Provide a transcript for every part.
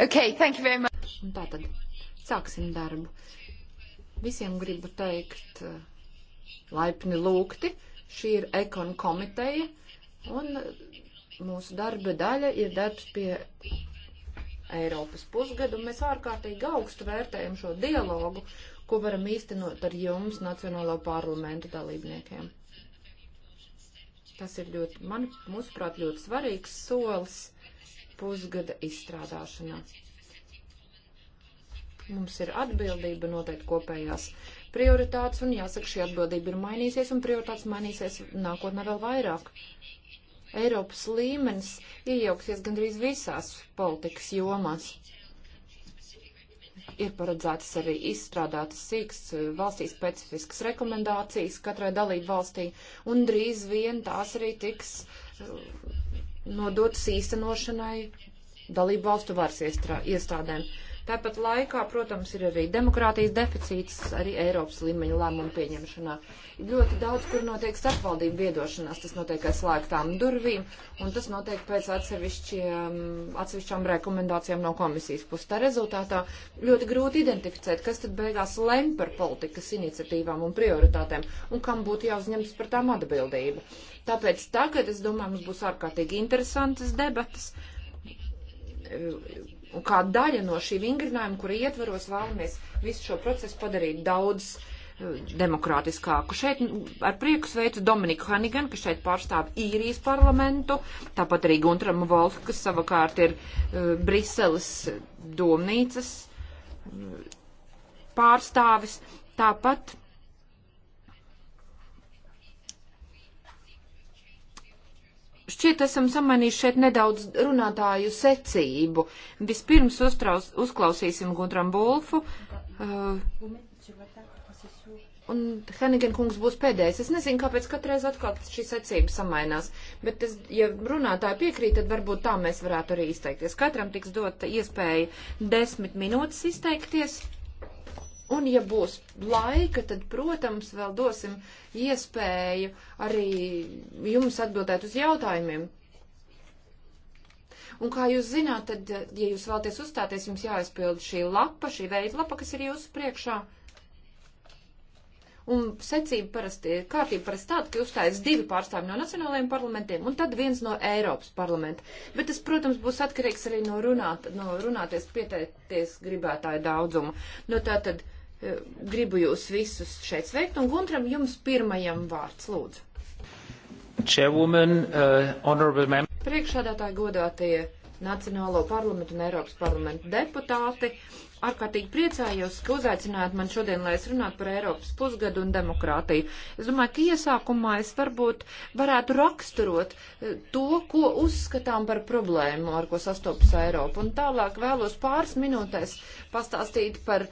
Okay, thank you very much. Un nu, tātad, sāksim darbu. Visiem gribu teikt eh, laipni lūgti. Šī ir ekon komiteja un eh, mūsu darba daļa ir darbs pie Eiropas pusgadu. Mēs ārkārtīgi augstu vērtējam šo dialogu, ko varam īstenot ar jums, Nacionālo parlamentu dalībniekiem. Tas ir ļoti, man, mūsuprāt, ļoti svarīgs solis pusgada izstrādāšanā. Mums ir atbildība noteikt kopējās prioritātes, un jāsaka, šī atbildība ir mainīsies, un prioritātes mainīsies nākotnē vēl vairāk. Eiropas līmenis iejauksies gandrīz visās politikas jomās. Ir paredzētas arī izstrādātas sīks valstīs specifiskas rekomendācijas katrai dalību valstī, un drīz vien tās arī tiks nodotas īstenošanai dalību valstu varas iestādēm. Tāpat laikā, protams, ir arī demokrātijas deficīts arī Eiropas līmeņa lēmumu pieņemšanā. Ļoti daudz, kur notiek starpvaldību viedošanās, tas notiek aizslēgtām durvīm, un tas notiek pēc atsevišķām rekomendācijām no komisijas puses. Tā rezultātā ļoti grūti identificēt, kas tad beigās lem par politikas iniciatīvām un prioritātēm, un kam būtu jāuzņems par tām atbildība. Tāpēc tagad, es domāju, mums būs ārkārtīgi interesantas debatas kā daļa no šī vingrinājuma, kura ietvaros vēlamies visu šo procesu padarīt daudz eh, demokrātiskāku. Šeit ar prieku sveicu Dominiku Hanigan, kas šeit pārstāv īrijas parlamentu, tāpat arī Guntram Volfu, kas savukārt ir uh, Briseles domnīcas eh, pārstāvis. Tāpat šķiet esam samainījuši šeit nedaudz runātāju secību. Vispirms uztraus, uzklausīsim Gudram Bulfu. Uh, un Henigen kungs būs pēdējais. Es nezinu, kāpēc katreiz atkal šī secība samainās, bet es, ja runātāji piekrīt, tad varbūt tā mēs varētu arī izteikties. Katram tiks dota iespēja desmit minūtes izteikties. Uh, Un, ja būs laika, tad, protams, vēl dosim iespēju arī jums atbildēt uz jautājumiem. Un, kā jūs zināt, tad, ja jūs vēlaties uzstāties, jums jāaizpild šī lapa, šī veidlapa, kas ir jūsu priekšā. Uh, Un secība parasti, kārtība parasti tāda, ka uzstājas divi pārstāvi no nacionālajiem parlamentiem un tad viens no Eiropas parlamenta. Bet tas, protams, būs atkarīgs arī no, runāt, no runāties pieteikties gribētāju daudzuma. No nu, tā tad e, gribu jūs visus šeit sveikt un Guntram jums pirmajam vārds lūdzu. Chairwoman, uh, honorable member. Priekšādātāji godātie Nacionālo parlamentu un Eiropas parlamentu deputāti ārkārtīgi priecājos, ka uzaicinājāt man šodien, lai es runātu par Eiropas pusgadu un demokrātiju. Es domāju, ka iesākumā es varbūt varētu raksturot eh, to, ko uzskatām par problēmu, ar ko sastopas Eiropa. Un tālāk vēlos pāris minūtēs pastāstīt par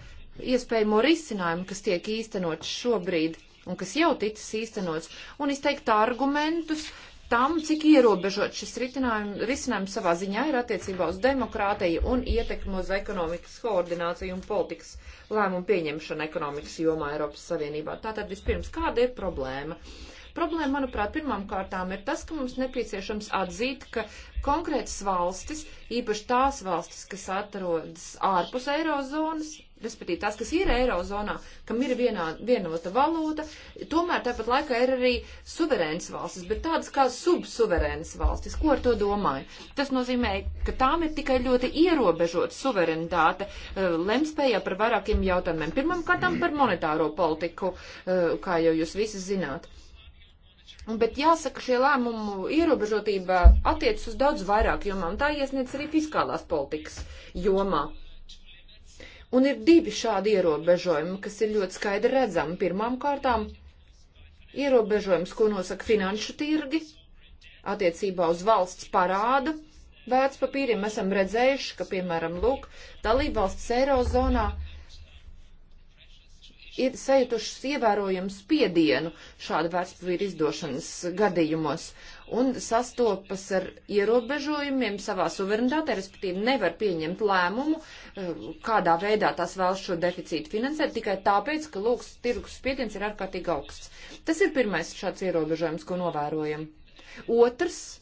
iespējamo risinājumu, kas tiek īstenots šobrīd un kas jau ticis īstenots, un izteikt argumentus, tam, cik ierobežot šis risinājums savā ziņā ir attiecībā uz demokrātiju un ietekmu uz ekonomikas koordināciju un politikas lēmumu pieņemšanu ekonomikas jomā Eiropas Savienībā. Tātad vispirms, kāda ir problēma? Problēma, manuprāt, pirmām kārtām ir tas, ka mums nepieciešams atzīt, ka konkrētas valstis, īpaši tās valstis, kas atrodas ārpus eirozonas, respektīvi tās, kas ir Eirozonā, kam ir vienā, vienota valūta, tomēr tāpat laikā ir arī suverēnas valstis, bet tādas kā subsuverēnas valstis. Ko ar to domāju? Tas nozīmē, ka tām ir tikai ļoti ierobežota suverenitāte eh, lemspējā par vairākiem jautājumiem. Pirmam kārtām par monetāro politiku, eh, kā jau jūs visi zināt. Bet jāsaka, šie lēmumu ierobežotība attiecas uz daudz vairāk jomām. Tā iesniedz arī fiskālās politikas jomā. Uh, Un ir divi šādi ierobežojumi, kas ir ļoti skaidri redzami. Pirmām kārtām ierobežojums, ko nosaka finanšu tirgi attiecībā uz valsts parādu vērtspapīriem. Esam redzējuši, ka, piemēram, lūk, dalībvalsts Eirozonā ir sajutušas ievērojams spiedienu šādu vērtspapīru izdošanas gadījumos un sastopas ar ierobežojumiem savā suverenitātē, respektīvi nevar pieņemt lēmumu, eh, kādā veidā tās vēlas šo deficītu finansēt, tikai tāpēc, ka lūks tirgus spiediens ir ārkārtīgi augsts. Tas ir pirmais šāds ierobežojums, ko novērojam. Otrs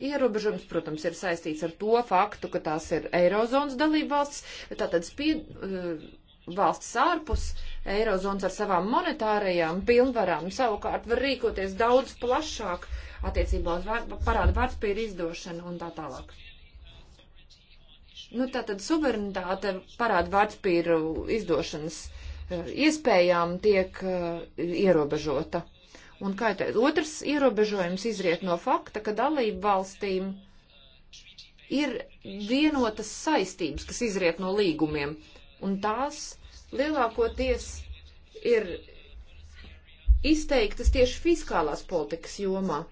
ierobežojums, protams, ir saistīts ar to faktu, ka tās ir Eirozonas dalībvalsts, tātad spied, eh, valsts ārpus Eirozonas ar savām monetārajām pilnvarām savukārt var rīkoties daudz plašāk attiecībā uz var, parādu vērtspīru izdošanu un tā tālāk. Nu, tā tad suverenitāte parādu vērtspīru izdošanas e, iespējām tiek e, ierobežota. Un kā teicu, otrs ierobežojums izriet no fakta, ka dalību valstīm ir vienotas saistības, kas izriet no līgumiem, un tās lielākoties ir izteiktas tieši fiskālās politikas jomā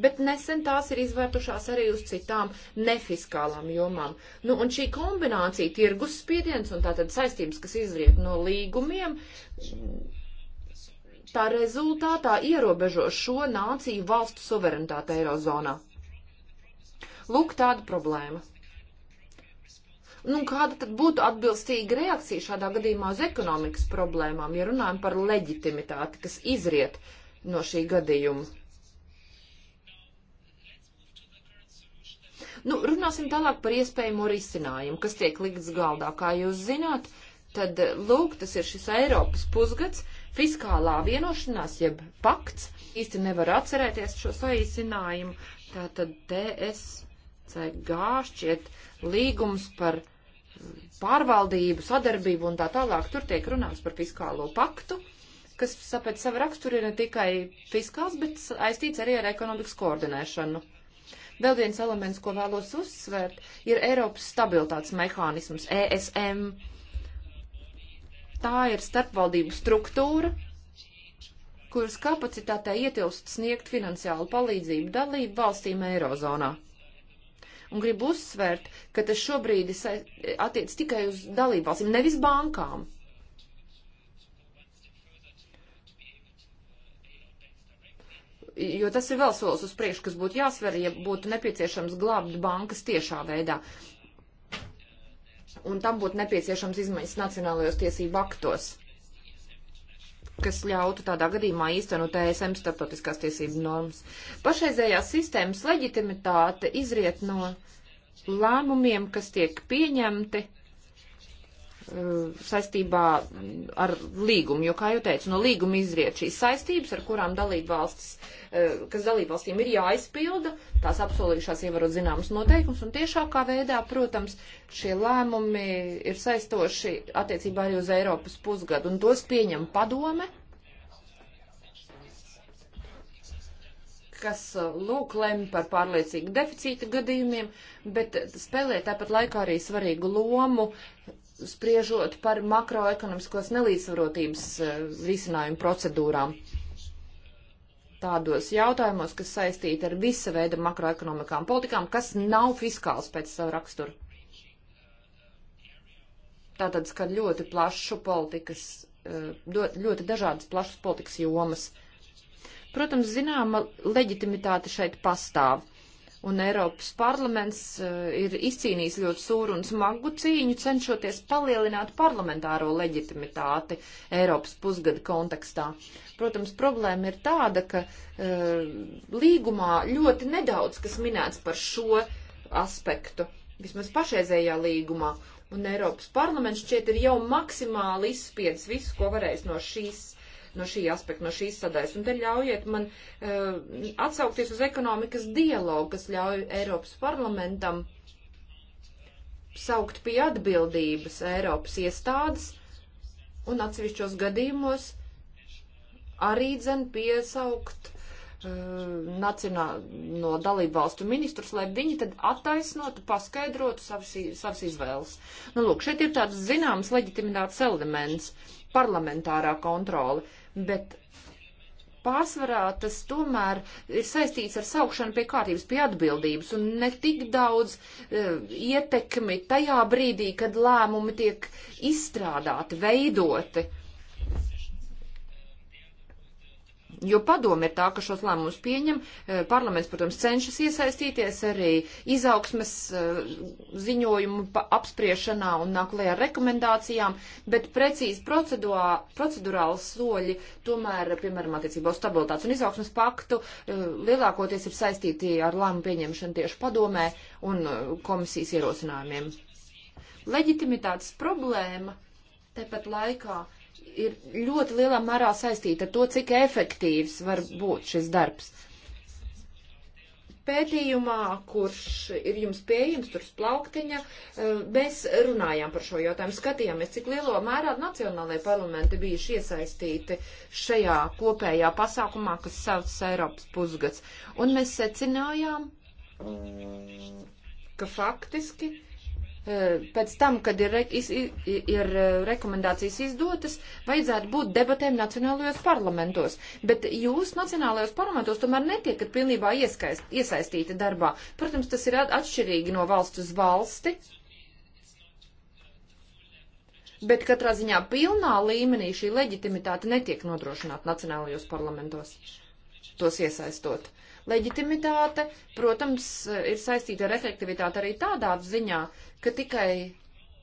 bet nesen tās ir izvērtušās arī uz citām nefiskālām jomām. Nu, un šī kombinācija tirgus spiediens un tātad saistības, kas izriet no līgumiem, tā rezultātā ierobežo šo nāciju valstu suverenitāti Eirozonā. Lūk, tāda problēma. Nu, kāda tad būtu atbilstīga reakcija šādā gadījumā uz ekonomikas problēmām, ja runājam par leģitimitāti, kas izriet no šī gadījuma? Nu, runāsim tālāk par iespējamo risinājumu, kas tiek likts galdā. Kā jūs zināt, tad lūk, tas ir šis Eiropas pusgads, fiskālā vienošanās, jeb pakts. Īsti nevar atcerēties šo saīsinājumu. Tātad TSCG šķiet līgums par mm, pārvaldību, sadarbību un tā tālāk. Tur tiek runāts par fiskālo paktu kas pēc sava rakstura ir ne tikai fiskāls, bet aiztīts arī ar ekonomikas koordinēšanu. Uh, Vēl viens elements, ko vēlos uzsvērt, ir Eiropas stabilitātes mehānisms, ESM. Tā ir starpvaldību struktūra, kuras kapacitātē ietilst sniegt finansiālu palīdzību dalību valstīm Eirozonā un gribu uzsvērt, ka tas šobrīd attiec tikai uz dalībvalstīm, nevis bankām. jo tas ir vēl solis uz priekšu, kas būtu jāsver, ja būtu nepieciešams glābt bankas tiešā veidā. Un tam būtu nepieciešams izmaiņas nacionālajos tiesību aktos, kas ļautu tādā gadījumā īstenot ESM starptautiskās tiesību normas. Pašreizējās sistēmas leģitimitāte izriet no lēmumiem, kas tiek pieņemti Eh, saistībā ar līgumu, jo, kā jau teicu, no līguma izriet šīs saistības, ar kurām dalībvalstis, eh, kas dalībvalstīm ir jāizpilda, tās apsolījušās ievarot zināmas noteikums, un tiešākā veidā, protams, šie lēmumi ir saistoši attiecībā arī uz Eiropas pusgadu, un tos pieņem padome, kas eh, lūk lem par pārliecīgu deficīta gadījumiem, bet spēlē tāpat laikā arī svarīgu lomu spriežot par makroekonomiskos nelīdzsvarotības eh, risinājumu procedūrām. Tādos jautājumos, kas saistīti ar visa veida makroekonomikām politikām, kas nav fiskāls pēc savu raksturu. Tātad skan ļoti plašu politikas, eh, ļoti dažādas plašas politikas jomas. Protams, zināma leģitimitāte šeit pastāv un Eiropas parlaments eh, ir izcīnījis ļoti sūru un smagu cīņu, cenšoties palielināt parlamentāro leģitimitāti Eiropas pusgada kontekstā. Protams, problēma ir tāda, ka uh, līgumā ļoti nedaudz kas minēts par šo aspektu, vismaz pašreizējā līgumā, un Eiropas parlaments šķiet ir jau maksimāli izspiedis visu, ko varēs no šīs no šī aspekta, no šīs sadaļas. Un te ļaujiet man uh, atsaukties uz ekonomikas dialogu, kas ļauj Eiropas parlamentam saukt pie atbildības Eiropas iestādes un atsevišķos gadījumos arī dzen piesaukt uh, eh, nacionālo dalību valstu ministrus, lai viņi tad attaisnotu, paskaidrotu savas, savas izvēles. Nu, lūk, šeit ir tāds zināms leģitimitātes elements - parlamentārā kontrole bet pārsvarā tas tomēr ir saistīts ar saukšanu pie kārtības, pie atbildības un ne tik daudz uh, ietekmi tajā brīdī, kad lēmumi tiek izstrādāti, veidoti. Uh, jo padomi ir tā, ka šos lēmumus pieņem. E, parlaments, protams, cenšas iesaistīties arī izaugsmes e, ziņojumu apspriešanā un nāk lē ar rekomendācijām, bet precīzi procedurāli soļi tomēr, piemēram, attiecībā uz stabilitātes un izaugsmes paktu, e, lielākoties ir saistīti ar lēmumu pieņemšanu tieši padomē un komisijas ierosinājumiem. Leģitimitātes problēma tepat laikā ir ļoti lielā mērā saistīta ar to, cik efektīvs var būt šis darbs. Pētījumā, kurš ir jums pieejams, tur splauktiņa, eh, mēs runājām par šo jautājumu, skatījāmies, cik lielo mērā nacionālajie parlamenti bijuši iesaistīti šajā kopējā pasākumā, kas saucas Eiropas pusgads. Un mēs secinājām, mm, ka faktiski uh, Eh, pēc tam, kad ir, ir eh, rekomendācijas izdotas, vajadzētu būt debatēm nacionālajos parlamentos. Bet jūs nacionālajos parlamentos tomēr netiekat pilnībā ieskaist, iesaistīti darbā. Protams, tas ir atšķirīgi no valsts uz valsti. Bet katrā ziņā pilnā līmenī šī leģitimitāte netiek nodrošināta nacionālajos parlamentos, tos iesaistot. Leģitimitāte, protams, eh, ir saistīta ar efektivitāti arī tādā ziņā, ka tikai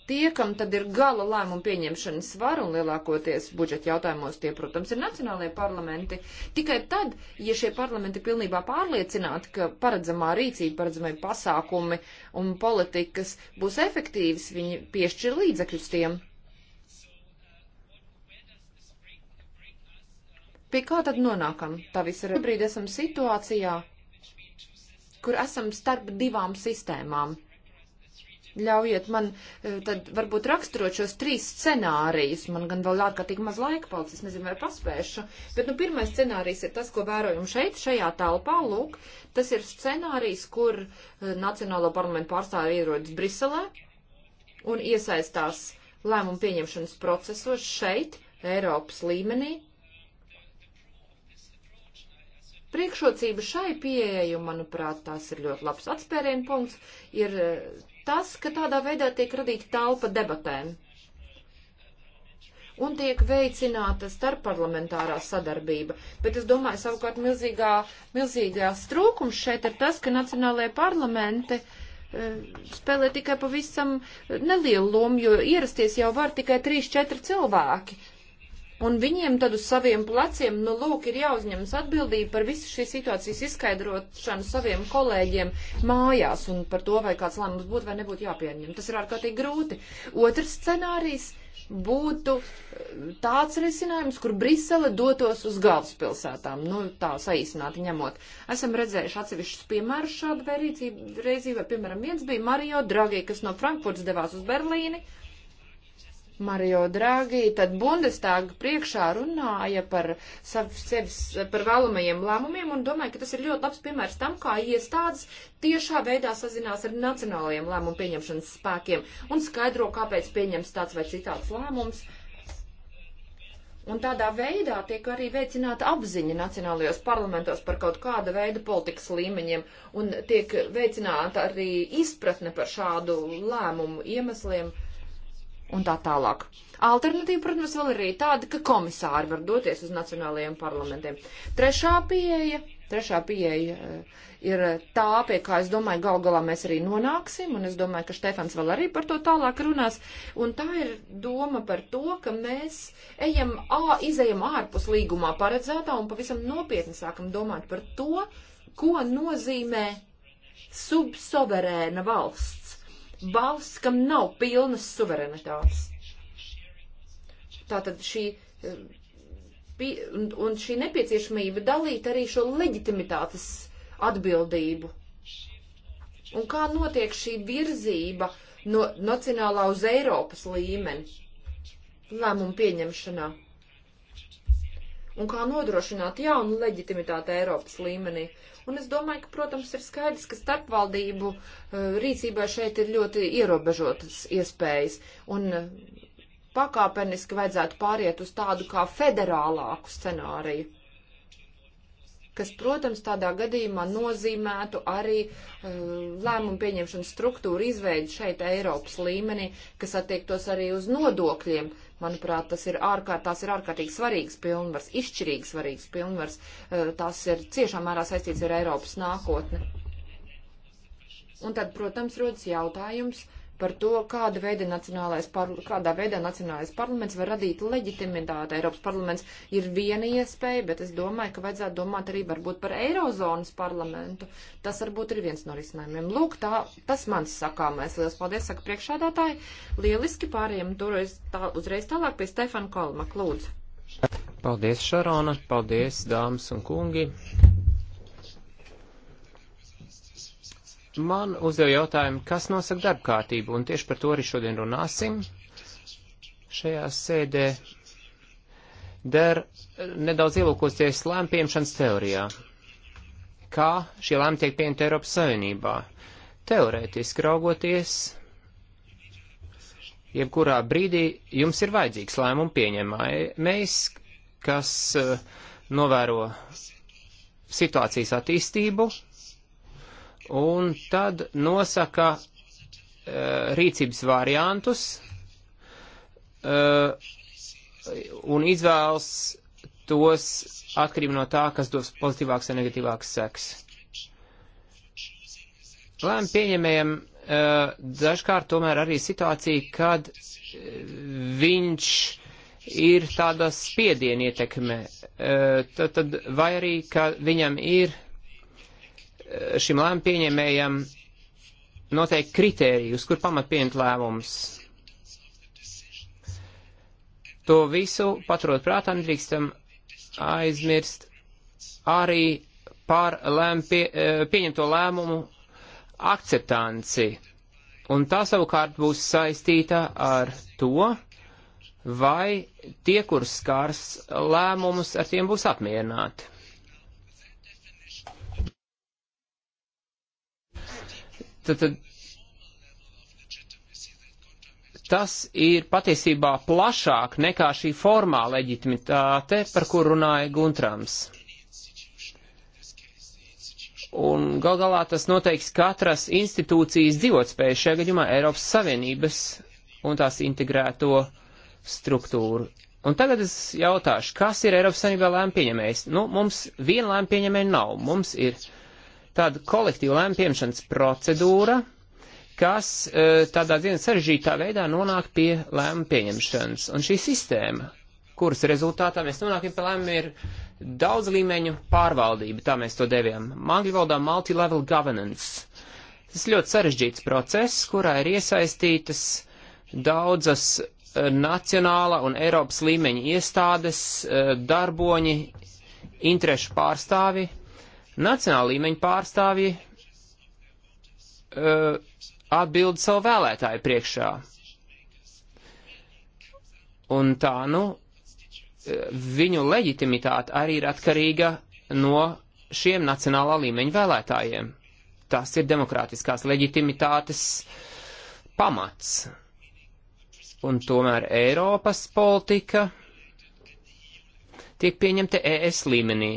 tie, kam tad ir gala lēmumu pieņemšanas svara un lielākoties budžeta jautājumos tie, protams, ir nacionālajie parlamenti, tikai tad, ja šie parlamenti pilnībā pārliecināti, ka paredzamā rīcība, paredzamie pasākumi un politikas būs efektīvas, viņi piešķir līdzekļus tiem. Pie kā tad nonākam? Tā visu brīdi esam situācijā, kur esam starp divām sistēmām Ļaujiet man eh, tad varbūt raksturot šos trīs scenārijus. Man gan vēl ārkārtīgi maz laika palicis, nezinu, vai paspēšu. Bet, nu, pirmais scenārijs ir tas, ko vērojam šeit, šajā telpā. Lūk, tas ir scenārijs, kur eh, Nacionālo parlamentu pārstāvi ierodas Briselē un iesaistās lēmumu pieņemšanas procesos šeit, Eiropas līmenī. Priekšrocība šai pieejai, manuprāt, tās ir ļoti labs atspērienu punkts, ir eh, tas, ka tādā veidā tiek radīta telpa debatēm un tiek veicināta starpparlamentārā sadarbība. Bet es domāju, savukārt milzīgā, milzīgās trūkums šeit ir tas, ka nacionālajie parlamenti eh, spēlē tikai pavisam nelielu lomu, jo ierasties jau var tikai 3-4 cilvēki Un viņiem tad uz saviem pleciem, nu lūk, ir jāuzņemas atbildība par visu šīs situācijas izskaidrošanu saviem kolēģiem mājās un par to, vai kāds lēmums būtu vai nebūtu jāpieņem. Tas ir ārkārtīgi grūti. Otrs scenārijs būtu eh, tāds risinājums, kur Brisele dotos uz galvaspilsētām, nu tā saīsināti ņemot. Esam redzējuši atsevišķus piemērus šādu vērīcību reizī, vai piemēram viens bija Mario Draghi, kas no Frankfurts devās uz Berlīni, Mario Draghi tad Bundestāga priekšā runāja par sevis, par vēlamajiem lēmumiem un domāju, ka tas ir ļoti labs piemērs tam, kā iestādes tiešā veidā sazinās ar nacionālajiem lēmumu pieņemšanas spēkiem un skaidro, kāpēc pieņems tāds vai citāds lēmums. Un tādā veidā tiek arī veicināta apziņa nacionālajos parlamentos par kaut kāda veida politikas līmeņiem un tiek veicināta arī izpratne par šādu lēmumu iemesliem un tā tālāk. Alternatīva, protams, vēl ir arī tāda, ka komisāri var doties uz nacionālajiem parlamentiem. Trešā pieeja, trešā pieeja eh, ir tā, pie kā es domāju, gal galā mēs arī nonāksim, un es domāju, ka Štefans vēl arī par to tālāk runās, un tā ir doma par to, ka mēs ejam, ā, izejam ārpus līgumā paredzētā un pavisam nopietni sākam domāt par to, ko nozīmē subsoverēna valsts balss, kam nav pilnas suverenitātes. Tātad šī, eh, un šī nepieciešamība dalīt arī šo leģitimitātes atbildību. Un kā notiek šī virzība no nacionālā uz Eiropas līmeni lēmumu pieņemšanā? Un kā nodrošināt jaunu leģitimitāti Eiropas līmenī? Un es domāju, ka, protams, ir skaidrs, ka starpvaldību eh, rīcībā šeit ir ļoti ierobežotas iespējas. Un eh, pakāpeniski vajadzētu pāriet uz tādu kā federālāku scenāriju, kas, protams, tādā gadījumā nozīmētu arī uh, lēmumu pieņemšanas struktūru izveidi šeit Eiropas līmenī, kas attiektos arī uz nodokļiem, Manuprāt, tas ir ārkārt, tās ir ārkārtīgi svarīgs pilnvars, izšķirīgi svarīgs pilnvars. Eh, tās ir ciešā mērā saistīts ar Eiropas nākotni. Un tad, protams, rodas jautājums, uh, par to, kāda veida nacionālais, par, kādā veidā nacionālais parlaments var radīt leģitimitāti. Eiropas parlaments ir viena iespēja, bet es domāju, ka vajadzētu domāt arī varbūt par Eirozonas parlamentu. Tas varbūt ir viens no risinājumiem. Lūk, tā, tas mans sakāmais. Lielas paldies, saka priekšādātāji. Lieliski pārējiem turies tā, uzreiz tālāk pie Stefana Kolma. Lūdzu. Paldies, Šarona. Paldies, dāmas un kungi. man uzdeva jautājumu, kas nosaka darba kārtību, un tieši par to arī šodien runāsim. Šajā sēdē der nedaudz ielūkosties lēmu pieņemšanas teorijā. Kā šie lēmumi tiek pieņemti Eiropas Savienībā? Teorētiski raugoties, jebkurā brīdī jums ir vajadzīgs lēmumu pieņemējs, kas eh, novēro situācijas attīstību, un tad nosaka eh, rīcības variantus eh, un izvēlas tos atkarībā no tā, kas dos pozitīvāks vai negatīvāks seks. Lēm pieņemējam eh, dažkārt tomēr arī situācija, kad viņš ir tādā spiediena ietekmē. Tad, tad vai arī, ka viņam ir šim lēmumu pieņēmējam noteikti kritērijus, kur pamat pieņemt lēmumus. To visu paturot prātā nedrīkstam aizmirst arī par lēm, pie, e, pieņemto lēmumu akceptanci. Un tā savukārt būs saistīta ar to, vai tie, kur skars lēmumus, ar tiem būs apmierināti. Tad, tad tas ir patiesībā plašāk nekā šī formā leģitimitāte, par kur runāja Guntrams. Un gal galā tas noteiks katras institūcijas dzīvotspēju, šajā gadījumā Eiropas Savienības un tās integrēto struktūru. Un tagad es jautāšu, kas ir Eiropas Savienībā lēma pieņemējs? Nu, mums viena lēma pieņemēja nav. Mums ir uh, tāda kolektīva lēma pieņemšanas procedūra, kas e, tādā diezgan sarežģītā veidā nonāk pie lēma pieņemšanas. Un šī sistēma, kuras rezultātā mēs nonākam pie lēmumiem, ir daudz līmeņu pārvaldība, tā mēs to devām. Angļu valodā multi-level governance. Tas ir ļoti sarežģīts process, kurā ir iesaistītas daudzas e, nacionāla un Eiropas līmeņa iestādes, e, darboņi, interešu pārstāvi, Nacionāla līmeņa pārstāvji uh, atbild savu vēlētāju priekšā. Un tā, nu, uh, viņu leģitimitāte arī ir atkarīga no šiem nacionālā līmeņa vēlētājiem. Tas ir demokrātiskās leģitimitātes pamats. Un tomēr Eiropas politika tiek pieņemta ES līmenī.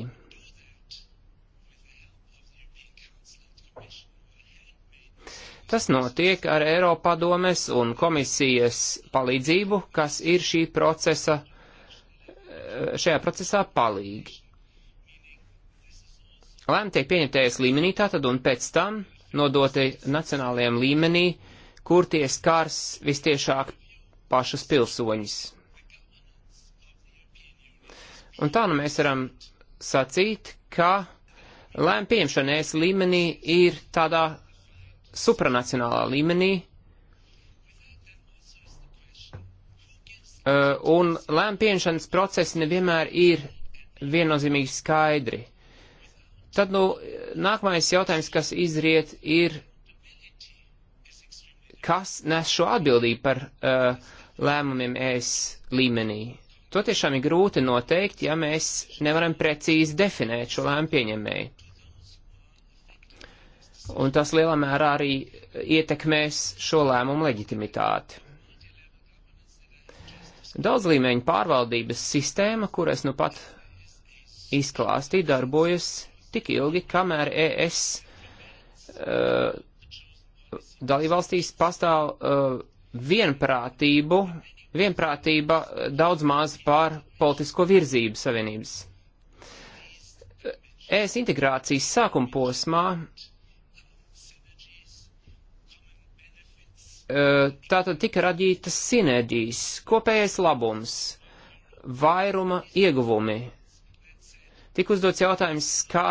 Tas notiek ar Eiropadomes un komisijas palīdzību, kas ir šī procesa, eh, šajā procesā palīgi. Lēmumi tiek pieņemtējas līmenī tātad un pēc tam nodoti nacionālajiem līmenī, kur tie skars vistiešāk pašas pilsoņas. Un tā nu mēs varam sacīt, ka lēmumu pieņemšanās līmenī ir tādā supranacionālā līmenī. Eh, un lēmpieņšanas procesi nevienmēr ir viennozīmīgi skaidri. Tad, nu, nākamais jautājums, kas izriet, ir, kas nes šo atbildību par uh, lēmumiem ES līmenī. To tiešām ir grūti noteikt, ja mēs nevaram precīzi definēt šo lēmu pieņemēju un tas lielā mērā arī ietekmēs šo lēmumu leģitimitāti. Daudzlīmeņu pārvaldības sistēma, kuras nu pat izklāstīja, darbojas tik ilgi, kamēr ES uh, dalībvalstīs pastāv uh, vienprātību, vienprātība uh, daudz maz pār politisko virzību savienības. ES integrācijas sākuma posmā tātad tika radītas sinerģijas, kopējais labums, vairuma ieguvumi. Tik uzdots jautājums, kā,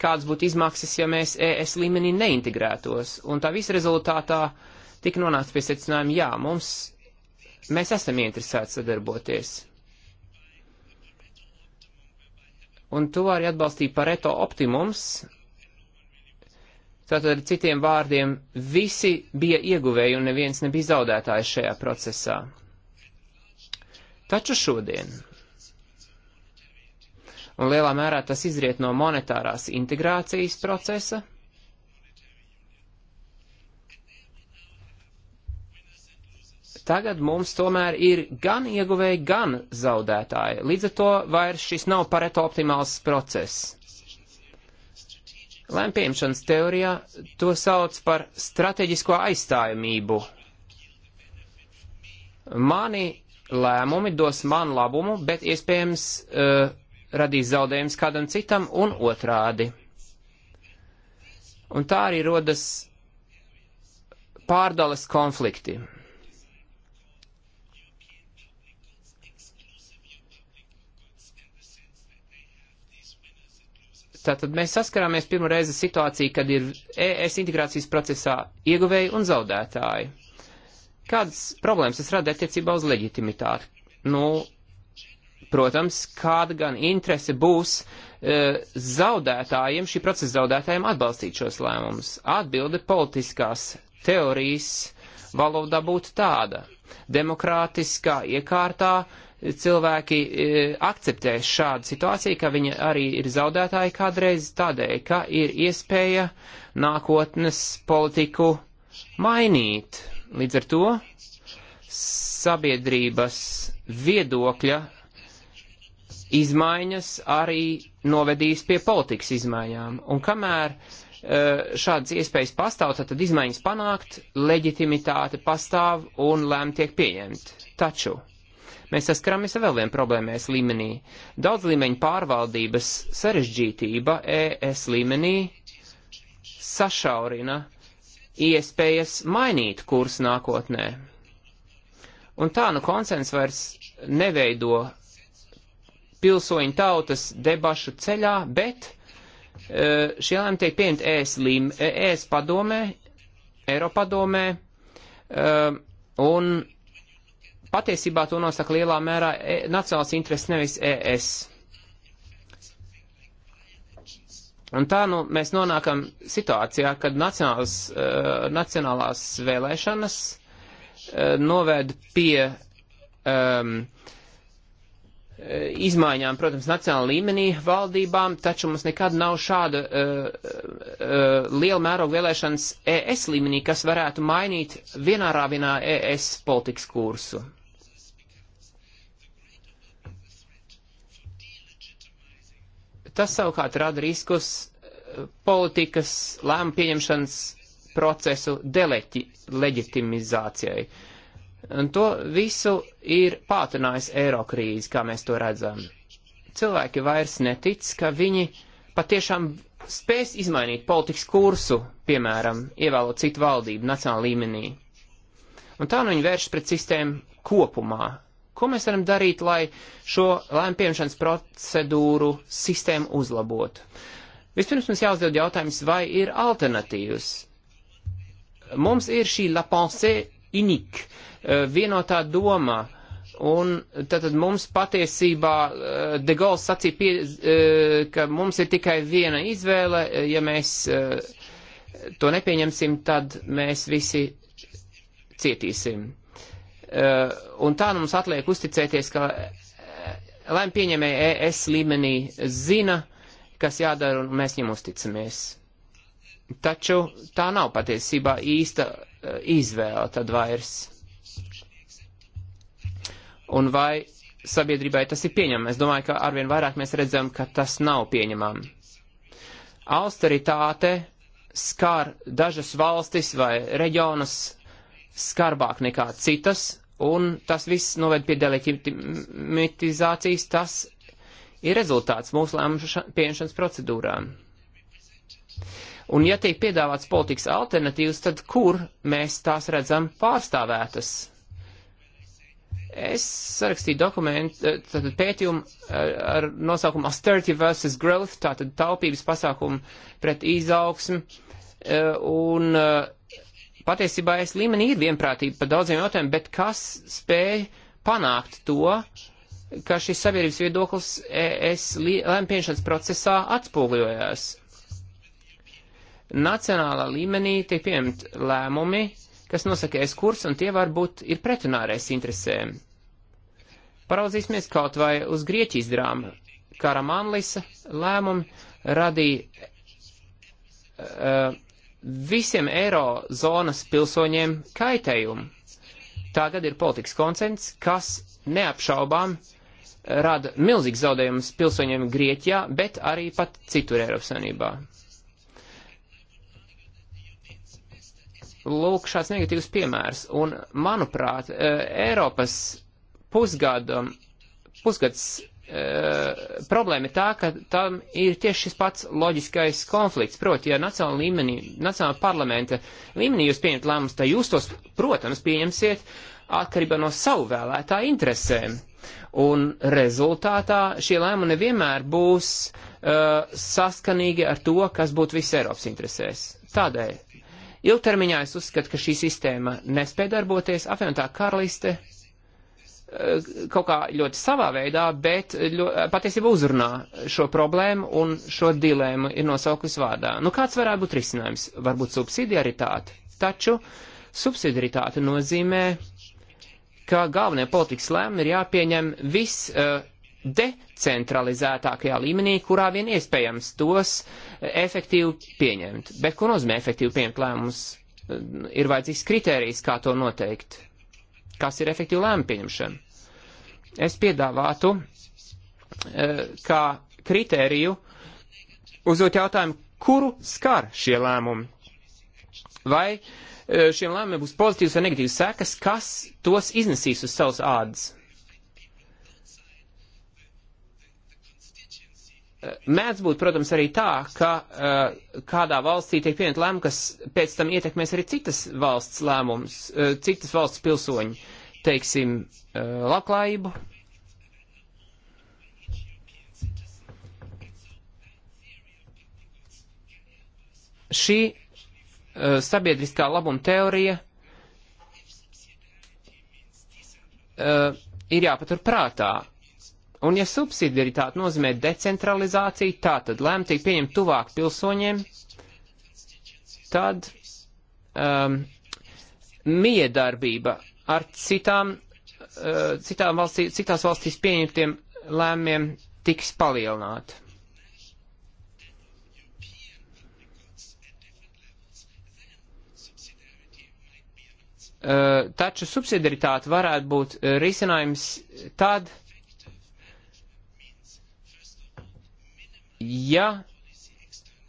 kādas būtu izmaksas, ja mēs ES līmenī neintegrētos, un tā visa rezultātā tika nonākts pie secinājuma, jā, mums, mēs esam interesēti sadarboties. Un to arī atbalstīja Pareto optimums, Tātad, citiem vārdiem, visi bija ieguvēji un neviens nebija zaudētājs šajā procesā. Taču šodien, un lielā mērā tas izriet no monetārās integrācijas procesa, tagad mums tomēr ir gan ieguvēji, gan zaudētāji. Līdz ar to vairs šis nav pareto optimāls process. Lēmpieņemšanas teorijā to sauc par strateģisko aizstājumību. Mani lēmumi dos man labumu, bet iespējams uh, radīs zaudējums kādam citam un otrādi. Un tā arī rodas pārdales konflikti. Tātad mēs saskarāmies pirmo reizi situāciju, kad ir ES integrācijas procesā ieguvēji un zaudētāji. Kādas problēmas tas rada attiecībā uz leģitimitāti? Nu, protams, kāda gan interese būs e, zaudētājiem, šī procesa zaudētājiem atbalstīt šos lēmumus. Atbilde politiskās teorijas valodā būtu tāda. Demokrātiskā iekārtā uh, cilvēki e, akceptē šādu situāciju, ka viņi arī ir zaudētāji kādreiz tādēļ, ka ir iespēja nākotnes politiku mainīt. Līdz ar to sabiedrības viedokļa izmaiņas arī novedīs pie politikas izmaiņām. Un kamēr e, šādas iespējas pastāv, tad izmaiņas panākt, leģitimitāte pastāv un lēm tiek pieņemta. Taču Mēs saskaramies ar vēl vienu problēmēs e līmenī. Daudz līmeņu pārvaldības sarežģītība ES līmenī sašaurina iespējas mainīt kursu nākotnē. Un tā nu konsens vairs neveido pilsoņu tautas debašu ceļā, bet e, šie lēmumi tiek pieņemti ES, ES padomē, Eiropadomē, e, un Patiesībā to nosaka lielā mērā e nacionāls intereses, nevis ES. Un tā nu, mēs nonākam situācijā, kad nacionāls, uh, nacionālās vēlēšanas uh, noved pie um, izmaiņām, protams, nacionāla līmenī valdībām, taču mums nekad nav šāda uh, uh, liela mēroga vēlēšanas ES līmenī, kas varētu mainīt vienā rāvienā ES politikas kursu. Tas savukārt rada riskus eh, politikas lēmu pieņemšanas procesu deleģitimizācijai. Un to visu ir pātrinājis eiro krīze, kā mēs to redzam. Cilvēki vairs netic, ka viņi patiešām spēs izmainīt politikas kursu, piemēram, ievēlot citu valdību nacionālā līmenī. Un tā nu viņi vērš pret sistēmu kopumā, Ko mēs varam darīt, lai šo lēmumu pieņemšanas procedūru sistēmu uzlabotu? Vispirms mums jāuzdod jautājums, vai ir alternatīvas. Mums ir šī la pensée unique, eh, vienotā doma, un tātad mums patiesībā eh, De Gaulle sacīja, eh, ka mums ir tikai viena izvēle, ja mēs to nepieņemsim, tad mēs visi cietīsim. Eh, un tā nu mums atliek uzticēties, ka eh, lēma pieņemēja ES līmenī zina, kas jādara, un mēs viņam uzticamies. Taču tā nav patiesībā īsta eh, izvēle tad vairs. Un vai sabiedrībai tas ir pieņemams? Es domāju, ka arvien vairāk mēs redzam, ka tas nav pieņemam. Austeritāte skār dažas valstis vai reģionus skarbāk nekā citas, un tas viss noved pie deleģitimitizācijas, tas ir rezultāts mūsu lēmumu pieņemšanas procedūrām. Un ja tiek piedāvāts politikas alternatīvas, tad kur mēs tās redzam pārstāvētas? Es sarakstīju dokumentu, eh, tātad pētījumu eh, ar nosaukumu Austerity versus Growth, tātad taupības pasākumu pret izaugsmu, eh, un patiesībā es līmenī ir vienprātība par daudziem jautājumiem, bet kas spēja panākt to, ka šis sabiedrības viedoklis es lēmpiešanas procesā atspūgļojās. Nacionālā līmenī tiek pieņemt lēmumi, kas nosaka es kurs, un tie varbūt ir pretinārais interesēm. Paraudzīsimies kaut vai uz Grieķijas drāmu. Karamanlisa lēmumi radīja uh, visiem eirozonas pilsoņiem kaitējumu. Tagad ir politikas koncents, kas neapšaubām rada milzīgs zaudējums pilsoņiem Grieķijā, bet arī pat citur Eiropas Savienībā. Lūk, šāds negatīvs piemērs. Un, manuprāt, eh, Eiropas pusgadam, pusgads Eh, problēma ir tā, ka tam ir tieši šis pats loģiskais konflikts. Proti, ja nacionāla līmenī, nacionāla parlamenta līmenī jūs pieņemat lēmumus, tad jūs tos, protams, pieņemsiet atkarībā no savu vēlētā interesēm. Un rezultātā šie lēmumi nevienmēr būs uh, saskanīgi ar to, kas būtu visas Eiropas interesēs. Tādēļ ilgtermiņā es uzskatu, ka šī sistēma nespēja darboties. Apvienotā karaliste uh, Eh, kaut kā ļoti savā veidā, bet ļoti, patiesībā uzrunā šo problēmu un šo dilēmu ir nosaukus vārdā. Nu, kāds varētu būt risinājums? Varbūt subsidiaritāte. Taču subsidiaritāte nozīmē, ka galvenie politikas lēmumi ir jāpieņem viss uh, eh, decentralizētākajā līmenī, kurā vien iespējams tos eh, efektīvi pieņemt. Bet ko nozīmē efektīvi pieņemt lēmumus? Ir vajadzīgs kritērijs, kā to noteikt kas ir efektīva lēma pieņemšana. Es piedāvātu e, kā kritēriju uzdot jautājumu, kuru skar šie lēmumi. Vai e, šiem lēmumiem būs pozitīvas vai negatīvas sekas, kas tos iznesīs uz savas ādas. Eh, mēdz būt, protams, arī tā, ka uh, kādā valstī tiek pieņemta lēma, kas pēc tam ietekmēs arī citas valsts lēmums, uh, eh, citas valsts pilsoņu, teiksim, uh, labklājību. Šī uh, sabiedriskā labuma teorija uh, ir jāpatur prātā Un ja subsidiaritāte nozīmē decentralizāciju, tā tad lēma tiek pieņemta tuvāk pilsoņiem, tad um, miedarbība ar citām, uh, citām valstī, citās valstīs pieņemtiem lēmumiem tiks palielināta. Uh, taču subsidiaritāte varētu būt uh, risinājums tad, uh, ja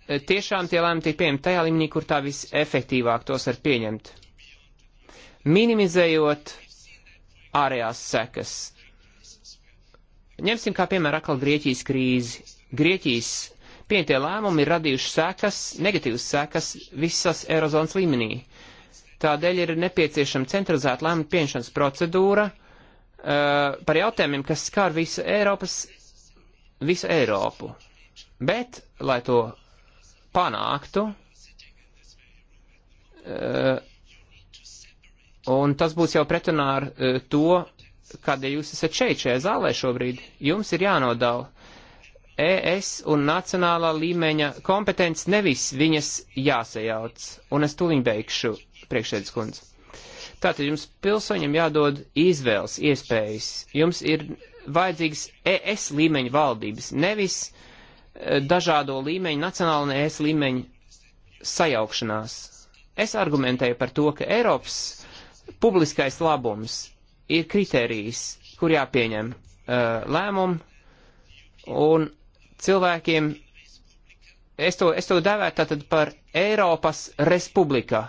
e, tiešām tie lēmumi tiek pieņemti tajā līmenī, kur tā visefektīvāk tos var pieņemt, minimizējot ārējās sekas. Ņemsim kā piemēra atkal Grieķijas krīzi. Grieķijas pieņemtie lēmumi ir radījuši sekas, negatīvas sekas visas Eirozonas līmenī. Tādēļ ir nepieciešama centralizēta lēmuma pieņemšanas procedūra uh, par jautājumiem, kas skar visu Eiropas, visu Eiropu. Bet, lai to panāktu, eh, un tas būs jau pretunā ar eh, to, kādēļ jūs esat šeit, šajā zālē šobrīd, jums ir jānodala ES un nacionālā līmeņa kompetence, nevis viņas jāsajauc. Un es tuliņ beigšu, priekšsēdus kundze. Tātad jums pilsoņiem jādod izvēles, iespējas. Jums ir vajadzīgas ES līmeņa valdības, nevis uh, dažādo līmeņu, nacionālu un ES līmeņu sajaukšanās. Es argumentēju par to, ka Eiropas publiskais labums ir kriterijs, kur jāpieņem uh, lēmumu, un cilvēkiem, es to, es to devētu tātad par Eiropas republikā,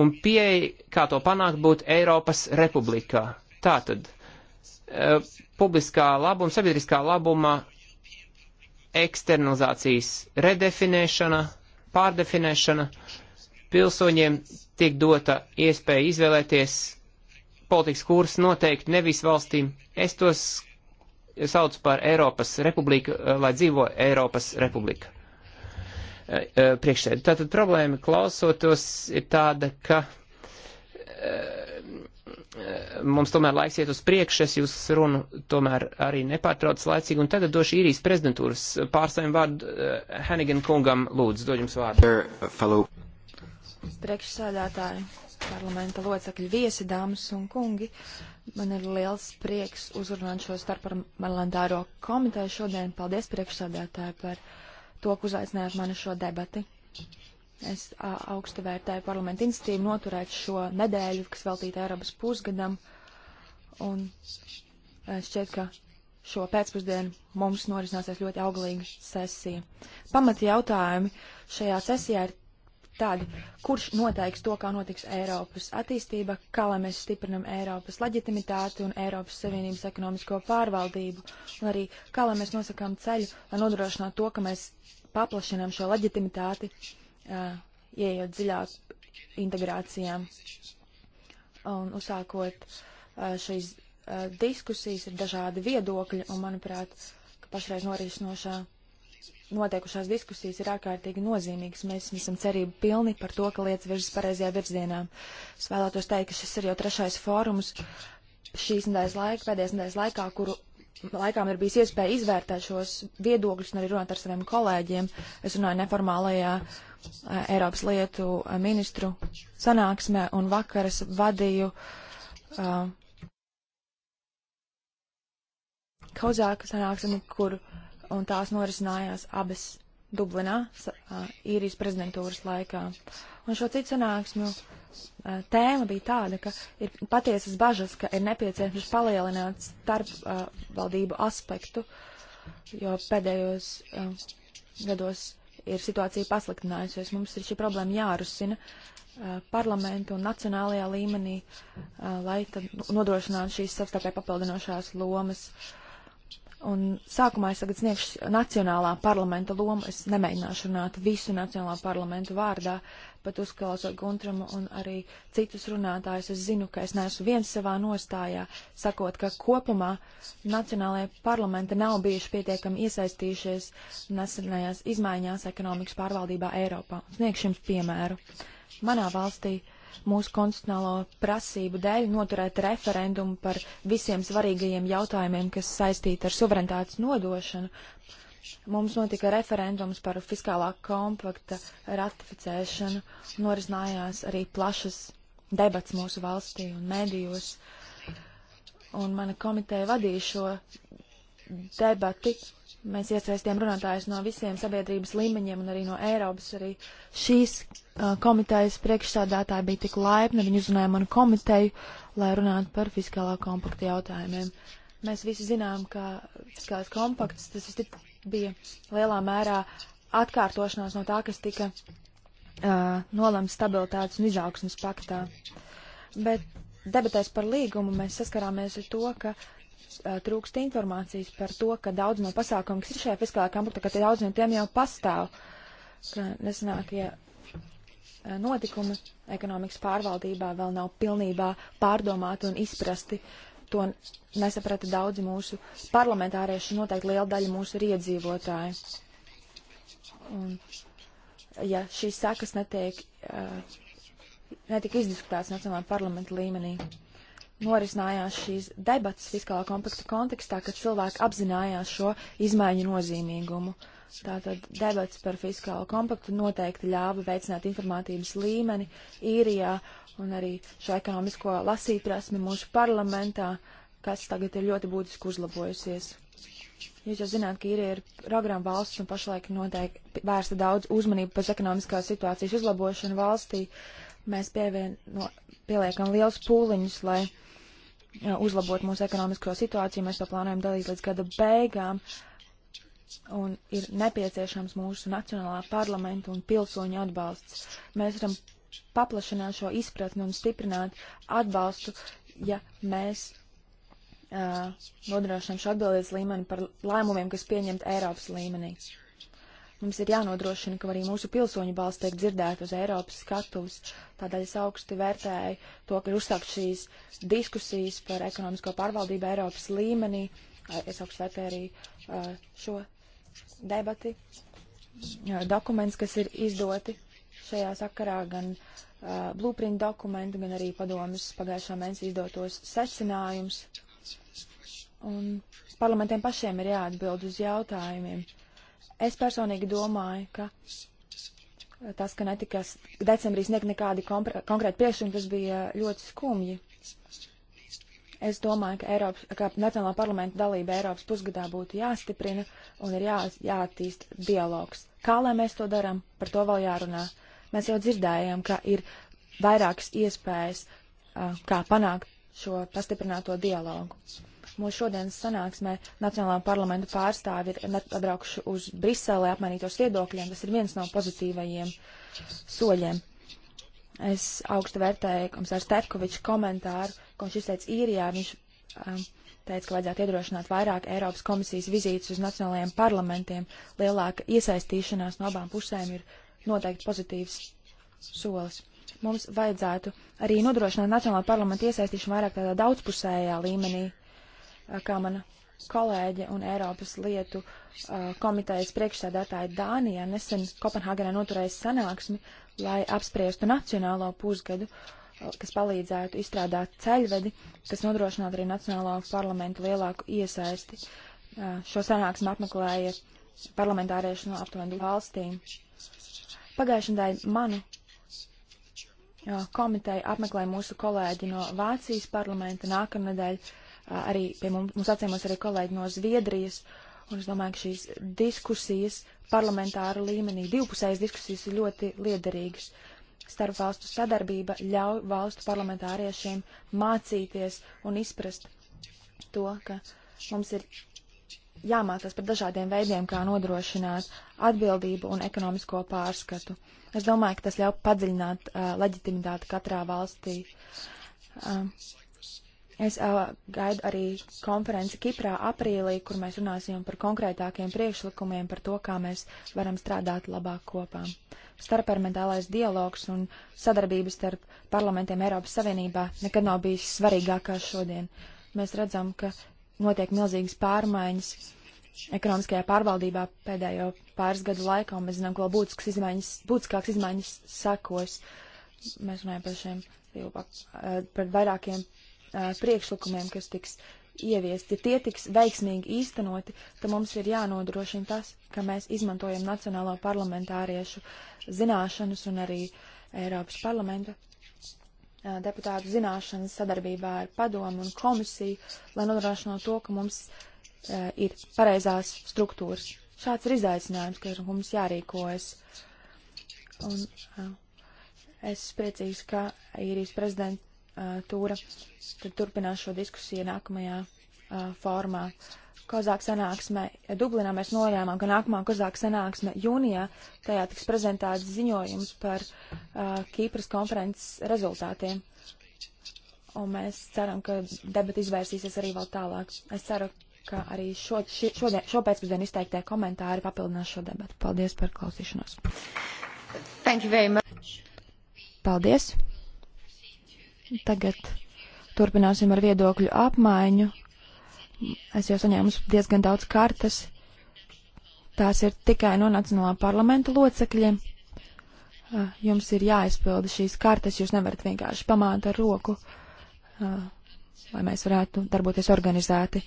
un pieeja, kā to panākt, būtu Eiropas republikā. Tātad, uh, publiskā labuma, sabiedriskā labuma eksternalizācijas redefinēšana, pārdefinēšana, pilsoņiem tiek dota iespēja izvēlēties politikas kursu noteikti nevis valstīm. Es tos sauc par Eiropas republiku, eh, lai dzīvo Eiropas republika. Eh, eh, priekšsēd. Tātad problēma klausotos ir tāda, ka mums tomēr laiks iet uz priekšu, es jūs runu tomēr arī nepārtraucu laicīgi, un tagad došu īrijas prezidentūras pārstāvjiem vārdu eh, Hennigan kungam lūdzu, dod jums vārdu. Priekšsādātāji, parlamenta locekļi, viesi, dāmas un kungi, man ir liels prieks uzrunāt šo starpparlamentāro komiteju šodien. Paldies priekšsādātāji par to, ka uzaicinājāt mani šo debati. Es augstu vērtēju parlamentu institīvu noturēt šo nedēļu, kas veltīta Eiropas pusgadam. Un šķiet, ka šo pēcpusdienu mums norisināsies ļoti auglīga sesija. Pamati jautājumi šajā sesijā ir tādi, kurš noteiks to, kā notiks Eiropas attīstība, kā lai mēs stiprinam Eiropas leģitimitāti un Eiropas Savienības ekonomisko pārvaldību, un arī kā lai mēs nosakām ceļu, lai nodrošinātu to, ka mēs paplašinām šo leģitimitāti ieejot dziļāk integrācijā. Un uzsākot šīs diskusijas, ir dažādi viedokļi, un manuprāt, ka pašreiz norisinošā notiekušās diskusijas ir ārkārtīgi nozīmīgas. Mēs esam cerību pilni par to, ka lietas virzas pareizajā virzienā. Es vēlētos teikt, ka šis ir jau trešais fórums šīs nedēļas laika, pēdējās nedēļas laikā, kuru laikām ir bijis iespēja izvērtēt šos viedokļus un arī runāt ar saviem kolēģiem. Es runāju neformālajā eh, Eiropas lietu eh, ministru sanāksmē un vakar es vadīju uh, Kauzāka sanāksmi, kur un tās norisinājās abas Dublinā, īrijas prezidentūras laikā. Un šo citu sanāksmju tēma bija tāda, ka ir patiesas bažas, ka ir nepieciešams palielināt starp uh, valdību aspektu, jo pēdējos uh, gados ir situācija pasliktinājusies. Mums ir šī problēma jārusina uh, parlamentu un nacionālajā līmenī, lai nodrošinātu šīs savstarpēji papildinošās lomas. Uh, Un sākumā es tagad sniegšu nacionālā parlamenta lomu. Es nemēģināšu runāt visu nacionālā parlamenta vārdā, pat uzklausot Guntramu un arī citus runātājus. Es zinu, ka es neesmu viens savā nostājā, sakot, ka kopumā nacionālajie parlamenti nav bijuši pietiekami iesaistījušies nesenajās izmaiņās ekonomikas pārvaldībā Eiropā. Sniegšu jums piemēru. Manā valstī uh, mūsu konstitucionālo prasību dēļ noturēt referendumu par visiem svarīgajiem jautājumiem, kas saistīti ar suverenitātes nodošanu. Mums notika referendums par fiskālā kompakta ratificēšanu, norisinājās arī plašas debats mūsu valstī un medijos. Un mana komiteja vadīja šo debati, Mēs iesaistījām runātājus no visiem sabiedrības līmeņiem un arī no Eiropas. Arī šīs uh, komitejas priekšsādātāji bija tik laipni, viņi uzrunāja manu komiteju, lai runātu par fiskālā kompakta jautājumiem. Mēs visi zinām, ka fiskālais kompakts tas bija lielā mērā atkārtošanās no tā, kas tika uh, nolemts stabilitātes un izaugsmas paktā. Bet debatēs par līgumu mēs saskarāmies ar to, ka Eh, trūkst informācijas par to, ka daudz no pasākumiem, kas ir šajā fiskālajā komplektā, ka daudz no tiem jau pastāv, ka nesanākie eh, notikumi ekonomikas pārvaldībā vēl nav pilnībā pārdomāti un izprasti. To nesaprata daudzi mūsu parlamentārieši, noteikti liela daļa mūsu ir iedzīvotāji. Un, ja šīs sakas netiek, eh, netika izdiskutētas nacionālā parlamenta līmenī norisinājās šīs debatas fiskālā kompakta kontekstā, kad cilvēki apzinājās šo izmaiņu nozīmīgumu. Tātad debats par fiskālu kompaktu noteikti ļāva veicināt informātības līmeni īrijā un arī šo ekonomisko lasītprasmi mūsu parlamentā, kas tagad ir ļoti būtiski uzlabojusies. Jūs jau zināt, ka īrija ir programma valsts un pašlaik noteikti vērsta daudz uzmanību pēc ekonomiskās situācijas uzlabošanu valstī. Mēs pievien, no, pieliekam liels pūliņus, lai uh, Uh, uzlabot mūsu ekonomisko situāciju. Mēs to plānojam dalīt līdz gada beigām. Un ir nepieciešams mūsu nacionālā parlamenta un pilsoņu atbalsts. Mēs varam paplašināt šo izpratni un stiprināt atbalstu, ja mēs uh, nodrošinām šo atbildības līmeni par lēmumiem, kas pieņemt Eiropas līmenī. Uh, Mums ir jānodrošina, ka arī mūsu pilsoņu balss tiek dzirdēta uz Eiropas skatuves. Tādēļ es augsti vērtēju to, ka ir uzsākt šīs diskusijas par ekonomisko pārvaldību Eiropas līmenī. Es augstu vērtēju arī šo debati, dokuments, kas ir izdoti šajā sakarā, gan blueprint dokumentu, gan arī padomus pagājušā mēnesī izdotos secinājums. Un parlamentiem pašiem ir jāatbild uz jautājumiem Es personīgi domāju, ka tas, ka netika decembrī sniegt nekādi konkrēti priekšlikumi, tas bija ļoti skumji. Es domāju, ka, Eiropas, ka Nacionālā parlamenta dalība Eiropas pusgadā būtu jāstiprina un ir jā, jāattīst dialogs. Kā lai mēs to darām, par to vēl jārunā. Mēs jau dzirdējām, ka ir vairākas iespējas, uh, kā panākt šo pastiprināto dialogu. Mūsu šodienas sanāksmē Nacionālā parlamenta pārstāvi ir atbraukuši uz Briselē apmainītos viedokļiem. Tas ir viens no pozitīvajiem soļiem. Es augstu vērtēju komisārs Tefkoviča komentāru, ko viņš izteica īrijā. Viņš um, teica, ka vajadzētu iedrošināt vairāk Eiropas komisijas vizītes uz nacionālajiem parlamentiem. Lielāka iesaistīšanās no abām pusēm ir noteikti pozitīvs solis mums vajadzētu arī nodrošināt Nacionālā parlamenta iesaistīšanu vairāk tādā daudzpusējā līmenī kā mana kolēģe un Eiropas lietu uh, komitejas priekšsēdētāja Dānijā nesen Kopenhāgenē noturēja sanāksmi, lai apspriestu nacionālo pusgadu, uh, kas palīdzētu izstrādāt ceļvedi, kas nodrošinātu arī nacionālo parlamentu lielāku iesaisti. Uh, šo sanāksmi apmeklēja parlamentārieši no aptuveni valstīm. Pagājušajā nedēļā manu komiteju apmeklēja mūsu kolēģi no Vācijas parlamenta nākamnedēļ arī pie mums, mums atciemos arī kolēģi no Zviedrijas, un es domāju, ka šīs diskusijas parlamentāru līmenī, divpusējas diskusijas ir ļoti liederīgas. Starp valstu sadarbība ļauj valstu parlamentāriešiem mācīties un izprast to, ka mums ir jāmācās par dažādiem veidiem, kā nodrošināt atbildību un ekonomisko pārskatu. Es domāju, ka tas ļauj padziļināt uh, leģitimitāti katrā valstī. Uh, Es uh, gaidu arī konferenci Kiprā aprīlī, kur mēs runāsim par konkrētākiem priekšlikumiem par to, kā mēs varam strādāt labāk kopā. Starparlamentālais dialogs un sadarbības starp parlamentiem Eiropas Savienībā nekad nav bijis svarīgākās šodien. Mēs redzam, ka notiek milzīgas pārmaiņas ekonomiskajā pārvaldībā pēdējo pāris gadu laikā, un mēs zinām, ka būtiskas izmaiņas, būtiskākas izmaiņas sekos. Mēs runājam par šiem par vairākiem priekšlikumiem, kas tiks ieviesti, ja tie tiks veiksmīgi īstenoti, tad mums ir jānodrošina tas, ka mēs izmantojam Nacionālo parlamentāriešu zināšanas un arī Eiropas parlamenta deputātu zināšanas sadarbībā ar padomu un komisiju, lai nodrošinātu to, ka mums ir pareizās struktūras. Šāds ir izaicinājums, ka mums jārīkojas. Un, es priecīgs, ka īrijas prezidents uh, tūra, tad turpinās šo diskusiju nākamajā uh, formā. Kazāka sanāksmē Dublinā mēs nolēmām, ka nākamā Kazāka sanāksme jūnijā tajā tiks prezentēts ziņojums par uh, Kīpras konferences rezultātiem. Un mēs ceram, ka debata izvērsīsies arī vēl tālāk. Es ceru, ka arī šo, ši, šodien, šopēcpusdien izteiktie komentāri papildinās šo debatu. Paldies par klausīšanos. Thank you very much. Paldies. Tagad turpināsim ar viedokļu apmaiņu. Es jau saņēmu diezgan daudz kartas. Tās ir tikai no Nacionālā parlamenta locekļiem. Ah, jums ir jāizpilda šīs kartes, jūs nevarat vienkārši pamāt ar roku, ah, lai mēs varētu darboties organizēti.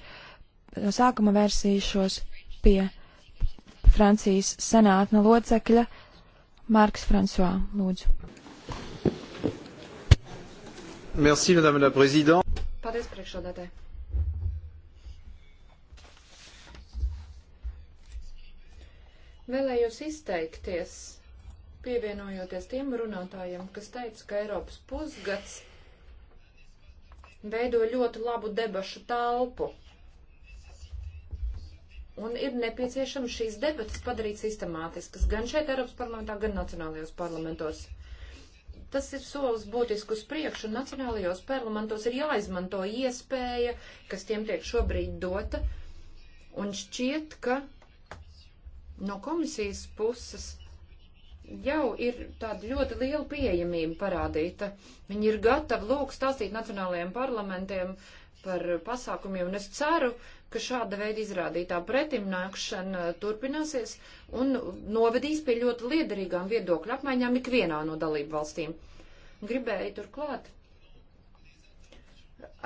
No sākuma vērsīšos pie Francijas senātna locekļa Marks Fransuā. Lūdzu. Merci, madame la prezidente. Paldies, priekšādātāji. Vēlējos izteikties, pievienojoties tiem runātājiem, kas teica, ka Eiropas pusgads veido ļoti labu debašu telpu. Un ir nepieciešams šīs debatas padarīt sistemātiskas gan šeit Eiropas parlamentā, gan nacionālajos parlamentos. Tas ir solis būtiski uz priekšu, un nacionālajos parlamentos ir jāizmanto iespēja, kas tiem tiek šobrīd dota, un šķiet, ka no komisijas puses jau ir tāda ļoti liela pieejamība parādīta. Viņi ir gatavi lūk stāstīt nacionālajiem parlamentiem par pasākumiem, un es ceru, ka šāda veida izrādītā pretimnākšana turpināsies un novedīs pie ļoti liederīgām viedokļu apmaiņām ikvienā no dalību valstīm. Gribēju turklāt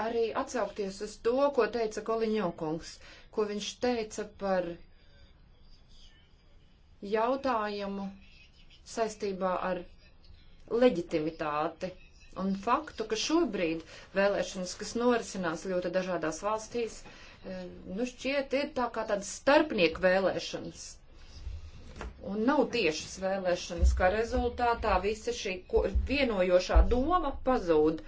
arī atsaukties uz to, ko teica Koliņokungs, ko viņš teica par jautājumu saistībā ar leģitimitāti un faktu, ka šobrīd vēlēšanas, kas norisinās ļoti dažādās valstīs, uh, nu šķiet, ir tā kā tādas starpnieku vēlēšanas. Un nav tiešas vēlēšanas, kā rezultātā visa šī ko, vienojošā doma pazūd.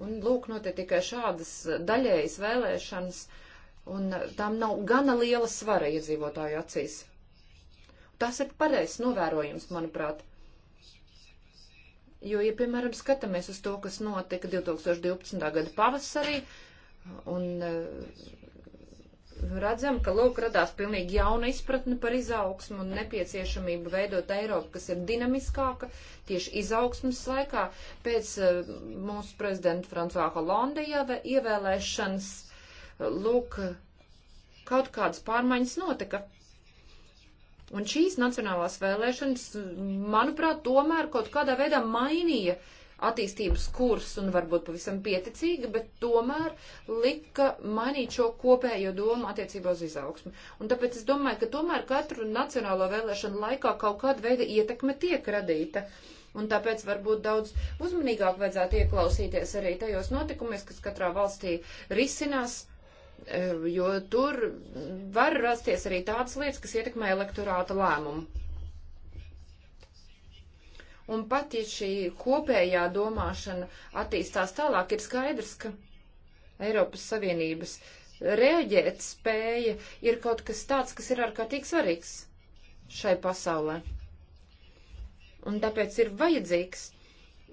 Un lūk, notiek tikai šādas daļējas vēlēšanas, un tam nav gana liela svara iedzīvotāju acīs. Tas ir pareizs novērojums, manuprāt. Jo, ja, piemēram, skatāmies uz to, kas notika 2012. gada pavasarī, un eh, redzam, ka lūk radās pilnīgi jauna izpratne par izaugsmu un nepieciešamību veidot Eiropu, kas ir dinamiskāka tieši izaugsmas laikā pēc eh, mūsu prezidenta Francā Holanda ievēlēšanas. Eh, lūk, kaut kādas pārmaiņas notika. Un šīs nacionālās vēlēšanas, manuprāt, tomēr kaut kādā veidā mainīja attīstības kursu un varbūt pavisam pieticīgi, bet tomēr lika mainīt šo kopējo domu attiecībā uz izaugsmu. Un tāpēc es domāju, ka tomēr katru nacionālo vēlēšanu laikā kaut kāda veida ietekme tiek radīta. Un tāpēc varbūt daudz uzmanīgāk vajadzētu ieklausīties arī tajos notikumos, kas katrā valstī risinās Eh, jo tur var rasties arī tādas lietas, kas ietekmē elektorāta lēmumu. Un pat ja šī kopējā domāšana attīstās tālāk, ir skaidrs, ka Eiropas Savienības rēģēt spēja ir kaut kas tāds, kas ir ārkārtīgi svarīgs šai pasaulē. Un tāpēc ir vajadzīgs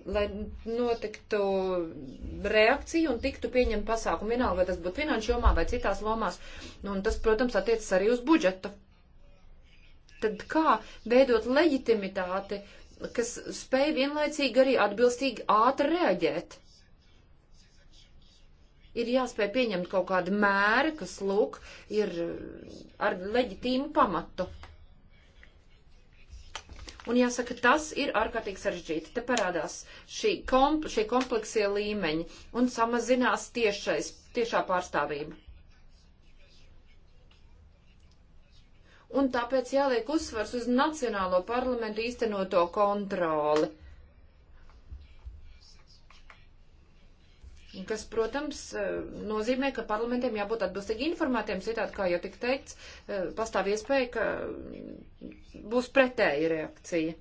lai notiktu reakcija un tiktu pieņemt pasākumu. Vienalga, vai tas būtu finanšu jomā vai citās lomās. Nu, un tas, protams, attiecas arī uz budžetu. Tad kā veidot leģitimitāti, kas spēj vienlaicīgi arī atbilstīgi ātri reaģēt? ir jāspēj pieņemt kaut kādi mēri, kas, lūk, ir ar leģitīmu pamatu. Un jāsaka, tas ir ārkārtīgi sarežģīti. Te parādās šī, komp šī kompleksie līmeņi un samazinās tiešais, tiešā pārstāvība. Un tāpēc jāliek uzsvars uz Nacionālo parlamentu īstenoto kontroli kas, protams, eh, nozīmē, ka parlamentiem jābūt atbilstīgi informētiem, citādi, kā jau tik teikts, eh, pastāv iespēja, ka mm, būs pretēja reakcija.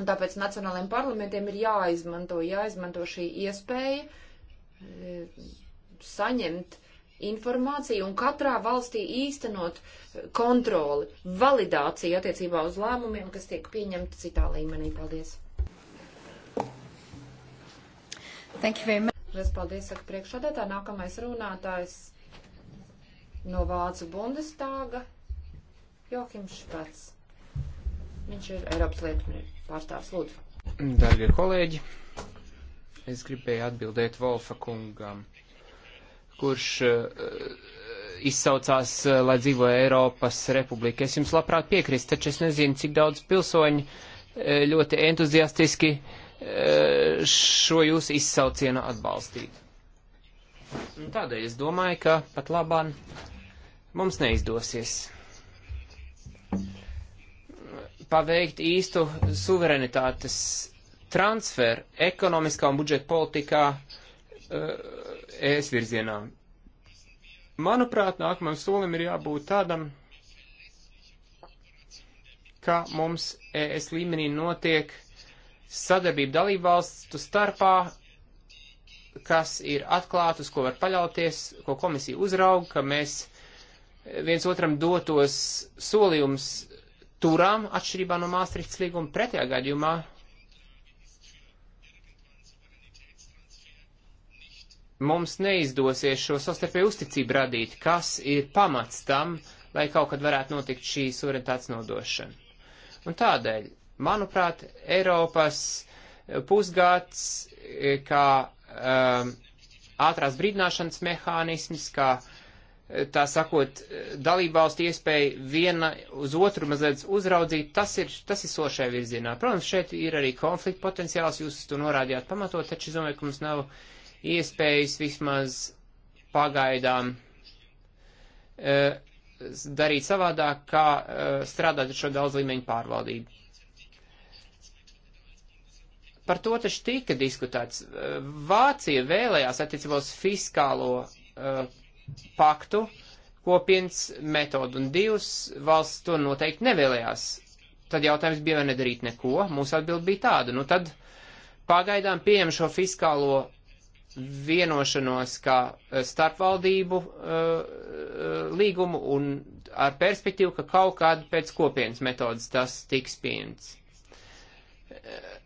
Un tāpēc nacionālajiem parlamentiem ir jāizmanto, jāizmanto šī iespēja eh, saņemt informāciju un katrā valstī īstenot kontroli, validāciju attiecībā uz lēmumiem, kas tiek pieņemti citā līmenī. Paldies! Thank you very much. Es paldies, saka priekšādētā. Nākamais runātājs no Vācu Bundestāga, Johims Špats. Viņš ir Eiropas lietu pārstāvs. Lūdzu. Darbie kolēģi, es gribēju atbildēt Volfa kungam, kurš uh, izsaucās, uh, lai dzīvo Eiropas republika. Es jums labprāt piekrīstu, taču es nezinu, cik daudz pilsoņi uh, ļoti entuziastiski uh, Eh, šo jūsu izsaucienu atbalstīt. Un tādēļ es domāju, ka pat labāk mums neizdosies paveikt īstu suverenitātes transferu ekonomiskā un budžeta politikā eh, ES virzienā. Manuprāt, nākamajam solim ir jābūt tādam, ka mums ES līmenī notiek uh, sadarbību dalību valstu starpā, kas ir atklāta, uz ko var paļauties, ko komisija uzrauga, ka mēs viens otram dotos solījums turām atšķirībā no Māstrihts līguma pretējā gadījumā. Mums neizdosies šo sastarpēju uzticību radīt, kas ir pamats tam, lai kaut kad varētu notikt šī suverenitātes nodošana. Un tādēļ Manuprāt, Eiropas pusgads eh, kā um, ātrās brīdināšanas mehānisms, kā eh, tā sakot, eh, dalībvalstu iespēja viena uz otru mazliet uzraudzīt, tas ir, tas ir sošai virzienā. Protams, šeit ir arī konflikta potenciāls, jūs to norādījāt pamatot, taču es domāju, ka mums nav iespējas vismaz pagaidām e, darīt savādāk, kā e, strādāt ar šo daudz līmeņu pārvaldību. Par to taču tika diskutēts. Vācija vēlējās attiecībos fiskālo uh, paktu, kopienas metodu, un divas valsts to noteikti nevēlējās. Tad jautājums bija, vai nedarīt neko. Mūsu atbild bija tāda. Nu tad pagaidām pieņem šo fiskālo vienošanos kā eh, starpvaldību uh, līgumu un ar perspektīvu, ka kaut kādu pēc kopienas metodas tas tiks pieņemts. Uh,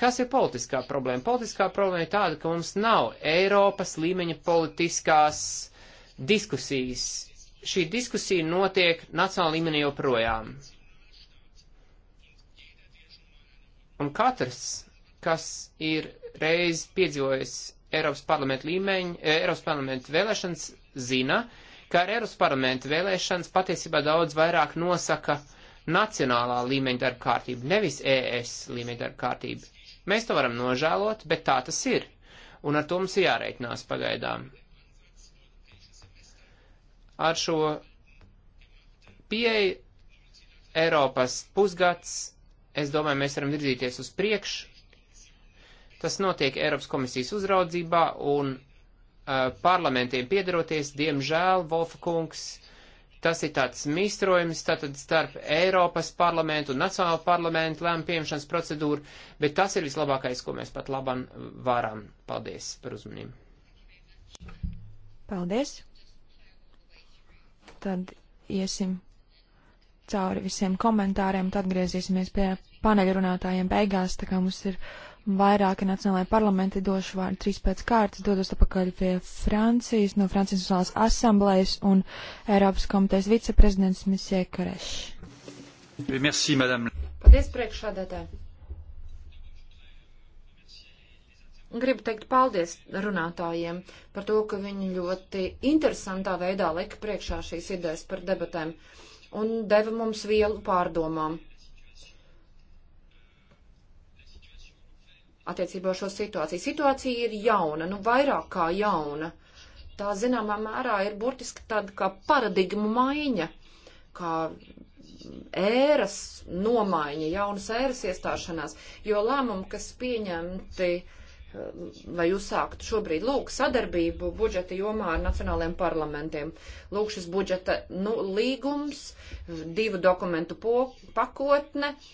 Kas ir politiskā problēma? Politiskā problēma ir tāda, ka mums nav Eiropas līmeņa politiskās diskusijas. Šī diskusija notiek nacionāla līmenī joprojām. Un katrs, kas ir reiz piedzīvojis Eiropas parlamenta līmeņa, eh, Eiropas parlamenta vēlēšanas, zina, ka ar Eiropas parlamenta vēlēšanas patiesībā daudz vairāk nosaka nacionālā līmeņa darba kārtība, nevis ES līmeņa darba kārtība. Mēs to varam nožēlot, bet tā tas ir. Un ar to mums jāreikinās pagaidām. Ar šo pieeju Eiropas pusgads, es domāju, mēs varam virzīties uz priekšu. Tas notiek Eiropas komisijas uzraudzībā un uh, parlamentiem piedaroties, diemžēl, Volfa kungs, uh, Tas ir tāds mistrojums tātad starp Eiropas parlamentu un Nacionālo parlamentu lēmumu pieņemšanas procedūru, bet tas ir vislabākais, ko mēs pat labam varam. Paldies par uzmanību. Paldies. Tad iesim cauri visiem komentāriem, tad atgriezīsimies pie paneļrunātājiem beigās, tā kā mums ir vairāki nacionālajie parlamenti došu vārdu trīs pēc kārtas, dodos atpakaļ pie Francijas, no Francijas Nacionālās asamblējas un Eiropas komitejas viceprezidents Misie Karešs. Merci, madame. Paldies, priekšādātāji. Gribu teikt paldies runātājiem par to, ka viņi ļoti interesantā veidā lika priekšā šīs idejas par debatēm un deva mums vielu pārdomām attiecībā šo situāciju. Situācija ir jauna, nu vairāk kā jauna. Tā zināmā mērā ir burtiski tāda kā paradigmu maiņa, kā ēras nomaiņa, jaunas ēras iestāšanās, jo lēmumi, kas pieņemti eh, lai uzsāktu šobrīd lūk sadarbību budžeta jomā ar nacionālajiem parlamentiem. Lūk šis budžeta nu, līgums, divu dokumentu po, pakotne, uh,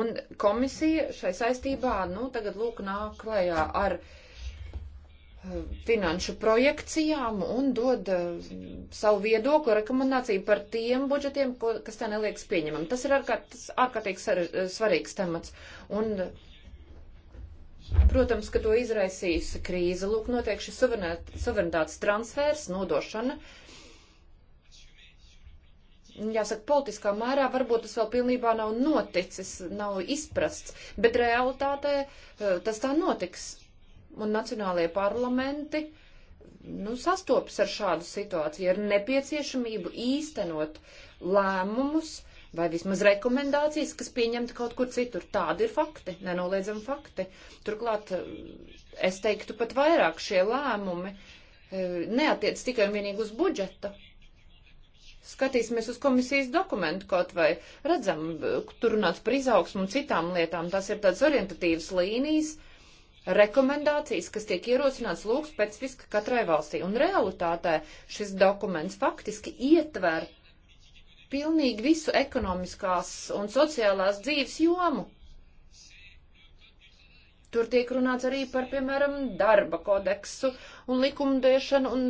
Un komisija šai saistībā, nu, tagad lūk nāk klajā ar eh, finanšu projekcijām un dod eh, savu viedokli, rekomendāciju par tiem budžetiem, ko, kas tā neliekas pieņemam. Tas ir ārkārt, ārkārtīgi eh, svarīgs temats. Un, protams, ka to izraisīs krīze. Lūk, notiek šis suverenitātes transfers, nodošana. Uh, jāsaka, politiskā mērā varbūt tas vēl pilnībā nav noticis, nav izprasts, bet realitātē eh, tas tā notiks. Un nacionālajie parlamenti nu, sastopas ar šādu situāciju, ar nepieciešamību īstenot lēmumus vai vismaz rekomendācijas, kas pieņemta kaut kur citur. Tādi ir fakti, nenoliedzami fakti. Turklāt, eh, es teiktu pat vairāk šie lēmumi eh, neatiec tikai un vienīgi uz budžeta skatīsimies uz komisijas dokumentu kaut vai, redzam, tur runāts par izaugsmu un citām lietām. Tās ir tādas orientatīvas līnijas, rekomendācijas, kas tiek ierosināts lūk specifiski katrai valstī. Un realitātē šis dokuments faktiski ietver pilnīgi visu ekonomiskās un sociālās dzīves jomu. Tur tiek runāts arī par, piemēram, darba kodeksu un likumdošanu un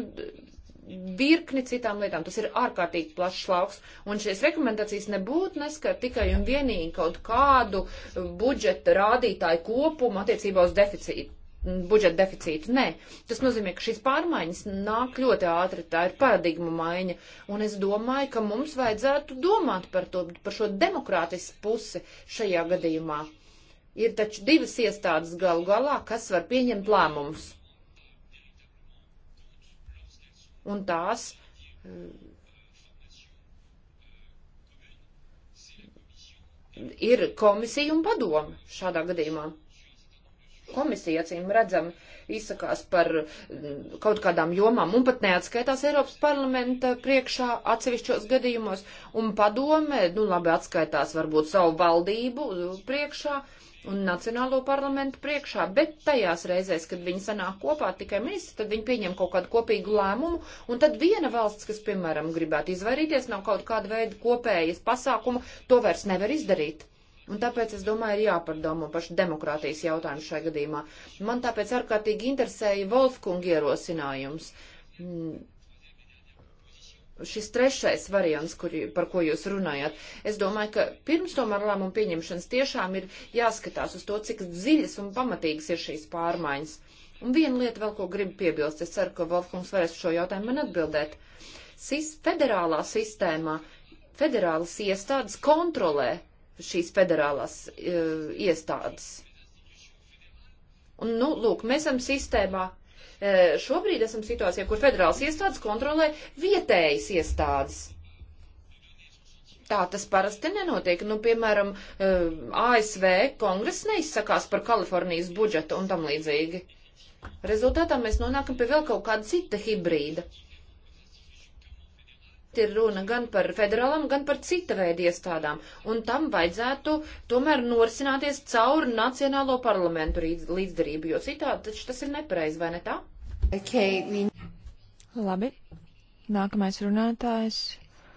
virkni citām lietām. Tas ir ārkārtīgi plašs lauks, un šīs rekomendācijas nebūtu neskar tikai un vienīgi kaut kādu budžeta rādītāju kopumu attiecībā uz deficītu budžeta deficītu. Nē, tas nozīmē, ka šīs pārmaiņas nāk ļoti ātri, tā ir paradigma maiņa, un es domāju, ka mums vajadzētu domāt par to, par šo demokrātisku pusi šajā gadījumā. Ir taču divas iestādes galu galā, kas var pieņemt lēmumus un tās eh, ir komisija un padoma šādā gadījumā. Komisija, acīm redzami, izsakās par eh, kaut kādām jomām un pat neatskaitās Eiropas parlamenta priekšā atsevišķos gadījumos, un padome, nu labi, atskaitās varbūt savu valdību priekšā, un Nacionālo parlamentu priekšā, bet tajās reizēs, kad viņi sanāk kopā tikai ministri, tad viņi pieņem kaut kādu kopīgu lēmumu, un tad viena valsts, kas, piemēram, gribētu izvairīties no kaut kāda veida kopējas pasākuma, to vairs nevar izdarīt. Un tāpēc es domāju, ir jāpārdomā par demokrātijas jautājumu šai gadījumā. Man tāpēc ārkārtīgi interesēja Volfkunga ierosinājums. Mm, šis trešais variants, kur, par ko jūs runājat. Es domāju, ka pirms tomēr lēmumu pieņemšanas tiešām ir jāskatās uz to, cik dziļas un pamatīgas ir šīs pārmaiņas. Un viena lieta vēl, ko gribu piebilst, es ceru, ka Volfkungs varēs šo jautājumu man atbildēt. SIS federālā sistēmā federālas iestādes kontrolē šīs federālās uh, iestādes. Un, nu, lūk, mēs esam sistēmā, E, šobrīd esam situācijā, kur federālas iestādes kontrolē vietējas iestādes. Tā tas parasti nenotiek. Nu, piemēram, e, ASV kongress neizsakās par Kalifornijas budžetu un tam līdzīgi. Rezultātā mēs nonākam pie vēl kaut kāda cita hibrīda ir runa gan par federālam, gan par cita veida iestādām, un tam vajadzētu tomēr norisināties caur Nacionālo parlamentu līdzdarību, jo citādi taču tas ir nepareizi, vai ne tā? Okay. Labi. Nākamais runātājs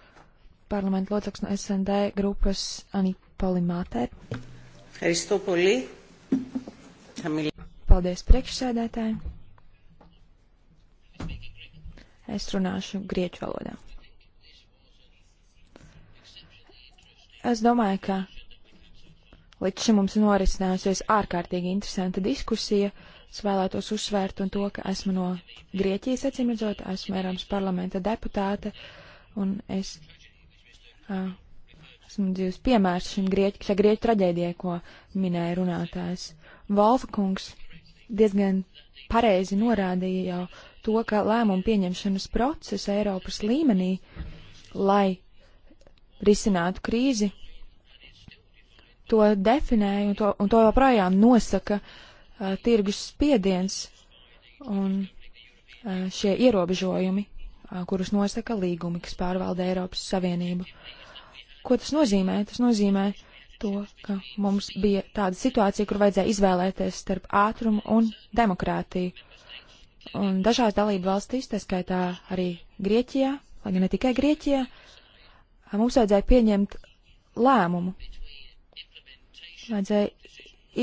- parlamentu loceklis no SND grupas Anipoli Mātē. Paldies priekšsēdētāji. Es runāšu grieķu valodā. Es domāju, ka līdz šim mums norisinājusies ārkārtīgi interesanta diskusija. Es vēlētos uzsvērt un to, ka esmu no Grieķijas, acīm redzot, esmu Eiropas parlamenta deputāte, un es uh, esmu dzīves piemērs šim grieķu, grieķu traģēdijai, ko minēja runātājs. Volfa kungs diezgan pareizi norādīja jau to, ka lēmumu pieņemšanas process Eiropas līmenī, lai risinātu krīzi, to definēja un to, un to joprojām nosaka uh, tirgus spiediens un uh, šie ierobežojumi, uh, kurus nosaka līgumi, kas pārvalda Eiropas Savienību. Ko tas nozīmē? Tas nozīmē to, ka mums bija tāda situācija, kur vajadzēja izvēlēties starp ātrumu un demokrātiju. Un dažās dalību valstīs, tā skaitā arī Grieķijā, lai gan ne tikai Grieķijā, uh, mums vajadzēja pieņemt lēmumu. Vajadzēja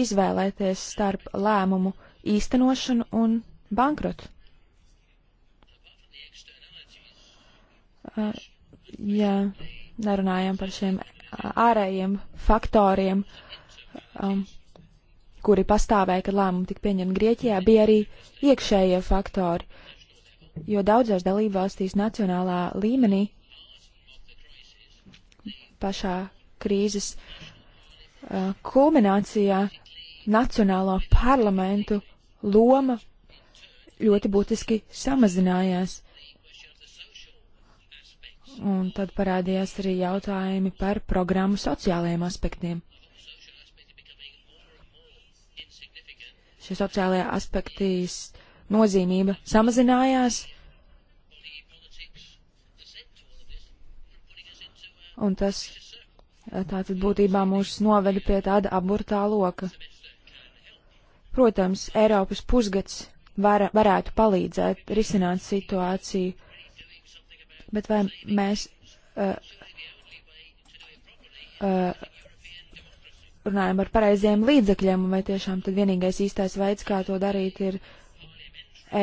izvēlēties starp lēmumu īstenošanu un bankrotu. Ja nerunājam par šiem ārējiem faktoriem, um, kuri pastāvēja, kad lēmumi tika pieņemti Grieķijā, bija arī iekšējie faktori, jo daudzās dalībvalstīs nacionālā līmenī pašā krīzes uh, kulminācijā nacionālo parlamentu loma ļoti būtiski samazinājās. Un tad parādījās arī jautājumi par programmu sociālajiem aspektiem. Šie sociālajie aspekti nozīmība samazinājās, Un tas eh, tātad būtībā mūs noveda pie tāda aburtā loka. Protams, Eiropas pusgads var, varētu palīdzēt risināt situāciju, bet vai mēs uh, uh, runājam par pareiziem līdzekļiem, vai tiešām tad vienīgais īstais veids, kā to darīt, ir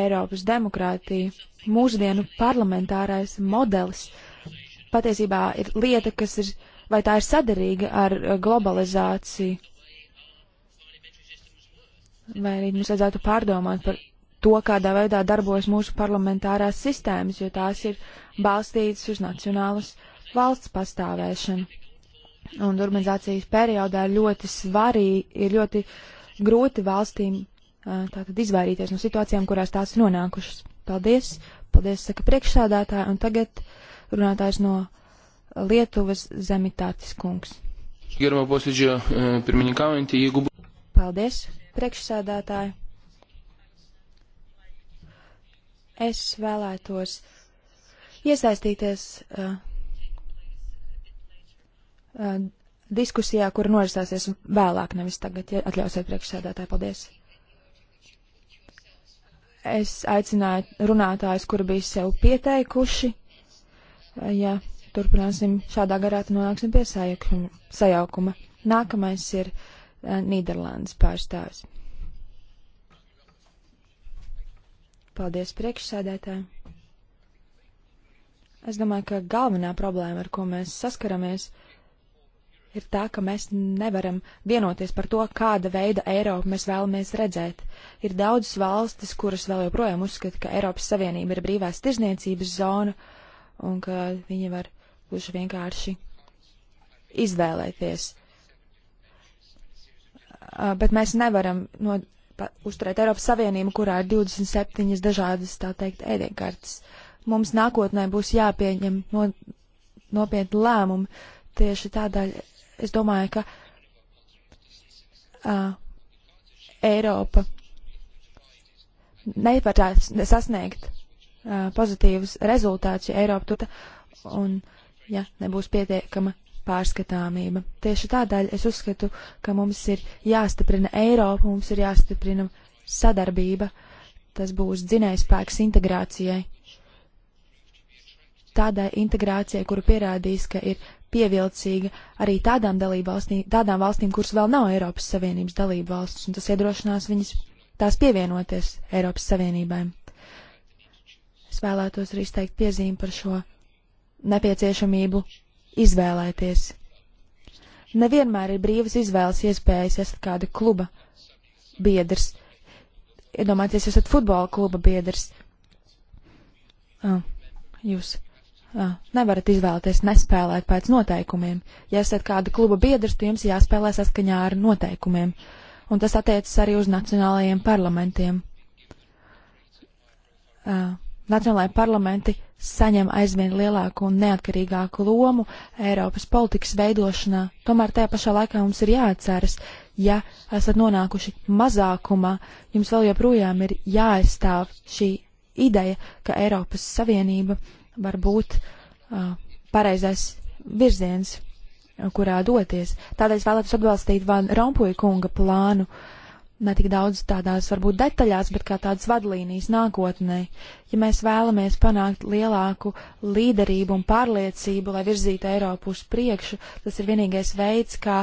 Eiropas demokrātija. Mūsdienu parlamentārais modelis uh, patiesībā ir lieta, kas ir, vai tā ir sadarīga ar eh, globalizāciju. Vai arī mums vajadzētu pārdomāt par to, kādā veidā darbojas mūsu parlamentārās sistēmas, jo tās ir balstītas uz nacionālas valsts pastāvēšanu. Un urbanizācijas periodā ļoti svarīgi, ir ļoti grūti valstīm eh, tātad izvairīties no situācijām, kurās tās nonākušas. Paldies! Paldies, saka priekšsādātāja, un tagad uh, runātājs no Lietuvas Zemitātis kungs. Germā posēdžā e, pirmininkāvinti, jeigu. Paldies, priekšsēdētāji. Es vēlētos iesaistīties uh, uh, diskusijā, kur norisāsies vēlāk, nevis tagad, ja atļausiet priekšsēdētāji. Paldies! Es aicināju runātājus, kuri bija sev pieteikuši, ja turpināsim šādā garā, tad nonāksim pie sajaukuma. Nākamais ir uh, Nīderlandes pārstāvis. Paldies priekšsēdētājiem. Es domāju, ka galvenā problēma, ar ko mēs saskaramies, ir tā, ka mēs nevaram vienoties par to, kāda veida Eiropu mēs vēlamies redzēt. Ir daudzas valstis, kuras vēl joprojām uzskata, ka Eiropas Savienība ir brīvās tirzniecības zona, uh, un ka viņi var gluži vienkārši izvēlēties. Uh, bet mēs nevaram no, pa, uzturēt Eiropas Savienību, kurā ir 27 dažādas, tā teikt, ēdienkartes. Mums nākotnē būs jāpieņem no, nopietni lēmumi. Tieši tādēļ es domāju, ka uh, Eiropa nevarētu sasniegt pozitīvus rezultātus, ja Eiropa tur un ja nebūs pietiekama pārskatāmība. Tieši tādēļ es uzskatu, ka mums ir jāstiprina Eiropa, mums ir jāstiprina sadarbība, tas būs dzinējspēks integrācijai. Tādai integrācijai, kuru pierādīs, ka ir pievilcīga arī tādām dalībvalstīm, tādām valstīm, kuras vēl nav Eiropas Savienības dalībvalstis, un tas iedrošinās viņas tās pievienoties Eiropas Savienībai. Es vēlētos arī izteikt piezīmi par šo nepieciešamību izvēlēties. Nevienmēr ir brīvas izvēles iespējas, esat kāda kluba biedrs. Iedomājieties, esat futbola kluba biedrs. Ah, jūs ah, nevarat izvēlēties nespēlēt pēc noteikumiem. Ja esat kāda kluba biedrs, tad jums jāspēlē saskaņā ar noteikumiem. Un tas attiecas arī uz nacionālajiem parlamentiem. Ah, nacionālajie parlamenti saņem aizvien lielāku un neatkarīgāku lomu Eiropas politikas veidošanā. Tomēr tajā pašā laikā mums ir jāatceras, ja esat nonākuši mazākumā, jums vēl joprojām ir jāaizstāv šī ideja, ka Eiropas Savienība var būt uh, pareizais virziens, kurā doties. Tādēļ es vēlētos atbalstīt Van Rompuja kunga plānu uh, ne tik daudz tādās varbūt detaļās, bet kā tādas vadlīnijas nākotnē. Ja mēs vēlamies panākt lielāku līderību un pārliecību, lai virzītu Eiropu uz priekšu, tas ir vienīgais veids, kā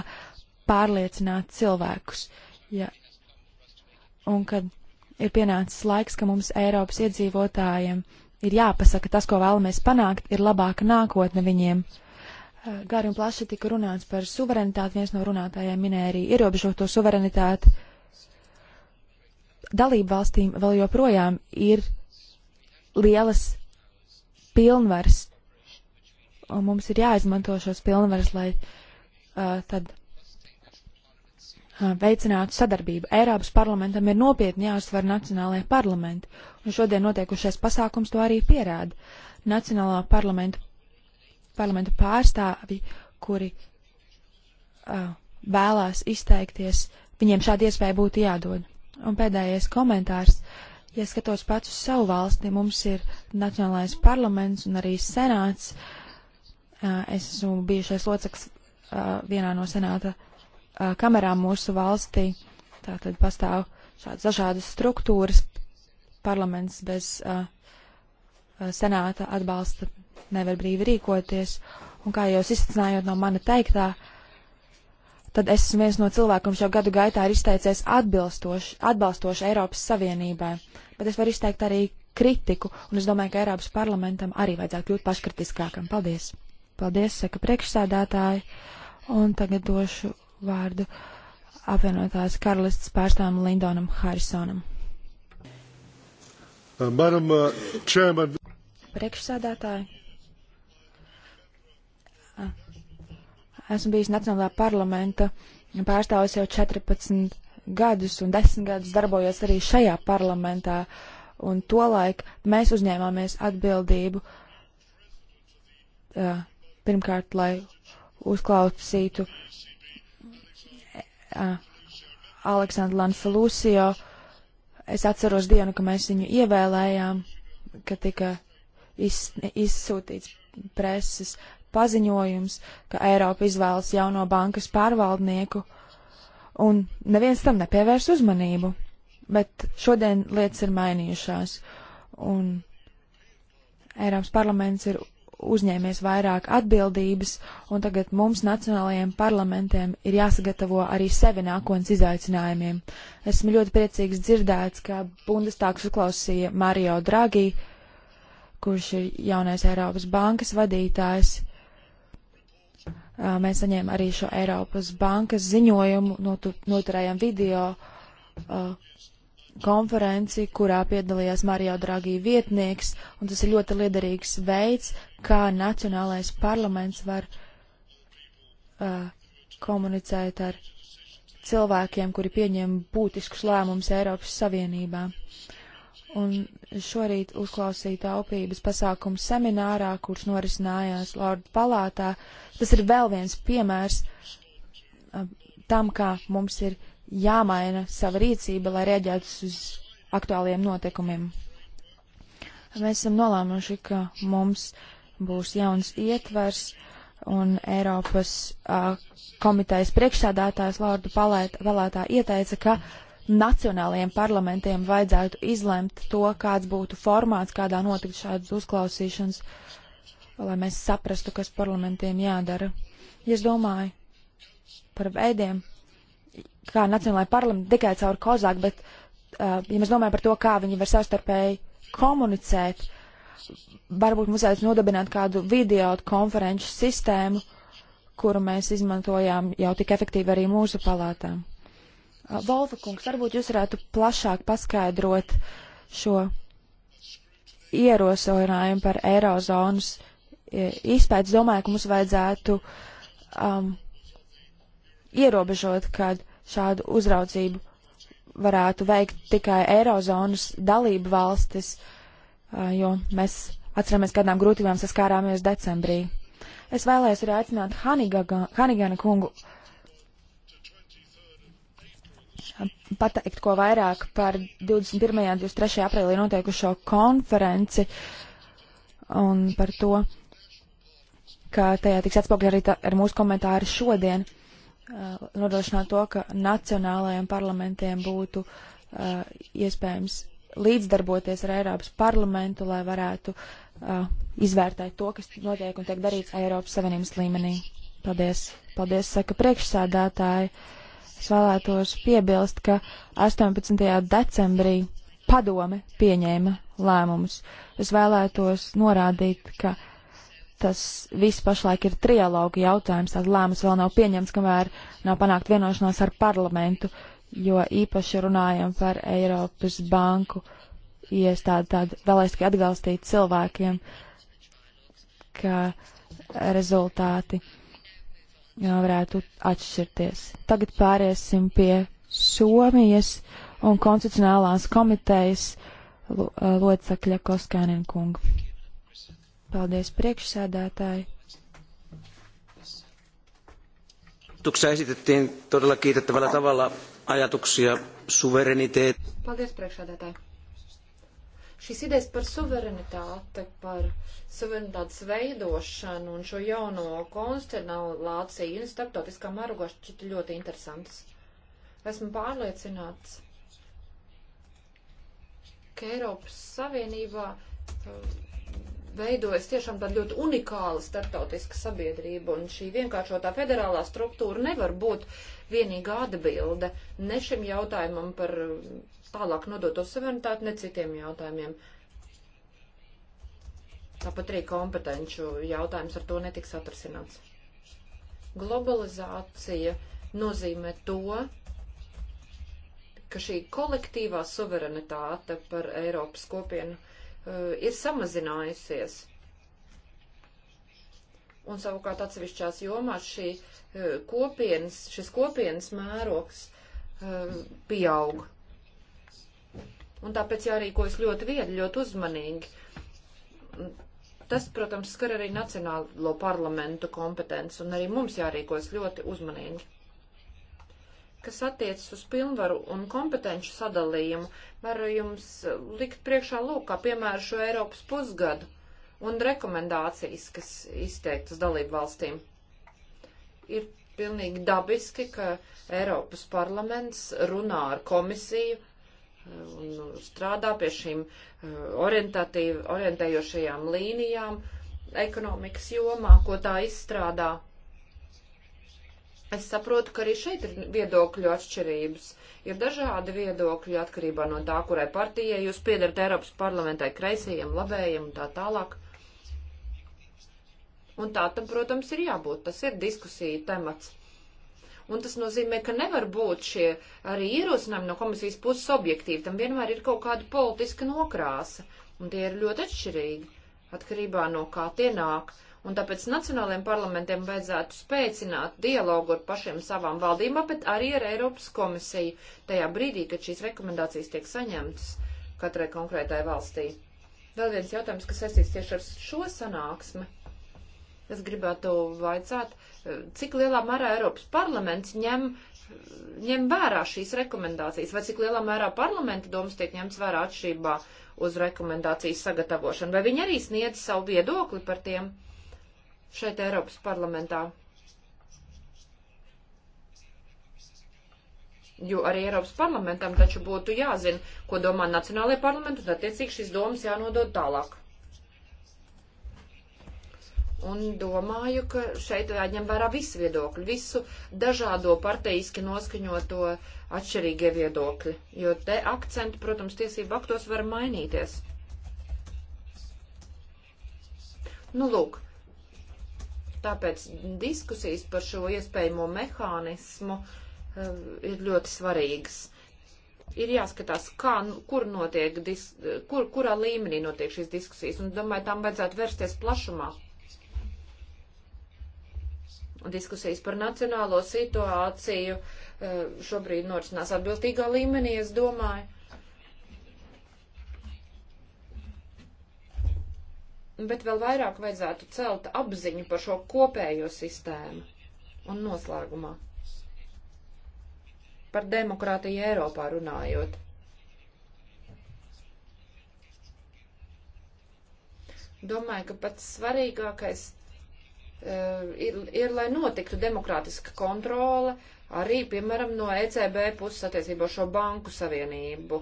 pārliecināt cilvēkus. Ja. Un kad ir pienācis laiks, ka mums Eiropas iedzīvotājiem ir jāpasaka tas, ko vēlamies panākt, ir labāka nākotne viņiem. Gari un plaši tika runāts par suverenitāti, viens no runātājiem minēja arī ierobežoto suverenitāti. Uh, dalību valstīm vēl joprojām ir lielas pilnvaras, un mums ir jāizmanto šos pilnvaras, lai uh, tad uh, veicinātu sadarbību. Eiropas parlamentam ir nopietni jāuzsver nacionālajie parlamenti, un šodien notiekušais pasākums to arī pierāda. Nacionālā parlamentu, parlamentu pārstāvi, kuri uh, vēlās izteikties, viņiem šāda iespēja būtu jādod. Un pēdējais komentārs. Ja skatos pats uz savu valsti, mums ir Nacionālais parlaments un arī senāts. Es esmu bijušais loceklis vienā no senāta kamerām mūsu valstī. Tātad pastāv šādas dažādas struktūras. Parlaments bez senāta atbalsta nevar brīvi rīkoties. Un kā jūs izcinājot no mana teiktā, uh, tad es esmu viens no cilvēkiem, kurš jau gadu gaitā ir izteicies atbalstoši Eiropas Savienībai. Bet es varu izteikt arī kritiku, un es domāju, ka Eiropas parlamentam arī vajadzētu kļūt paškritiskākam. Paldies! Paldies, saka priekšsēdētāji, un tagad došu vārdu apvienotās karalistas pārstāvam Lindonam Harisonam. Manam uh, čēman. Uh, priekšsēdētāji, Esmu bijis Nacionālā parlamenta pārstāvis jau 14 gadus un 10 gadus darbojos arī šajā parlamentā. Un tolaik mēs uzņēmāmies atbildību uh, pirmkārt, lai uzklausītu uh, Aleksandru Lanfelusio. Es atceros dienu, ka mēs viņu ievēlējām, ka tika iz, izsūtīts preses paziņojums, ka Eiropa izvēlas jauno bankas pārvaldnieku, un neviens tam nepievērs uzmanību. Bet šodien lietas ir mainījušās, un Eiropas parlaments ir uzņēmies vairāk atbildības, un tagad mums, nacionālajiem parlamentiem, ir jāsagatavo arī sevi nākotnes izaicinājumiem. Esmu ļoti priecīgs dzirdēts, ka Bundestāgs uzklausīja Mario Draghi, kurš ir jaunais Eiropas bankas vadītājs, Mēs saņēmām arī šo Eiropas bankas ziņojumu, notur, noturējām video uh, konferenci, kurā piedalījās Mario Draghi vietnieks, un tas ir ļoti liederīgs veids, kā Nacionālais parlaments var uh, komunicēt ar cilvēkiem, kuri pieņem būtiskus lēmumus Eiropas Savienībā. Uh, un šorīt uzklausīja taupības pasākumu seminārā, kurš norisinājās Lordu palātā. Tas ir vēl viens piemērs uh, tam, kā mums ir jāmaina sava rīcība, lai rēģētu uz aktuāliem notikumiem. Mēs esam nolēmuši, ka mums būs jauns ietvers un Eiropas uh, komitejas priekšsādātājs Lordu palētā, vēlētā ieteica, ka nacionālajiem parlamentiem vajadzētu izlemt to, kāds būtu formāts, kādā notikt šādas uzklausīšanas, lai mēs saprastu, kas parlamentiem jādara. Ja es domāju par veidiem, kā nacionālajai parlamenti tikai caur kozāk, bet, uh, ja mēs domājam par to, kā viņi var savstarpēji komunicēt, varbūt mums vajadzētu nodabināt kādu video konferenču sistēmu, kuru mēs izmantojām jau tik efektīvi arī mūsu palātām. Volfa kungs, varbūt jūs varētu plašāk paskaidrot šo ierosinājumu par eirozonas e, izpētes. Domāju, ka mums vajadzētu um, ierobežot, kad šādu uzraudzību varētu veikt tikai eirozonas dalību valstis, uh, jo mēs atceramies, kādām grūtībām saskārāmies decembrī. Es vēlējos arī aicināt Hanigana kungu uh, pateikt ko vairāk par 21. un 23. aprīlī notiekušo konferenci un par to, ka tajā tiks atspogļi arī tā, ar mūsu komentāru šodien, uh, nodrošināt to, ka nacionālajiem parlamentiem būtu uh, iespējams līdzdarboties ar Eiropas parlamentu, lai varētu uh, izvērtēt to, kas notiek un tiek darīts Eiropas Savienības līmenī. Paldies! Paldies, saka priekšsādātāji! Uh, Es vēlētos piebilst, ka 18. decembrī padome pieņēma lēmumus. Es vēlētos norādīt, ka tas viss pašlaik ir trialoga jautājums, tad lēmums vēl nav pieņemts, kamēr nav panākt vienošanās ar parlamentu, jo īpaši runājam par Eiropas banku iestādi, tad vēlēs tikai atgalstīt cilvēkiem, ka rezultāti varētu atšķirties. Tagad pāriesim pie Somijas un konstitucionālās komitejas eh, locekļa Koskānina kunga. Paldies priekšsēdētāji. Tuksā esitettiin todella kiitettävällä tavalla ajatuksia suvereniteet. Paldies priekšsēdētāji. Šīs idejas par suverenitāti, par suverenitātes veidošanu un šo jauno konstelāciju un starptautiskā mērogošana šķiet ļoti interesants. Esmu pārliecināts, ka Eiropas Savienībā uh, veidojas tiešām tāda ļoti unikāla starptautiska sabiedrība, un šī vienkāršotā federālā struktūra nevar būt vienīgā atbilde ne šim jautājumam par uh, tālāk nodot to suverenitāti ne citiem jautājumiem. Tāpat arī kompetenču jautājums ar to netiks atrasināts. Globalizācija nozīmē to, ka šī kolektīvā suverenitāte par Eiropas kopienu uh, ir samazinājusies. Un savukārt atsevišķās jomās šī uh, kopienas, šis kopienas mērogs uh, eh, pieauga. Un tāpēc jārīkojas ļoti viegli, ļoti uzmanīgi. Tas, protams, skar arī Nacionālo parlamentu kompetenci, un arī mums jārīkojas ļoti uzmanīgi. Kas attiecas uz pilnvaru un kompetenci sadalījumu, varu jums eh, likt priekšā lūk, kā piemēru šo Eiropas pusgadu un rekomendācijas, kas izteiktas dalību valstīm. Ir pilnīgi dabiski, ka Eiropas parlaments runā ar komisiju un strādā pie šīm eh, orientējošajām līnijām ekonomikas jomā, ko tā izstrādā. Es saprotu, ka arī šeit ir viedokļu atšķirības. Ir dažādi viedokļi atkarībā no tā, kurai partijai jūs piedarat Eiropas parlamentai, kreisajiem, labējiem un tā tālāk. Un tā tam, protams, ir jābūt. Tas ir diskusija temats un tas nozīmē, ka nevar būt šie arī ierosinājumi no komisijas puses objektīvi. Tam vienmēr ir kaut kāda politiska nokrāsa, un tie ir ļoti atšķirīgi atkarībā no kā tie nāk. Un tāpēc nacionālajiem parlamentiem vajadzētu spēcināt dialogu ar pašiem savām valdībām, bet arī ar Eiropas komisiju tajā brīdī, kad šīs rekomendācijas tiek saņemtas katrai konkrētai valstī. Vēl viens jautājums, kas saistīts tieši ar šo sanāksmi. Es gribētu vaicāt, eh, cik lielā mērā Eiropas parlaments ņem, ņem vērā šīs rekomendācijas, vai cik lielā mērā parlamenta domas tiek ņemts vērā atšķirībā uz rekomendācijas sagatavošanu, vai viņi arī sniedz savu viedokli par tiem šeit Eiropas parlamentā. Jo arī Eiropas parlamentam taču būtu jāzina, ko domā Nacionālajie parlamenti, un attiecīgi šīs domas jānodod tālāk. Un domāju, ka šeit jāņem vērā visi viedokļi, visu dažādo parteiski noskaņoto atšķirīgie viedokļi, jo te akcenti, protams, tiesību aktos var mainīties. Nu, lūk, tāpēc diskusijas par šo iespējamo mehānismu eh, ir ļoti svarīgas ir jāskatās, kā, nu, kur notiek, dis, kur, kurā līmenī notiek šīs diskusijas, un domāju, tām vajadzētu vērsties plašumā. Diskusijas par nacionālo situāciju eh, šobrīd norisinās atbilstīgā līmenī, es domāju. Bet vēl vairāk vajadzētu celt apziņu par šo kopējo sistēmu un noslēgumā. Par demokrātiju Eiropā runājot. Domāju, ka pats svarīgākais Eh, ir, ir, lai notiktu demokrātiska kontrole arī, piemēram, no ECB puses attiecībā šo banku savienību.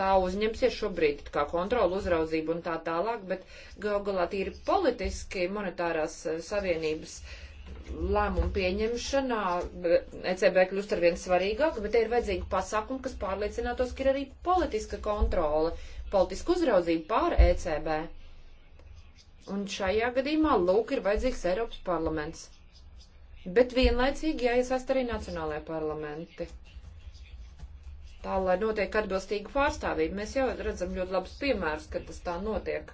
Tā uzņemsies šobrīd kā kontrola, uzraudzība un tā tālāk, bet gal galā tīri politiski monetārās eh, savienības lēmumu pieņemšanā ECB eh, e kļūst ar vien svarīgāk, bet te ir vajadzīgi pasākumi, kas pārliecinātos, ka ir arī politiska kontrole, politiska uzraudzība pār ECB Un šajā gadījumā lūk ir vajadzīgs Eiropas parlaments. Bet vienlaicīgi jāiesaist arī nacionālajie parlamenti. Tā, lai notiek atbilstīga pārstāvība. Mēs jau redzam ļoti labus piemērus, kad tas tā notiek.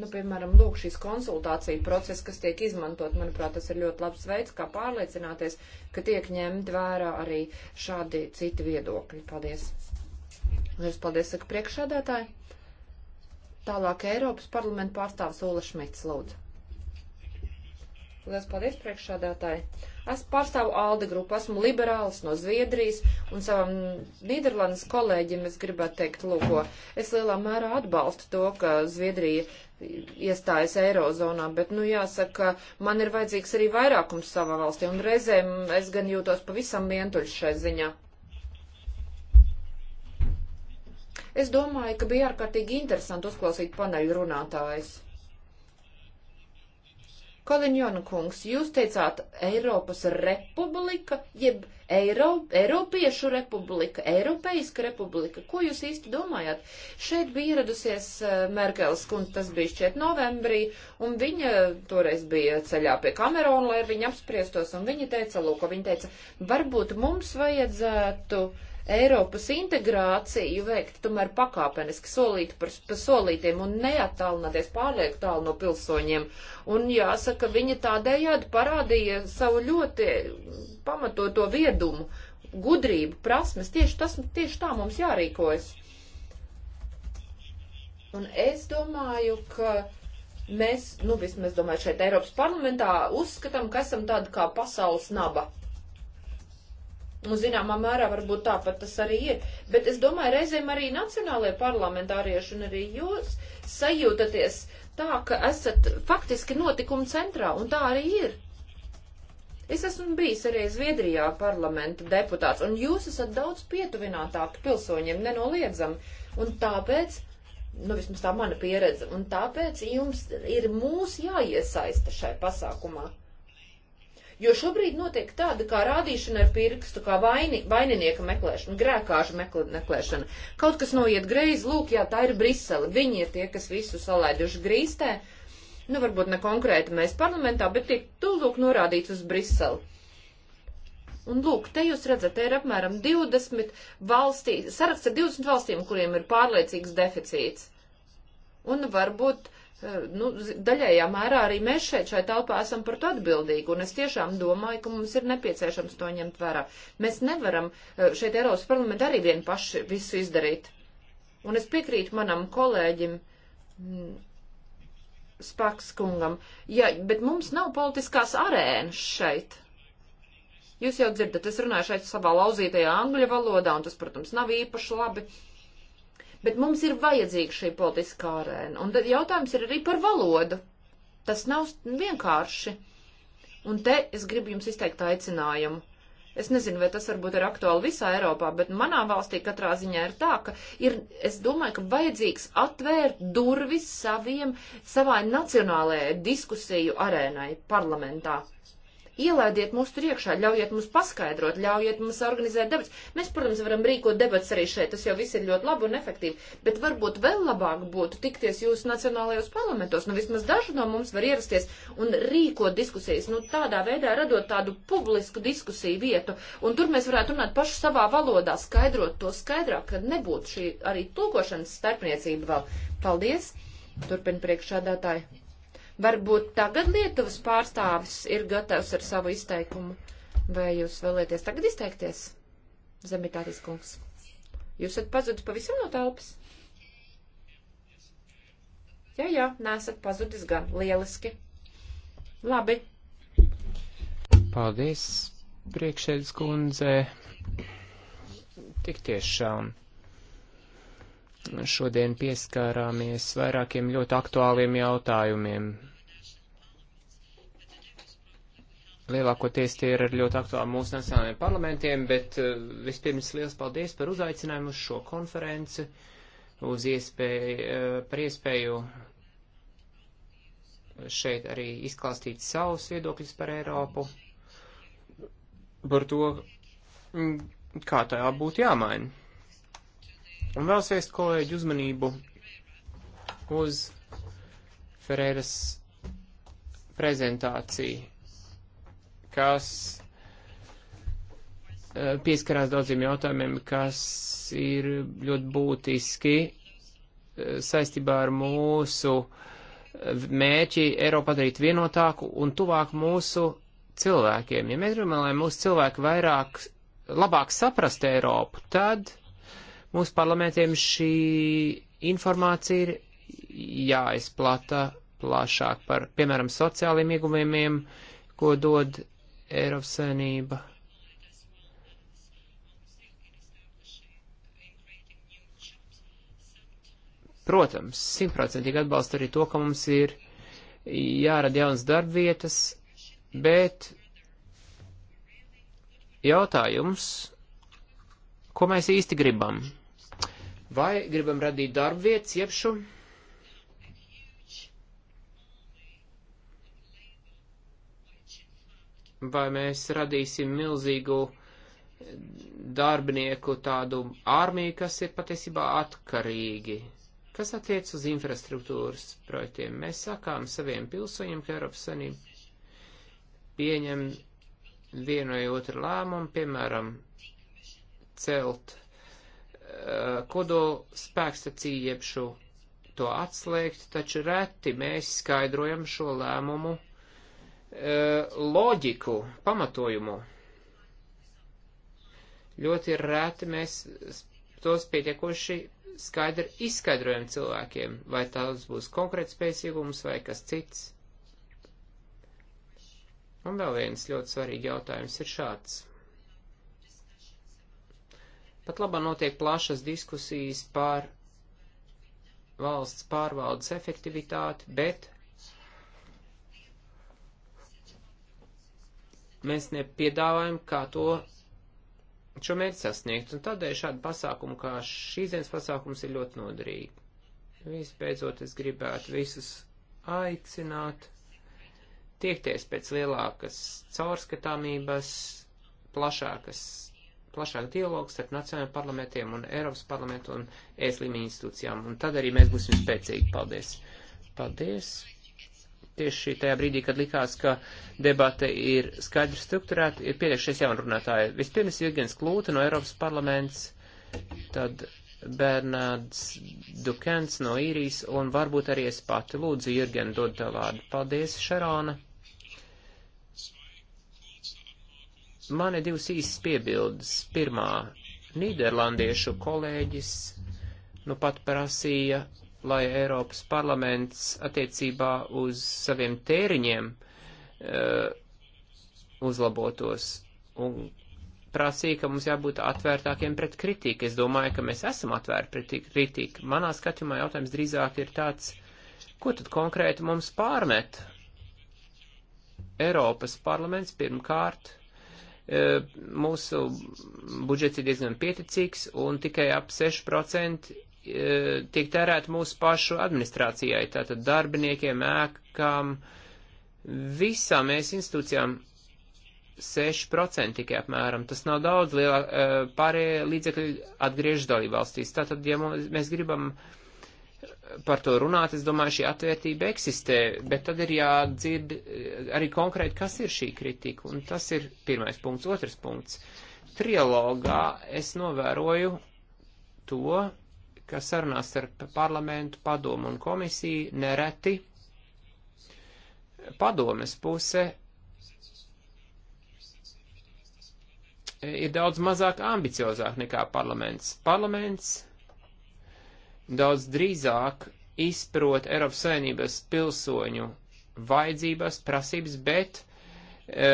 Nu, piemēram, lūk, šīs konsultācija procesi, kas tiek izmantot, manuprāt, tas ir ļoti labs veids, kā pārliecināties, ka tiek ņemt vērā arī šādi citi viedokļi. Paldies! Lielas paldies, saka priekšādātāji! Tālāk Eiropas parlamenta pārstāvis Ola Šmits, lūdzu. Lielas paldies priekšādātāji. Es pārstāvu ALDE grupu, esmu liberāls no Zviedrijas un savam Nīderlandes kolēģim es gribētu teikt, lūko, es lielā mērā atbalstu to, ka Zviedrija iestājas Eirozonā, bet, nu, jāsaka, man ir vajadzīgs arī vairākums savā valstī un reizēm es gan jūtos pavisam vientuļš šai ziņā. Es domāju, ka bija ārkārtīgi interesanti uzklausīt paneļu runātājs. Koliņjona kungs, jūs teicāt Eiropas republika, jeb Eiro, Eiropiešu republika, Eiropeiska republika. Ko jūs īsti domājat? Šeit bija ieradusies eh, Merkels kundze, tas bija šķiet novembrī, un viņa toreiz bija ceļā pie Kamerona, lai viņi apspriestos, un viņa teica, lūk, viņa teica, varbūt mums vajadzētu. Uh, Eiropas integrāciju veikt tomēr pakāpeniski solīt par, par solītiem un neattālināties pārlieku tālu no pilsoņiem. Un jāsaka, viņa tādējādi parādīja savu ļoti pamatoto viedumu, gudrību, prasmes. Tieši, tas, tieši tā mums jārīkojas. Un es domāju, ka mēs, nu vismaz domāju, šeit Eiropas parlamentā uzskatām, ka esam tādi kā pasaules naba Un zināmā mērā varbūt tāpat tas arī ir. Bet es domāju, reizēm arī nacionālajie parlamentārieši un arī jūs sajūtaties tā, ka esat faktiski notikuma centrā, un tā arī ir. Es esmu bijis arī Zviedrijā parlamenta deputāts, un jūs esat daudz pietuvinātāki pilsoņiem, nenoliedzam. Un tāpēc, nu vismaz tā mana pieredze, un tāpēc jums ir mūs jāiesaista šai pasākumā. Jo šobrīd notiek tāda kā rādīšana ar pirkstu, kā vaini, vaininieka meklēšana, grēkāžu meklēšana. Kaut kas noiet greizi, lūk, jā, tā ir Brisele. Viņi ir tie, kas visu salaiduši grīstē. Nu, varbūt ne konkrēti mēs parlamentā, bet tiek tūlūk norādīts uz Briseli. Un lūk, te jūs redzat, te ir apmēram 20 valstīs, saraksts ar 20 valstīm, kuriem ir pārliecīgs deficīts. Un varbūt uh, Eh, nu, daļējā mērā arī mēs šeit, šai telpā esam par to atbildīgi, un es tiešām domāju, ka mums ir nepieciešams to ņemt vērā. Mēs nevaram eh, šeit Eiropas parlamentā arī vien paši visu izdarīt. Un es piekrītu manam kolēģim mm, Spaks kungam, ja, bet mums nav politiskās arēnas šeit. Jūs jau dzirdat, es runāju šeit savā lauzītajā angļu valodā, un tas, protams, nav īpaši labi. Uh, Bet mums ir vajadzīga šī politiskā arēna. Un tad jautājums ir arī par valodu. Tas nav vienkārši. Un te es gribu jums izteikt aicinājumu. Es nezinu, vai tas varbūt ir aktuāli visā Eiropā, bet manā valstī katrā ziņā ir tā, ka ir, es domāju, ka vajadzīgs atvērt durvis saviem, savai nacionālajai diskusiju arēnai parlamentā. Ielaidiet mūs tur iekšā, ļaujiet mums paskaidrot, ļaujiet mums organizēt debats. Mēs, protams, varam rīkot debats arī šeit, tas jau viss ir ļoti labi un efektīvi, bet varbūt vēl labāk būtu tikties jūsu nacionālajos parlamentos. Nu, vismaz daži no mums var ierasties un rīkot diskusijas, nu, tādā veidā radot tādu publisku diskusiju vietu, un tur mēs varētu runāt paši savā valodā, skaidrot to skaidrāk, kad nebūtu šī arī tulkošanas starpniecība vēl. Paldies! Turpin priekšādātāji. Varbūt tagad Lietuvas pārstāvis ir gatavs ar savu izteikumu. Vai jūs vēlēties tagad izteikties, Zemitātis kungs? Jūs esat pazudis pavisam no telpas? Jā, jā, nesat pazudis gan. Lieliski. Labi. Paldies, priekšēdz kundze. Tik tiešām. Um, Šodien pieskārāmies vairākiem ļoti aktuāliem jautājumiem. Lielākoties tie ir ļoti aktuāli mūsu nacionālajiem parlamentiem, bet eh, vispirms liels paldies par uzaicinājumu uz šo konferenci, uz iespēju, eh, par iespēju šeit arī izklāstīt savus viedokļus par Eiropu, par to, mm, kā tajā būtu jāmaina. Un vēl sveist kolēģi uzmanību uz Ferēras prezentāciju, kas eh, pieskarās daudziem jautājumiem, kas ir ļoti būtiski eh, saistībā ar mūsu eh, mērķi Eiropu padarīt vienotāku un tuvāk mūsu cilvēkiem. Ja mēs gribam, lai mūsu cilvēki vairāk, labāk saprast Eiropu, tad Mūsu parlamentiem šī informācija ir jāizplata plašāk par, piemēram, sociāliem iegumiem, ko dod Eiropas Savienība. Protams, simtprocentīgi atbalstu arī to, ka mums ir jārada jaunas darbvietas, bet jautājums, ko mēs īsti gribam? vai gribam radīt darba vietas iepšu. Vai mēs radīsim milzīgu darbinieku tādu armiju, kas ir patiesībā atkarīgi. Kas attiec uz infrastruktūras projektiem? Mēs sakām saviem pilsoņiem, ka Eiropas Sanība pieņem vienu vai otru lēmumu, piemēram, celt kodola spēkstacīju jeb šo to atslēgt, taču reti mēs skaidrojam šo lēmumu e, loģiku, pamatojumu. Ļoti reti mēs tos pietiekoši skaidri izskaidrojam cilvēkiem, vai tās būs konkrēts spējas iegums vai kas cits. Un vēl viens ļoti svarīgi jautājums ir šāds. Pat labā notiek plašas diskusijas par valsts pārvaldes efektivitāti, bet mēs nepiedāvājam, kā to šo mērķi sasniegt, un tādēļ šādi pasākumi kā šīs dienas pasākums ir ļoti noderīgi. Vispēcot es gribētu visus aicināt tiekties pēc lielākas caurskatāmības, plašākas plašāku dialogu starp nacionālajiem parlamentiem un Eiropas parlamentu un ES līmeņa institūcijām. Un tad arī mēs būsim spēcīgi. Paldies! Paldies! Tieši tajā brīdī, kad likās, ka debate ir skaidri strukturēta, ir pietiekšies jauna runātāja. Vispirms Jurgens Klūta no Eiropas parlaments, tad Bernards Dukens no īrijas un varbūt arī es pati lūdzu Jurgen dod tev vārdu. Paldies, Šarona! Man ir divas īsas piebildes. Pirmā, Nīderlandiešu kolēģis nu pat prasīja, lai Eiropas parlaments attiecībā uz saviem tēriņiem uh, uzlabotos un prasīja, ka mums jābūt atvērtākiem pret kritiku. Es domāju, ka mēs esam atvērti pret kritiku. Manā skatījumā jautājums drīzāk ir tāds, ko tad konkrēti mums pārmet? Eiropas parlaments pirmkārt E, mūsu budžets ir diezgan pieticīgs un tikai ap 6% e, tiek tērēt mūsu pašu administrācijai, tātad darbiniekiem, ēkām, visām mēs institūcijām 6% tikai apmēram. Tas nav daudz, lielā e, pārējie līdzekļi atgriež dalībvalstīs. Tātad, ja mēs gribam uh, par to runāt, es domāju, šī atvērtība eksistē, bet tad ir jādzird eh, arī konkrēti, kas ir šī kritika, un tas ir pirmais punkts. Otrs punkts. Trialogā es novēroju to, ka sarunās ar parlamentu, padomu un komisiju nereti padomes puse ir daudz mazāk ambiciozāk nekā parlaments. Parlaments daudz drīzāk izprot Eiropas Savienības pilsoņu vajadzības, prasības, bet e,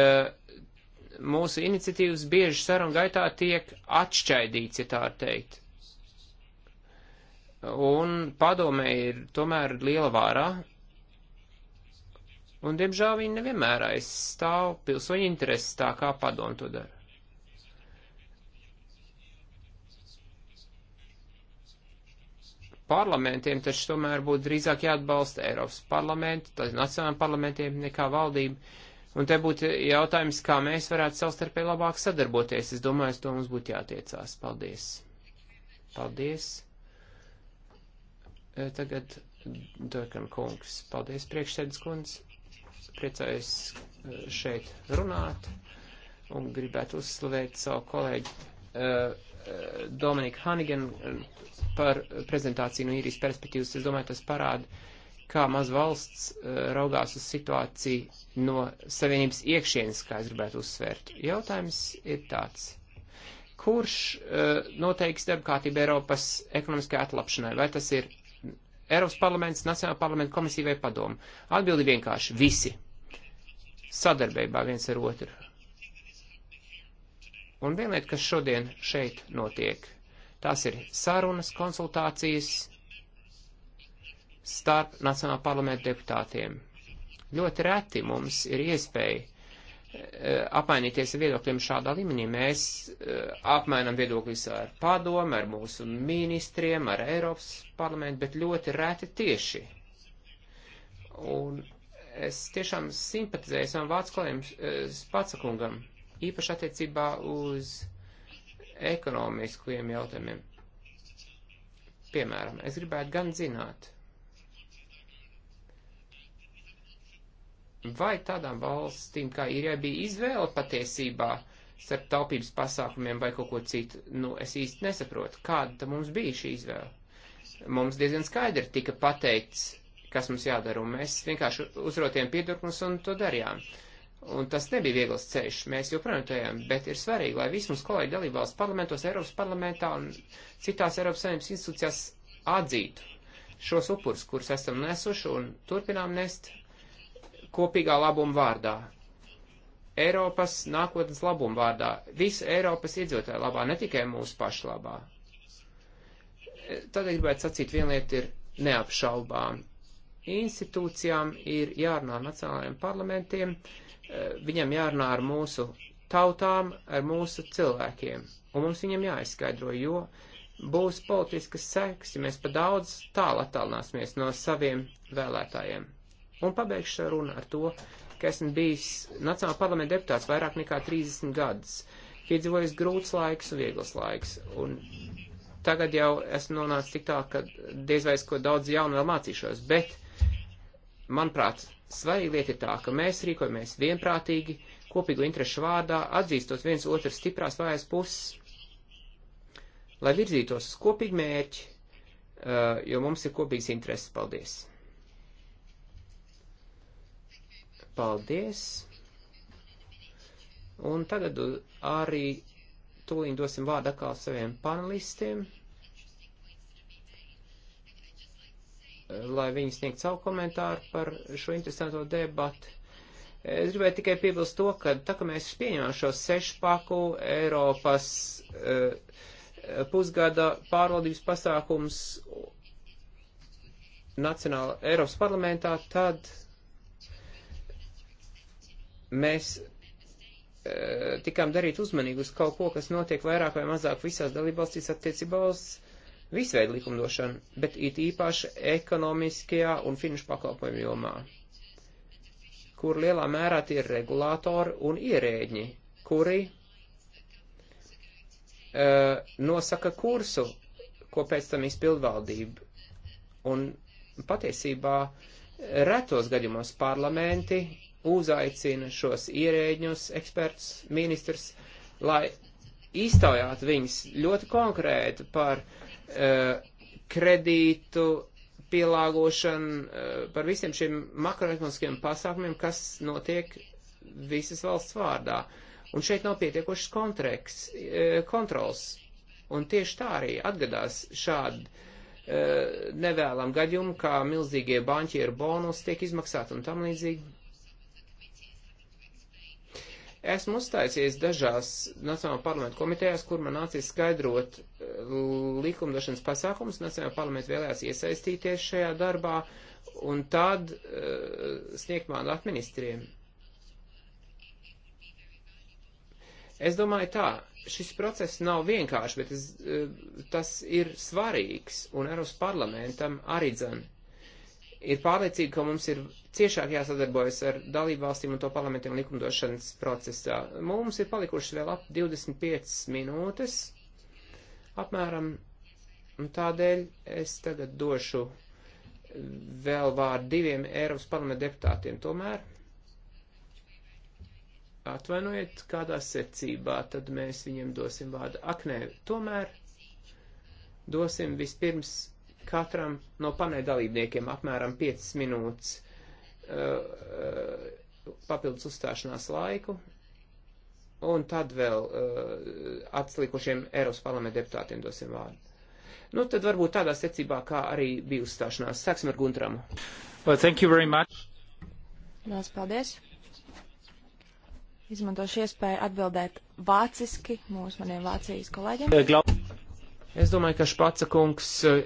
mūsu iniciatīvas bieži sarunu gaitā tiek atšķaidīts, ja tā teikt. Un padomē ir tomēr liela vārā, un diemžēl viņi nevienmēr aizstāv pilsoņu intereses tā, kā padomu to dara. parlamentiem taču tomēr būtu drīzāk jāatbalsta Eiropas parlamentu, tad nacionālajiem parlamentiem nekā valdību. Un te būtu jautājums, kā mēs varētu savstarpēji labāk sadarboties. Es domāju, uz to mums būtu jātiecās. Paldies. Paldies. E, tagad Dorkan kungs. Paldies, priekšsēdus kundz. Priecājos e, šeit runāt un gribētu uzslavēt savu kolēģi. Uh, Dominika Hanigan eh, par prezentāciju no īrijas perspektīvas. Es domāju, tas parāda, kā maz valsts eh, raugās uz situāciju no savienības iekšienes, kā es gribētu uzsvērt. Jautājums ir tāds. Kurš eh, noteiks darba kārtību Eiropas ekonomiskajai atlapšanai? Vai tas ir Eiropas parlaments, Nacionāla parlamenta komisija vai padoma? Atbildi vienkārši - visi. Sadarbībā viens ar otru Un viena lieta, kas šodien šeit notiek, tās ir sarunas, konsultācijas starp Nacionālā parlamenta deputātiem. Ļoti reti mums ir iespēja uh, apmainīties ar viedokļiem šādā līmenī. Mēs uh, e, apmainam viedokļus ar padomu, ar mūsu ministriem, ar Eiropas parlamentu, bet ļoti reti tieši. Un es tiešām simpatizēju savam vācu kolēm uh, e, Spacakungam. Uh, īpaši attiecībā uz ekonomiskiem jautājumiem. Piemēram, es gribētu gan zināt, vai tādām valstīm kā Irijai bija izvēle patiesībā starp taupības pasākumiem vai kaut ko citu, nu es īsti nesaprotu, kāda mums bija šī izvēle. Mums diezgan skaidri tika pateikts, kas mums jādara, un mēs vienkārši uzrotiem piedurknus un to darījām. Uh, Un tas nebija viegls ceļš, mēs joprojām tajām, bet ir svarīgi, lai visi mūsu kolēģi dalībās parlamentos, Eiropas parlamentā un citās Eiropas saimnības institūcijās atzītu šos upurus, kurus esam nesuši un turpinām nest kopīgā labuma vārdā. Eiropas nākotnes labuma vārdā, visu Eiropas iedzīvotāju labā, ne tikai mūsu pašu labā. Tad gribētu sacīt, viena lieta ir neapšaubām. Institūcijām ir jārunā nacionālajiem parlamentiem, uh, Eh, viņam jārunā ar mūsu tautām, ar mūsu cilvēkiem. Un mums viņam jāizskaidro, jo būs politiskas sekas, ja mēs pa daudz tālu attālināsimies no saviem vēlētājiem. Un pabeigšu šo runu ar to, ka esmu bijis Nacionāla parlamenta deputāts vairāk nekā 30 gadus, piedzīvojis grūts laiks un viegls laiks. Un tagad jau esmu nonācis tik tālu, ka diez vai es ko daudz jaunu vēl mācīšos, bet, manuprāt, Svarīga lieta ir tā, ka mēs rīkojamies vienprātīgi, kopīgu interešu vārdā, atzīstot viens otru stiprās vājās puses, lai virzītos uz kopīgu mērķi, eh, jo mums ir kopīgs intereses. Paldies! Paldies! Un tagad arī tūlīt dosim vārdu atkal saviem panelistiem. lai viņi sniegtu savu komentāru par šo interesanto debatu. Es gribēju tikai piebilst to, ka tā kā mēs pieņemam šo sešpaku Eiropas uh, pusgada pārvaldības pasākums Nacionāla Eiropas parlamentā, tad mēs uh, tikām darīt uzmanīgi uz kaut ko, kas notiek vairāk vai mazāk visās dalībvalstīs attiecībā uz uh, visveidu likumdošanu, bet it īpaši ekonomiskajā un finanšu pakalpojumu jomā, kur lielā mērā tie ir regulātori un ierēģi, kuri uh, nosaka kursu, ko pēc tam izpildvaldība. Un patiesībā retos gadījumos parlamenti uzaicina šos ierēģņus, ekspertus, ministrs, lai iztaujātu viņus ļoti konkrēti par uh, Eh, kredītu pielāgošanu, eh, par visiem šiem makroekonomiskiem pasākumiem, kas notiek visas valsts vārdā. Un šeit nav pietiekošas kontreks, eh, kontrols. Un tieši tā arī atgadās šādi nevēlam gadījumu, kā milzīgie banķieru bonus tiek izmaksāti un tam līdzīgi. Esmu uztaisījis dažās Nacionālajā parlamentu komitejās, kur man nācīs skaidrot eh, likumdošanas pasākumus. Nacionālajā parlamentu vēlējās iesaistīties šajā darbā un tad uh, sniegt mandātu ministriem. Es domāju tā, šis process nav vienkāršs, bet es, eh, tas ir svarīgs un Eiropas parlamentam arī dzan ir pārliecība, ka mums ir ciešāk jāsadarbojas ar dalību valstīm un to parlamentiem likumdošanas procesā. Mums ir palikušas vēl ap 25 minūtes apmēram, un tādēļ es tagad došu vēl vārdu diviem Eiropas parlamenta deputātiem tomēr. Atvainojiet, kādā secībā tad mēs viņiem dosim vārdu. Ak, nē, tomēr dosim vispirms katram no paneļa dalībniekiem apmēram 5 minūtes uh, uh, papildus uzstāšanās laiku, un tad vēl uh, atslikušiem Eiropas parlamenta deputātiem dosim vārdu. Nu, tad varbūt tādā secībā, kā arī bija uzstāšanās. Sāksim ar Guntramu. Well, thank you very much. Lielas paldies. Izmantošu iespēju atbildēt vāciski mūsu maniem vācijas kolēģiem. Es domāju, ka Špaca kungs uh,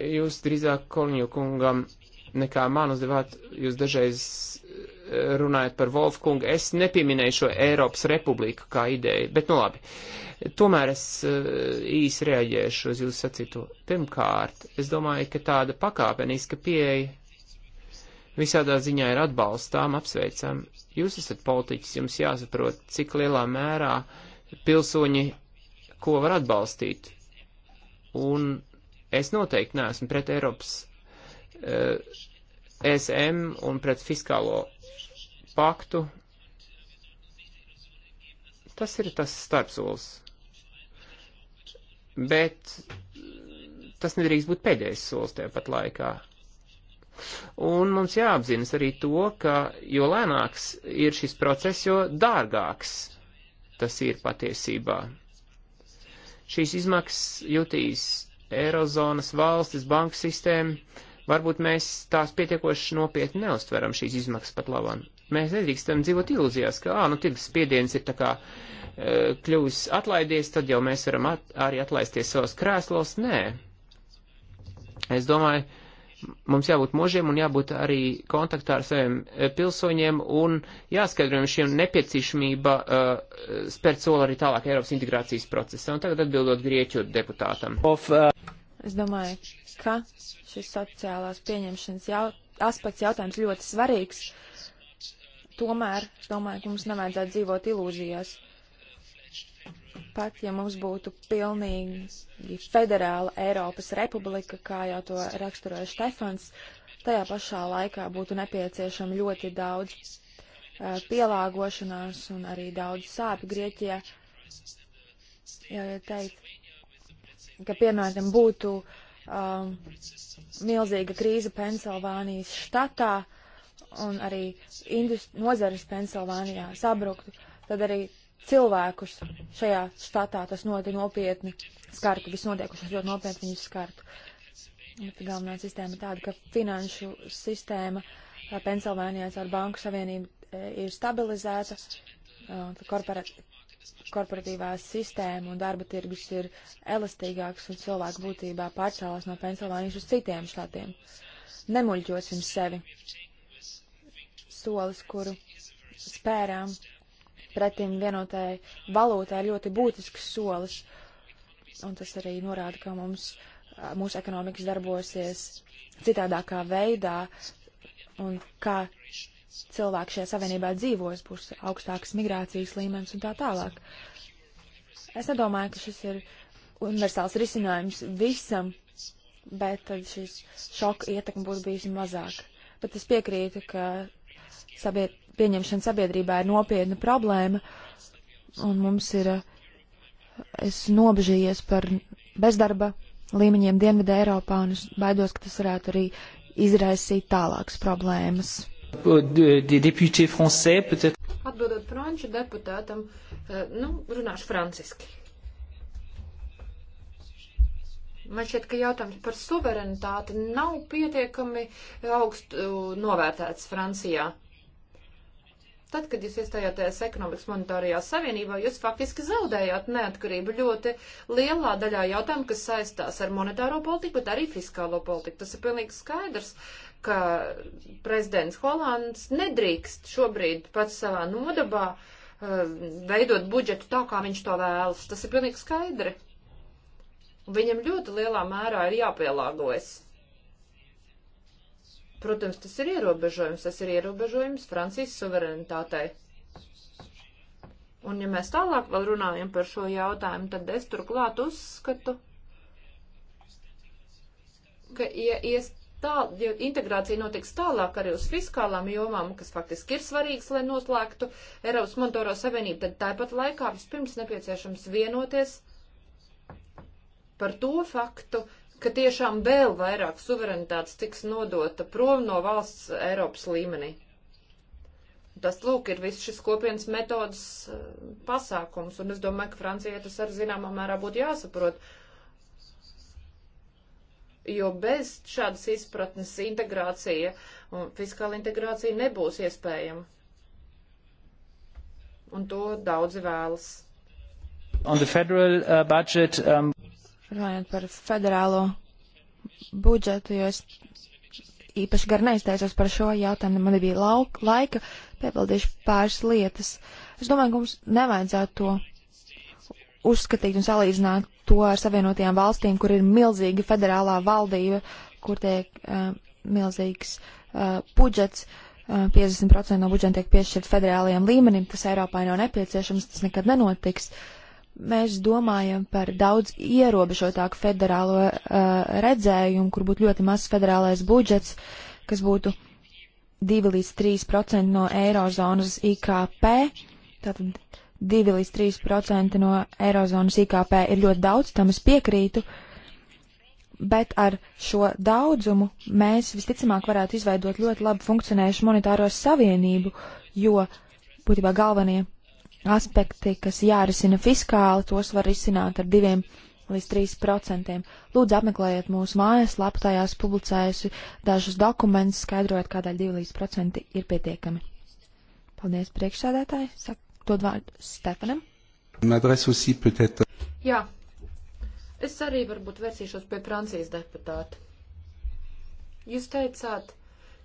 jūs drīzāk Kolņu kungam nekā man uzdevāt, jūs dažreiz e, runājat par Wolfkungu. Es nepieminēju šo Eiropas republiku kā ideju, bet nu labi. Tomēr es e, īsi reaģēšu uz jūsu sacīto. Pirmkārt, es domāju, ka tāda pakāpeniska pieeja visādā ziņā ir atbalstām, apsveicam. Jūs esat politiķis, jums jāsaprot, cik lielā mērā pilsoņi ko var atbalstīt. Un Es noteikti neesmu pret Eiropas uh, eh, SM un pret fiskālo paktu. Tas ir tas starpsolis. Bet tas nedrīkst būt pēdējais solis tajā pat laikā. Un mums jāapzinas arī to, ka jo lēnāks ir šis process, jo dārgāks tas ir patiesībā. Šīs izmaksas jutīs Eirozonas valstis, banku sistēmu, varbūt mēs tās pietiekoši nopietni neustveram šīs izmaksas pat labam. Mēs nedrīkstam dzīvot ilūzijās, ka, ā, nu, tirgus spiediens ir tā kā e, kļuvis atlaidies, tad jau mēs varam at, arī atlaisties savos krēslos. Nē. Es domāju, mums jābūt možiem un jābūt arī kontaktā ar saviem eh, pilsoņiem un jāskaidrojam šiem nepieciešamība uh, spērt soli arī tālāk Eiropas integrācijas procesā. Un tagad atbildot Grieķu deputātam. Of, uh... Es domāju, ka šis sociālās pieņemšanas jau, aspekts jautājums ļoti svarīgs. Tomēr, es domāju, ka mums nevajadzētu dzīvot ilūzijās. Uh, Pat ja mums būtu pilnīgi federāla Eiropas republika, kā jau to raksturoja Štefans, tajā pašā laikā būtu nepieciešama ļoti daudz uh, pielāgošanās un arī daudz sāpju Grieķijā. Jau ir teikt, ka piemēram būtu um, milzīga krīze Pensilvānijas štatā un arī nozares Pensilvānijā sabruktu, tad arī cilvēkus šajā štatā tas ļoti nopietni skartu, viss notiekušas ļoti nopietni viņus skartu. Bet galvenā sistēma tāda, ka finanšu sistēma Pensilvēnijā ar Banku Savienību ir stabilizēta, korporat, korporatīvā sistēma un darba tirgus ir elastīgāks un cilvēku būtībā pārcēlās no Pensilvānijas uz citiem štatiem. Nemuļķosim sevi. Solis, kuru spērām, pretim vienotai valūtai ir ļoti būtisks solis. Un tas arī norāda, ka mums, mūsu ekonomikas darbosies citādākā veidā un kā cilvēki šajā savienībā dzīvos, būs augstāks migrācijas līmenis un tā tālāk. Es nedomāju, ka šis ir universāls risinājums visam, bet tad šis šoka ietekme būtu bijusi mazāka. Bet es piekrītu, ka sabied, pieņemšana sabiedrībā ir nopietna problēma, un mums ir, es nobežījies par bezdarba līmeņiem Dienvidē Eiropā, un es baidos, ka tas varētu arī izraisīt tālākas problēmas. Atbildot franču deputātam, eh, nu, runāšu franciski. Man šķiet, ka jautājums par suverenitāti nav pietiekami augstu novērtēts Francijā. Tad, kad jūs iestājāties ekonomikas monetārajā savienībā, jūs faktiski zaudējāt neatkarību ļoti lielā daļā jautājumu, kas saistās ar monetāro politiku, bet arī fiskālo politiku. Tas ir pilnīgi skaidrs, ka prezidents Holands nedrīkst šobrīd pats savā nodabā eh, veidot budžetu tā, kā viņš to vēlas. Tas ir pilnīgi skaidri. Viņam ļoti lielā mērā ir jāpielāgojas Protams, tas ir ierobežojums, tas ir ierobežojums Francijas suverenitātei. Un ja mēs tālāk vēl runājam par šo jautājumu, tad es turklāt uzskatu, ka ja iest tā, ja integrācija notiks tālāk arī uz fiskālām jomām, kas faktiski ir svarīgs, lai noslēgtu Eiropas monetāro savienību, tad tāpat laikā vispirms nepieciešams vienoties par to faktu, ka tiešām vēl vairāk suverenitātes tiks nodota prom no valsts Eiropas līmenī. Tas, lūk, ir viss šis kopienas metodas eh, pasākums, un es domāju, ka Francijai tas ar zināmā mērā būtu jāsaprot, jo bez šādas izpratnes integrācija un fiskāla integrācija nebūs iespējama. Un to daudzi vēlas. On the federal uh, budget, um, runājot par federālo budžetu, jo es īpaši gar neizteicos par šo jautājumu, man bija lauk, laika, piebildīšu pāris lietas. Es domāju, ka mums nevajadzētu to uzskatīt un salīdzināt to ar savienotajām valstīm, kur ir milzīga federālā valdība, kur tiek uh, milzīgs uh, budžets. Uh, eh, 50% no budžeta tiek piešķirt federālajiem līmenim, tas Eiropā nav nepieciešams, tas nekad nenotiks. Uh, mēs domājam par daudz ierobežotāku federālo uh, redzējumu, kur būtu ļoti mazs federālais budžets, kas būtu 2 līdz 3 procenti no eirozonas IKP. Tātad 2 līdz 3 procenti no eirozonas IKP ir ļoti daudz, tam es piekrītu. Bet ar šo daudzumu mēs visticamāk varētu izveidot ļoti labi funkcionējušu monetāro savienību, jo būtībā galvenie aspekti, kas jārisina fiskāli, tos var risināt ar diviem līdz 3%. Lūdzu, apmeklējiet mūsu mājaslapu, tajās publicējusi dažus dokumentus, skaidrojot, kādēļ 2 līdz 3% ir pietiekami. Paldies, priekšsēdētāji. Saka, dod vārdu Stefanam. Jā, es arī varbūt vērsīšos pie Francijas deputāta. Jūs teicāt,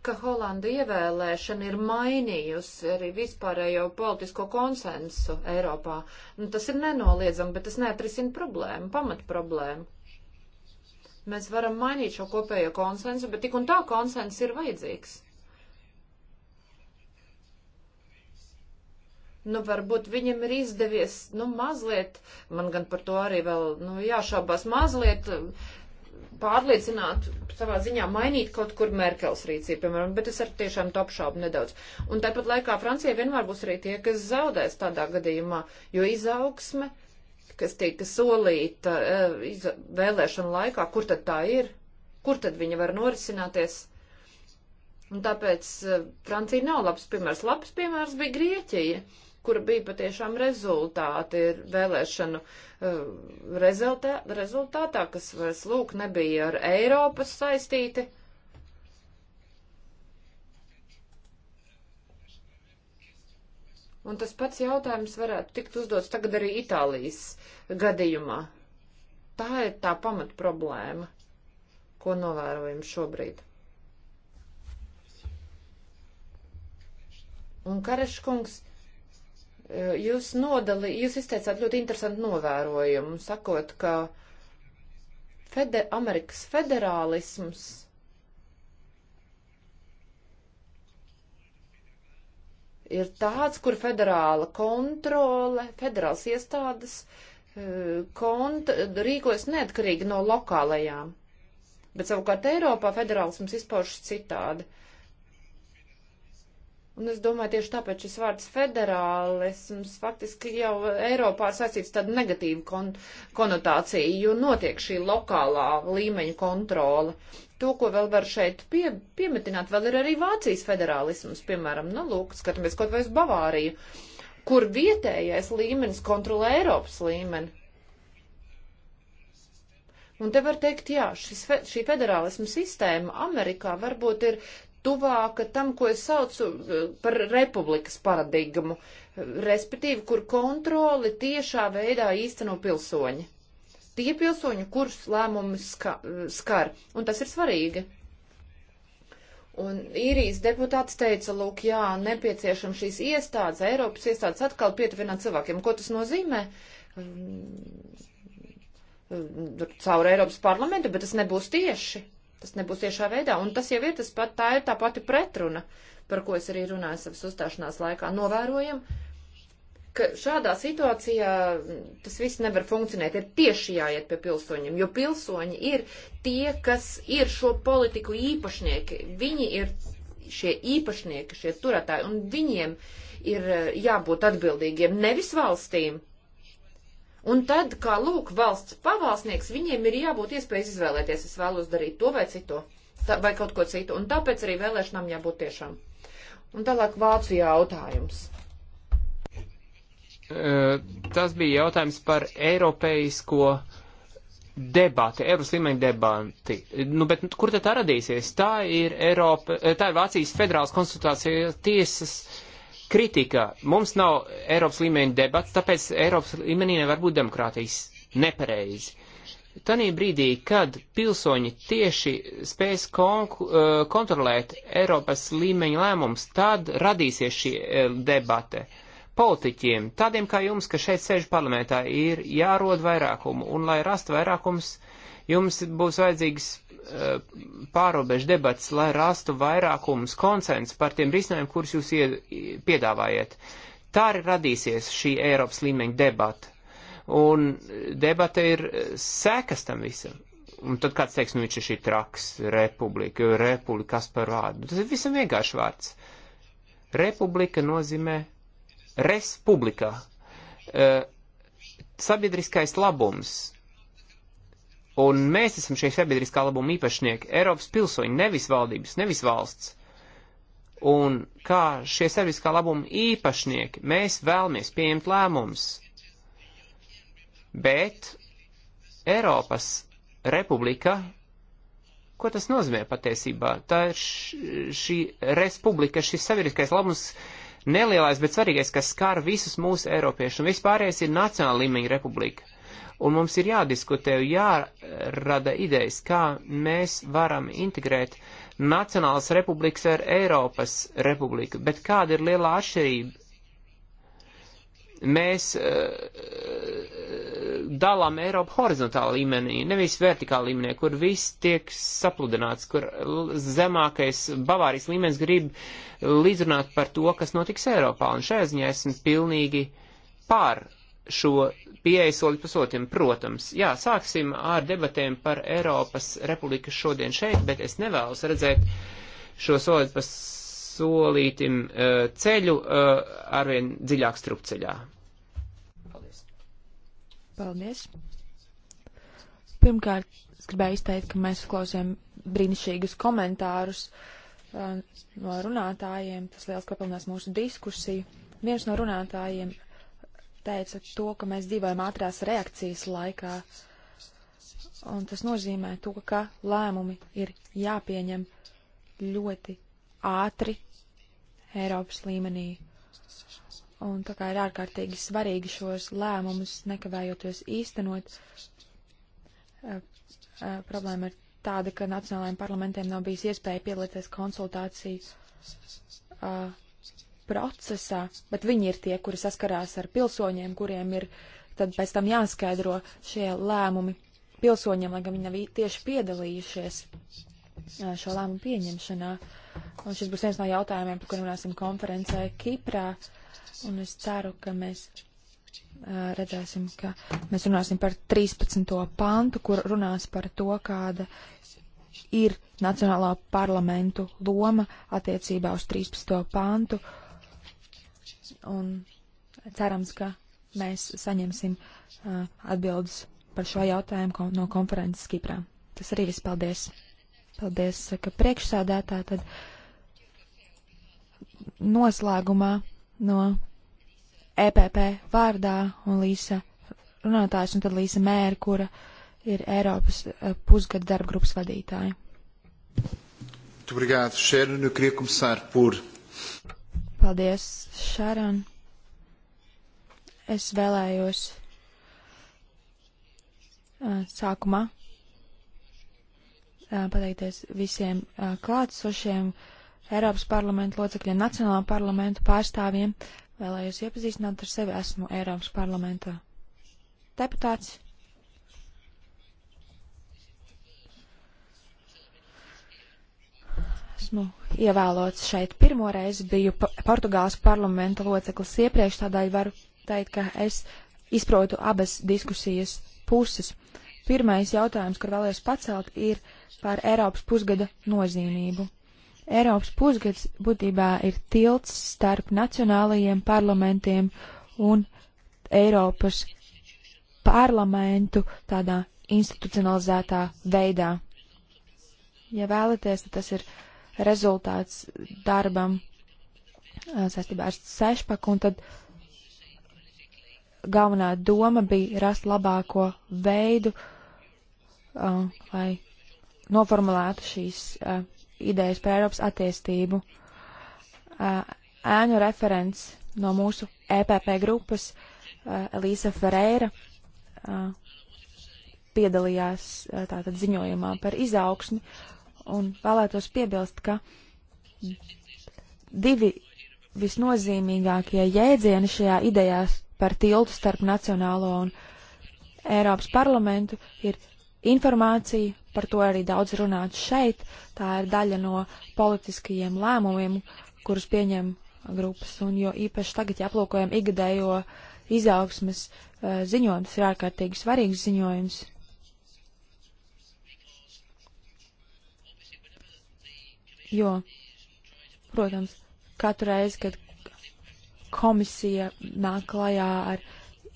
ka Holanda ievēlēšana ir mainījusi arī vispārējo politisko konsensu Eiropā. Nu, tas ir nenoliedzami, bet tas neatrisina problēmu, pamat problēmu. Mēs varam mainīt šo kopējo konsensu, bet tik un tā konsens ir vajadzīgs. Nu, varbūt viņam ir izdevies, nu, mazliet, man gan par to arī vēl, nu, jāšaubās mazliet, uh, pārliecināt, savā ziņā mainīt kaut kur Merkels rīcību, piemēram, bet es ar tiešām to apšaubu nedaudz. Un tāpat laikā Francija vienmēr būs arī tie, kas zaudēs tādā gadījumā, jo izaugsme, kas tika solīta eh, vēlēšana laikā, kur tad tā ir, kur tad viņa var norisināties. Un tāpēc eh, Francija nav labs piemērs. Labs piemērs bija Grieķija kura bija patiešām rezultāti vēlēšanu eh, rezultā, rezultātā, kas vairs lūk nebija ar Eiropas saistīti. Un tas pats jautājums varētu tikt uzdots tagad arī Itālijas gadījumā. Tā ir tā pamat problēma, ko novērojam šobrīd. Un Kareškungs Jūs, nodali, jūs izteicāt ļoti interesantu novērojumu, sakot, ka fede, Amerikas federālisms ir tāds, kur federāla kontrole, federāls iestādes e, kont, rīkojas neatkarīgi no lokālajām. Bet savukārt Eiropā federālisms izpaužas citādi. Uh, Un es domāju, tieši tāpēc šis vārds federālisms faktiski jau Eiropā ir saistīts tādu negatīvu kon konotāciju, jo notiek šī lokālā līmeņa kontrole. To, ko vēl var šeit pie, piemetināt, vēl ir arī Vācijas federālisms, piemēram, nu, lūk, skatāmies kaut vai uz Bavāriju, kur vietējais līmenis kontrolē Eiropas līmeni. Un te var teikt, jā, šis, šī federālisma sistēma Amerikā varbūt ir tuvāka tam, ko es saucu eh, par republikas paradigmu, respektīvi, kur kontroli tiešā veidā īsteno pilsoņi. Tie pilsoņi, kurus lēmumi ska, eh, skar, un tas ir svarīgi. Un īrijas deputāts teica, lūk, jā, nepieciešams šīs iestādes, Eiropas iestādes atkal pietuvināt cilvēkiem. Ko tas nozīmē? Mm, mm, caur Eiropas parlamentu, bet tas nebūs tieši. Tas nebūs tiešā veidā. Un tas jau ir tas pat, tā ir tā pati pretruna, par ko es arī runāju savas uzstāšanās laikā. Novērojam, ka šādā situācijā tas viss nevar funkcionēt. Ir tieši jāiet pie pilsoņiem, jo pilsoņi ir tie, kas ir šo politiku īpašnieki. Viņi ir šie īpašnieki, šie turētāji, un viņiem ir eh, jābūt atbildīgiem nevis valstīm, Un tad, kā lūk, valsts pavalsnieks, viņiem ir jābūt iespējas izvēlēties, es vēlos darīt to vai citu, vai kaut ko citu. Un tāpēc arī vēlēšanām jābūt tiešām. Un tālāk Vācu jautājums. Tas bija jautājums par eiropeisko debati, Eiropas līmeņa debati. Nu, bet nu, kur tad tā radīsies? Tā ir, Eiropa, tā ir Vācijas federālas konsultācijas tiesas uh, kritika. Mums nav Eiropas līmeņa debats, tāpēc Eiropas līmenī nevar būt demokrātijas nepareizi. Tanī brīdī, kad pilsoņi tieši spēs uh, kontrolēt Eiropas līmeņa lēmums, tad radīsies šī uh, debate. Politiķiem, tādiem kā jums, kas šeit sēž parlamentā, ir jārod vairākumu, un lai rastu vairākums, jums būs vajadzīgs Eh, pārobežu debats, lai rastu vairākums konsens par tiem risinājumiem, kurus jūs ied, piedāvājat. Tā arī radīsies šī Eiropas līmeņa debata. Un debata ir sekas tam visam. Un tad kāds teiks, nu viņš ir šī traks republika, jo republika kas par vārdu. Tas ir visam vienkārši vārds. Republika nozīmē respublikā. Uh, sabiedriskais labums, Un mēs esam šie sabiedriskā labuma īpašnieki, Eiropas pilsoņi, nevis valdības, nevis valsts. Un kā šie sabiedriskā labuma īpašnieki, mēs vēlamies pieņemt lēmumus. Bet Eiropas republika, ko tas nozīmē patiesībā? Tā ir šī republika, šis sabiedriskais labums, nelielais, bet svarīgais, kas skar visus mūsu eiropiešus, un vispārējais ir nacionāla līmeņa republika Un mums ir jādiskutē, jārada idejas, kā mēs varam integrēt Nacionālas republikas ar Eiropas republiku. Bet kāda ir lielā atšķirība? Mēs uh, dalām Eiropu horizontālā līmenī, nevis vertikālā līmenī, kur viss tiek sapludināts, kur zemākais Bavārijas līmenis grib līdzrunāt par to, kas notiks Eiropā. Un šajā ziņā esmu pilnīgi pār šo pieeju soli pa sotim, protams. Jā, sāksim ar debatēm par Eiropas republikas šodien šeit, bet es nevēlos redzēt šo soli pa solītim uh, ceļu uh, arvien dziļāk strupceļā. Paldies. Paldies. Pirmkārt, es gribēju izteikt, ka mēs klausījām brīnišķīgus komentārus uh, no runātājiem. Tas liels papildinās mūsu diskusiju. Viens no runātājiem teica to, ka mēs dzīvojam ātrās reakcijas laikā. Un tas nozīmē to, ka lēmumi ir jāpieņem ļoti ātri Eiropas līmenī. Un tā kā ir ārkārtīgi svarīgi šos lēmumus nekavējoties īstenot, uh, uh, problēma ir tāda, ka nacionālajiem parlamentiem nav bijis iespēja piedalīties konsultāciju uh, procesā, bet viņi ir tie, kuri saskarās ar pilsoņiem, kuriem ir tad pēc tam jāskaidro šie lēmumi pilsoņiem, lai gan viņi nav tieši piedalījušies šo lēmumu pieņemšanā. Un šis būs viens no jautājumiem, par kuriem runāsim konferencē Kiprā. Un es ceru, ka mēs redzēsim, ka mēs runāsim par 13. pantu, kur runās par to, kāda ir Nacionālā parlamentu loma attiecībā uz 13. pantu un cerams, ka mēs saņemsim uh, atbildes par šo jautājumu ko, no konferences Kiprā. Tas arī viss paldies. Paldies, ka priekšsādātā tad noslēgumā no EPP vārdā un Līsa runātājs un tad Līsa Mēra, kura ir Eiropas uh, pusgada darba grupas vadītāja. Muito obrigado, Sharon. Eu queria começar por Paldies, Šaron. Es vēlējos sākumā pateikties visiem klātsošiem Eiropas parlamenta locekļiem, Nacionālā parlamenta pārstāvjiem. Vēlējos iepazīstināt ar sevi, esmu Eiropas parlamenta deputāts. esmu ievēlots šeit pirmo reizi, biju Portugāles parlamenta loceklis iepriekš, tādēļ varu teikt, ka es izprotu abas diskusijas puses. Pirmais jautājums, kur vēlējos pacelt, ir par Eiropas pusgada nozīmību. Eiropas pusgads būtībā ir tilts starp nacionālajiem parlamentiem un Eiropas parlamentu tādā institucionalizētā veidā. Ja vēlaties, tad tas ir uh, rezultāts darbam saistībā ar sešpaku, un tad galvenā doma bija rast labāko veidu, uh, lai noformulētu šīs uh, idejas par Eiropas attīstību. Uh, ēnu referents no mūsu EPP grupas uh, Elīsa Ferreira uh, piedalījās uh, tātad ziņojumā par izaugsmi, uh, un vēlētos piebilst, ka divi visnozīmīgākie jēdzieni šajā idejā par tiltu starp nacionālo un Eiropas parlamentu ir informācija, par to arī daudz runāts šeit, tā ir daļa no politiskajiem lēmumiem, kurus pieņem grupas, un jo īpaši tagad, ja aplūkojam igadējo izaugsmes eh, ziņojums, ir ārkārtīgi svarīgs ziņojums, Jo, protams, katru reizi, kad komisija nāk klajā ar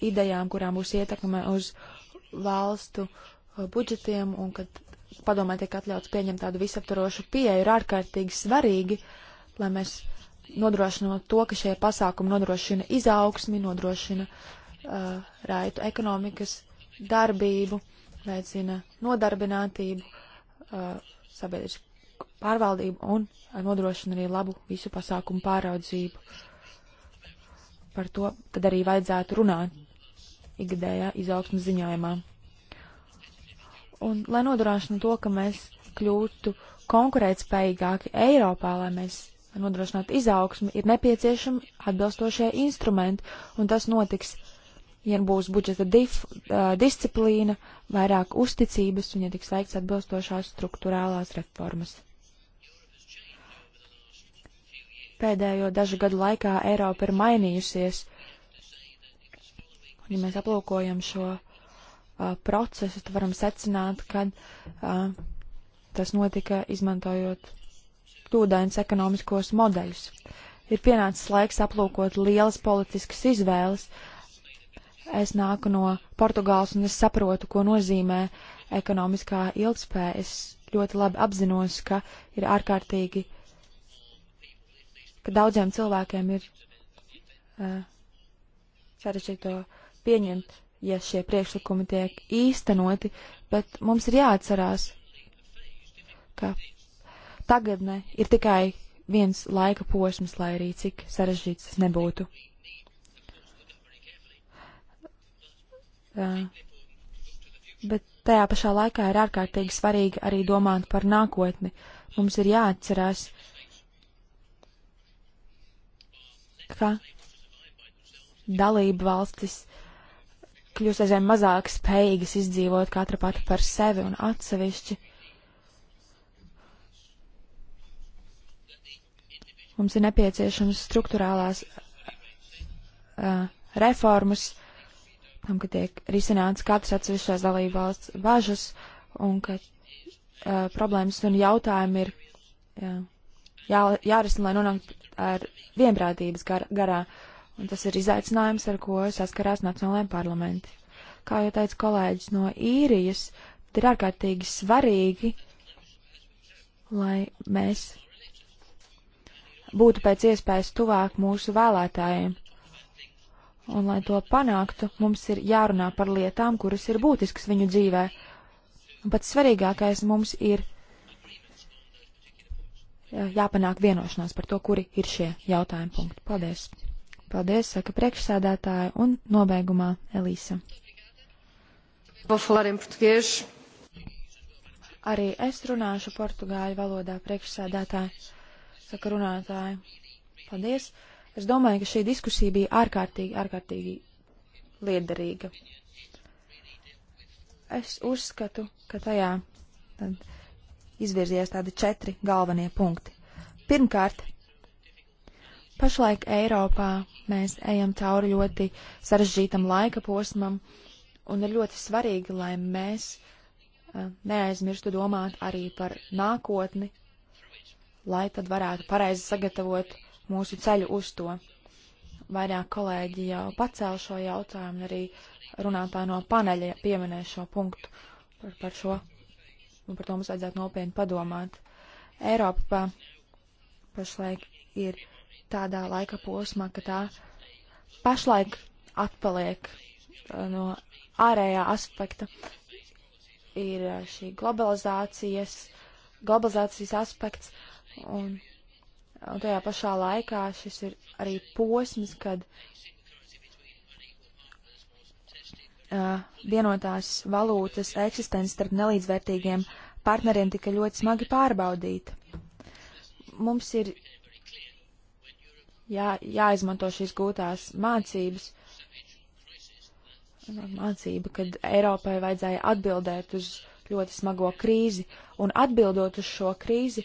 idejām, kurām būs ietekme uz valstu uh, budžetiem un kad padomē tiek atļauts pieņemt tādu visaptarošu pieeju, ir ārkārtīgi svarīgi, lai mēs nodrošinot to, ka šie pasākumi nodrošina izaugsmi, nodrošina uh, raitu ekonomikas darbību, veicina nodarbinātību, uh, sabiedrisku pārvaldību un nodrošina arī labu visu pasākumu pāraudzību. Par to tad arī vajadzētu runāt ikgadējā izaugsmas ziņojumā. Un, lai nodrošinātu to, ka mēs kļūtu konkurētspējīgāki Eiropā, lai mēs nodrošinātu izaugsmu, ir nepieciešami atbilstošie instrumenti, un tas notiks, ja būs budžeta dif, uh, disciplīna, vairāk uzticības un ja tiks veikts atbilstošās struktūrālās reformas. Pēdējo dažu gadu laikā Eiropa ir mainījusies. Ja mēs aplūkojam šo uh, procesu, tad varam secināt, ka uh, tas notika izmantojot kļūdainus ekonomiskos modeļus. Ir pienācis laiks aplūkot lielas politiskas izvēles. Es nāku no Portugāles un es saprotu, ko nozīmē ekonomiskā ilgspēja. Es ļoti labi apzinos, ka ir ārkārtīgi uh, ka daudziem cilvēkiem ir uh, sarežģīti to pieņemt, ja šie priekšlikumi tiek īstenoti, bet mums ir jāatcerās, ka tagadne ir tikai viens laika posms, lai arī cik sarežģīts tas nebūtu. Uh, bet tajā pašā laikā ir ārkārtīgi svarīgi arī domāt par nākotni. Mums ir jāatcerās, uh, ka dalība valstis kļūst aizvien mazāk spējīgas izdzīvot katra pati par sevi un atsevišķi. Mums ir nepieciešamas struktūrālās uh, reformas, tam, ka tiek risināts katrs atsevišķās dalību valsts bažas un ka uh, problēmas un jautājumi ir jā, jā, jārisina, lai nonāktu ar vienprātības gar, garā, un tas ir izaicinājums, ar ko saskarās nacionālajiem parlamenti. Kā jau teica kolēģis no īrijas, tad ir ārkārtīgi svarīgi, lai mēs būtu pēc iespējas tuvāk mūsu vēlētājiem. Un, lai to panāktu, mums ir jārunā par lietām, kuras ir būtiskas viņu dzīvē. Un pats svarīgākais mums ir jāpanāk vienošanās par to, kuri ir šie jautājumi punkti. Paldies! Paldies, saka priekšsēdētāja un nobeigumā Elīsa. Arī es runāšu portugāļu valodā priekšsēdētāju, saka runātāju. Paldies! Es domāju, ka šī diskusija bija ārkārtīgi, ārkārtīgi liederīga. Es uzskatu, ka tajā tad izvirzījies tādi četri galvenie punkti. Pirmkārt, pašlaik Eiropā mēs ejam cauri ļoti sarežģītam laika posmam, un ir ļoti svarīgi, lai mēs eh, neaizmirstu domāt arī par nākotni, lai tad varētu pareizi sagatavot mūsu ceļu uz to. Vairāk kolēģi jau pacēla šo jautājumu, arī runātāji no paneļa pieminēja šo punktu par, par šo un par to mums vajadzētu nopietni padomāt. Eiropa pašlaik ir tādā laika posmā, ka tā pašlaik atpaliek uh, no ārējā aspekta. Ir uh, šī globalizācijas, globalizācijas aspekts, un, un tajā pašā laikā šis ir arī posms, kad uh, vienotās valūtas eksistence starp nelīdzvērtīgiem partneriem tika ļoti smagi pārbaudīta. Mums ir jā, jāizmanto šīs gūtās mācības. Nu, mācība, kad Eiropai vajadzēja atbildēt uz ļoti smago krīzi, un atbildot uz šo krīzi,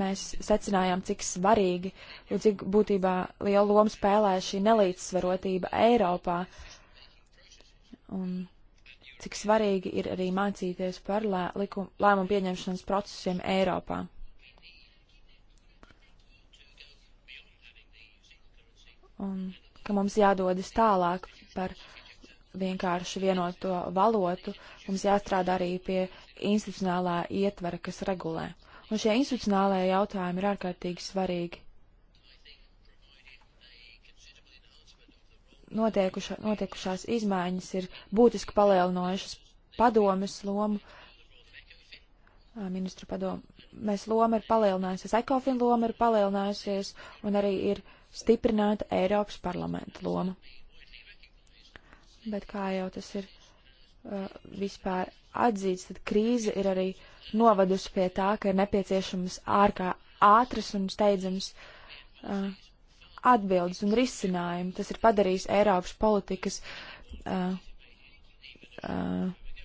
mēs secinājām, cik svarīgi un cik būtībā lielu lomu spēlē šī nelīdzsvarotība Eiropā. Uh, un cik svarīgi ir arī mācīties par lē, likum, lēmumu pieņemšanas procesiem Eiropā. Un ka mums jādodas tālāk par vienkārši vienoto valotu, mums jāstrādā arī pie institucionālā ietvara, kas regulē. Un šie institucionālajie jautājumi ir ārkārtīgi svarīgi. notiekuša, notiekušās izmaiņas ir būtiski palielinojušas padomes lomu. Ministru padomu. Mēs loma ir palielinājusies, ekofina loma ir palielinājusies un arī ir stiprināta Eiropas parlamenta loma. Bet kā jau tas ir uh, vispār atzīts, tad krīze ir arī novadusi pie tā, ka ir nepieciešams ārkā ātras un steidzams uh, atbildes un risinājumu. Tas ir padarījis Eiropas politikas, uh, uh,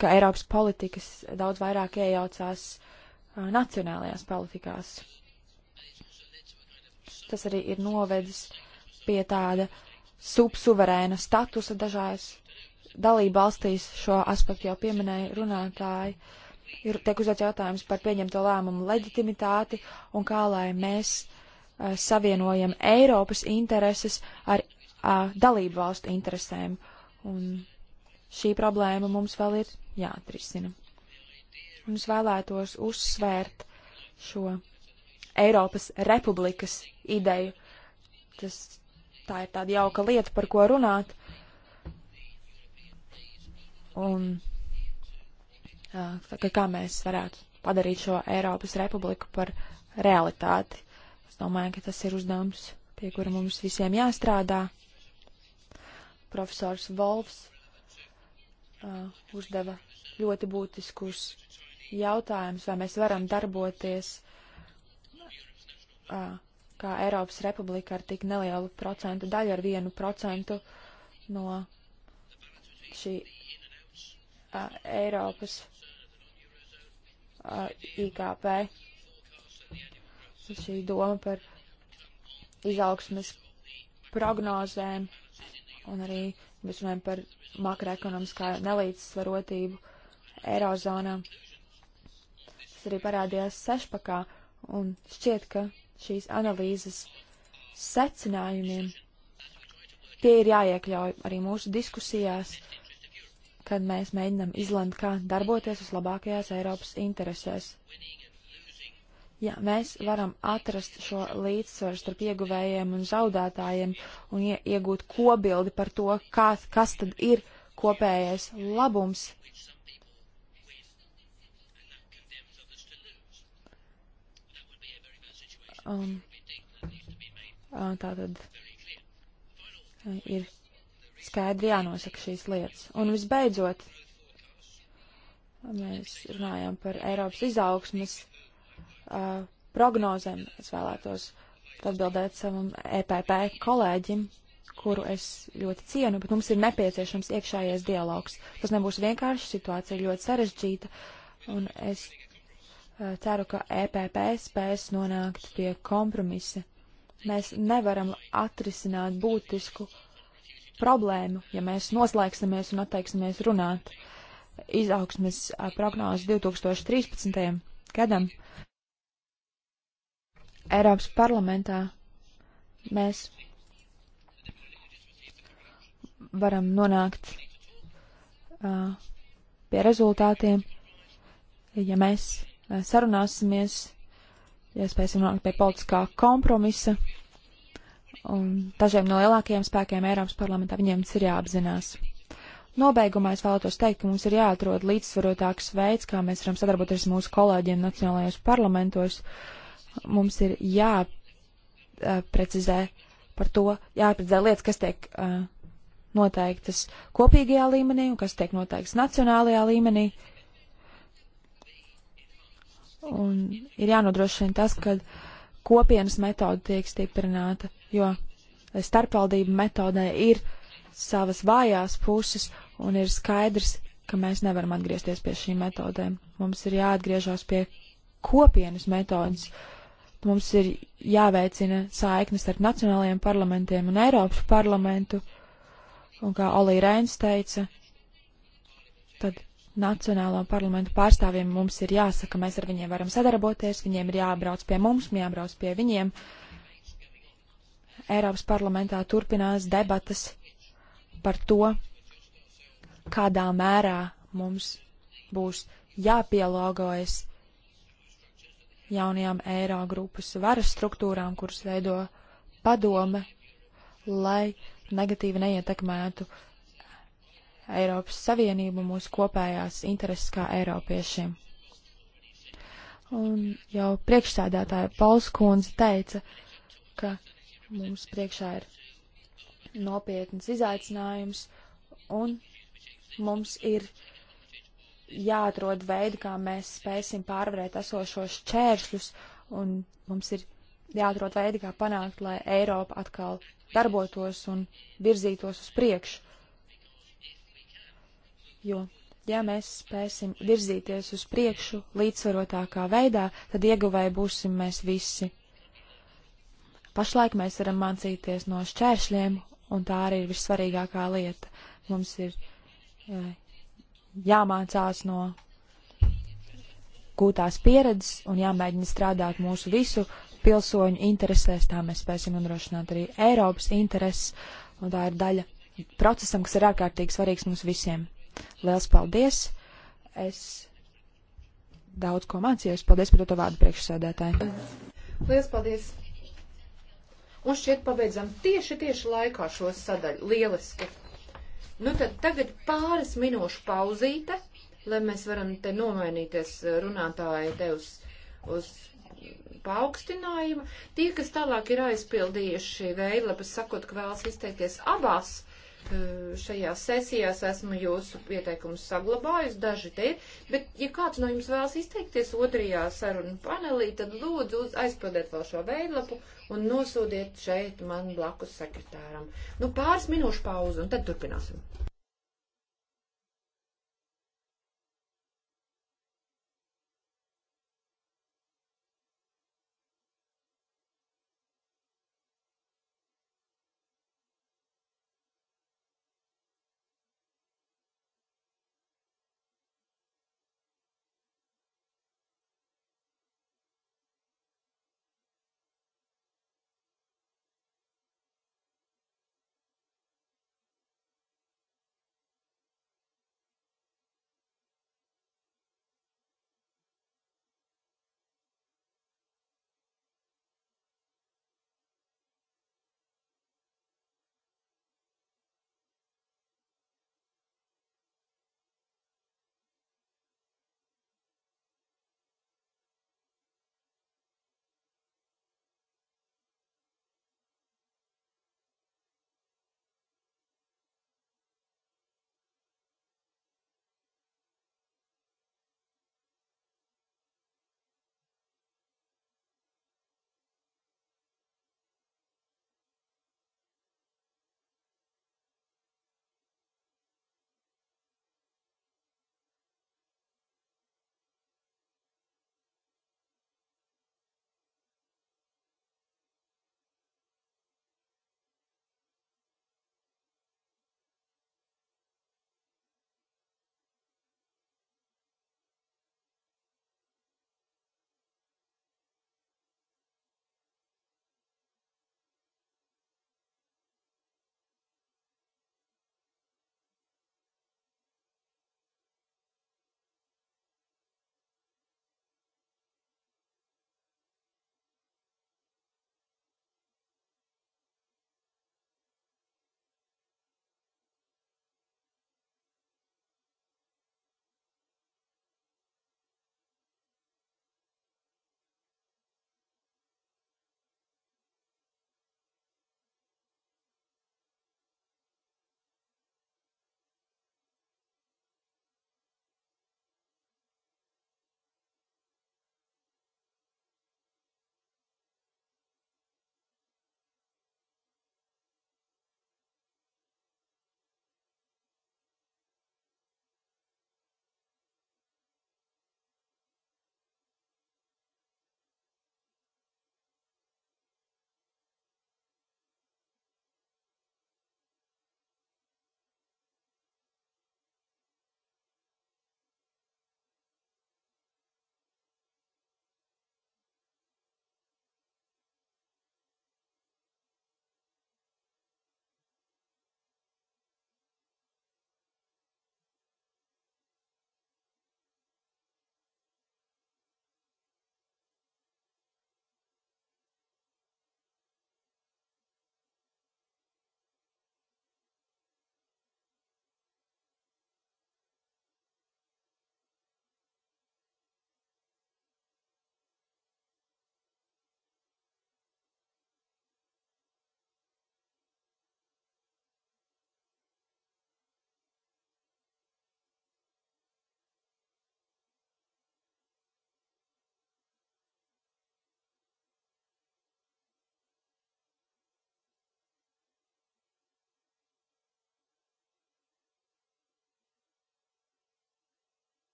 ka Eiropas politikas daudz vairāk iejaucās uh, nacionālajās politikās. Tas arī ir novedis pie tāda subsuverēna statusa dažās dalību valstīs. Šo aspektu jau pieminēja runātāji. Uh, ir tiek uzdots jautājums par pieņemto lēmumu leģitimitāti un kā lai mēs Eh, savienojam Eiropas intereses ar a, dalību valstu interesēm. Un šī problēma mums vēl ir jāatrisina. Un es vēlētos uzsvērt šo Eiropas republikas ideju. Tas, tā ir tāda jauka lieta, par ko runāt. Un a, kā mēs varētu padarīt šo Eiropas republiku par realitāti. Es domāju, ka tas ir uzdevums, pie kura mums visiem jāstrādā. Profesors Volfs uh, uzdeva ļoti būtiskus jautājumus, vai mēs varam darboties uh, kā Eiropas Republika ar tik nelielu procentu daļu, ar vienu procentu no šī uh, Eiropas uh, IKP šī doma par izaugsmes prognozēm un arī mēs runājam par makroekonomiskā nelīdzsvarotību Eirozonā. Tas arī parādījās sešpakā un šķiet, ka šīs analīzes secinājumiem tie ir jāiekļauj arī mūsu diskusijās, kad mēs mēģinam izlemt, kā darboties uz labākajās Eiropas interesēs ja mēs varam atrast šo līdzsvaru starp ieguvējiem un zaudētājiem un ie, iegūt kobildi par to, kā, kas tad ir kopējais labums. Um, uh, tā tad uh, ir skaidri jānosaka šīs lietas. Un visbeidzot, mēs runājam par Eiropas izaugsmes uh, prognozēm. Es vēlētos atbildēt savam EPP kolēģim, kuru es ļoti cienu, bet mums ir nepieciešams iekšējais dialogs. Tas nebūs vienkārši, situācija ir ļoti sarežģīta, un es uh, ceru, ka EPP spēs nonākt pie kompromisa. Mēs nevaram atrisināt būtisku problēmu, ja mēs noslēgsimies un atteiksimies runāt izaugsmes uh, prognozes 2013. gadam. Eiropas parlamentā mēs varam nonākt uh, pie rezultātiem, ja mēs uh, sarunāsimies, ja spēsim nonākt pie politiskā kompromisa. Un dažiem no lielākajiem spēkiem Eiropas parlamentā viņiem tas ir jāapzinās. Nobeigumā es vēlētos teikt, ka mums ir jāatrod līdzsvarotāks veids, kā mēs varam sadarboties ar mūsu kolēģiem nacionālajos parlamentos, uh, mums ir jāprecizē par to, jāprecizē lietas, kas tiek noteiktas kopīgajā līmenī un kas tiek noteiktas nacionālajā līmenī. Un ir jānodrošina tas, ka kopienas metode tiek stiprināta, jo starpvaldību metodē ir savas vājās puses un ir skaidrs, ka mēs nevaram atgriezties pie šīm metodēm. Mums ir jāatgriežas pie kopienas metodas. Uh, Mums ir jāveicina saiknes ar nacionālajiem parlamentiem un Eiropas parlamentu. Un kā Olī Reins teica, tad nacionālo parlamentu pārstāvjiem mums ir jāsaka, mēs ar viņiem varam sadarboties, viņiem ir jābrauc pie mums, jābrauc pie viņiem. Eiropas parlamentā turpinās debatas par to, kādā mērā mums būs jāpielāgojas jaunajām eiro grupas varas struktūrām, kuras veido padome, lai negatīvi neietekmētu Eiropas Savienību mūsu kopējās intereses kā Eiropiešiem. Un jau priekšsēdētāja Polskundze teica, ka mums priekšā ir nopietnas izaicinājums un mums ir uh, jāatrod veidi, kā mēs spēsim pārvarēt esošos čēršļus, un mums ir jāatrod veidi, kā panākt, lai Eiropa atkal darbotos un virzītos uz priekšu. Jo, ja mēs spēsim virzīties uz priekšu līdzsvarotākā veidā, tad ieguvēji būsim mēs visi. Pašlaik mēs varam mācīties no šķēršļiem, un tā arī ir vissvarīgākā lieta. Mums ir jā, eh, jāmācās no gūtās pieredzes un jāmēģina strādāt mūsu visu pilsoņu interesēs, tā mēs spēsim nodrošināt arī Eiropas intereses, un tā ir daļa procesam, kas ir ārkārtīgi svarīgs mums visiem. Liels paldies! Es daudz ko mācījos. Paldies par to vārdu priekšsēdētāji. Liels paldies! Un šķiet pabeidzam tieši, tieši laikā šo sadaļu. Lieliski! Nu tad tagad pāris minūšu pauzīte, lai mēs varam te nomainīties eh, runātāji te uz, uz paaugstinājumu. Tie, kas tālāk ir aizpildījuši veidlapas, sakot, ka vēlas izteikties abās eh, šajās sesijās esmu jūsu pieteikumus saglabājusi, daži te ir, bet ja kāds no jums vēlas izteikties otrajā sarunu panelī, tad lūdzu aizpildēt vēl šo veidlapu un nosūdiet šeit man blakus sekretāram. Nu, pāris minūšu pauzu, un tad turpināsim.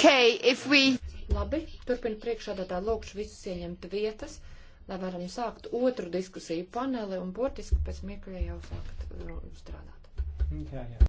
Okay, if we... Labi, turpina priekšādātā lūkšu visus ieņemt vietas, lai varam sākt otru diskusiju paneli un burtiski pēc mirkļa jau sākt uh, strādāt. Jā, jā.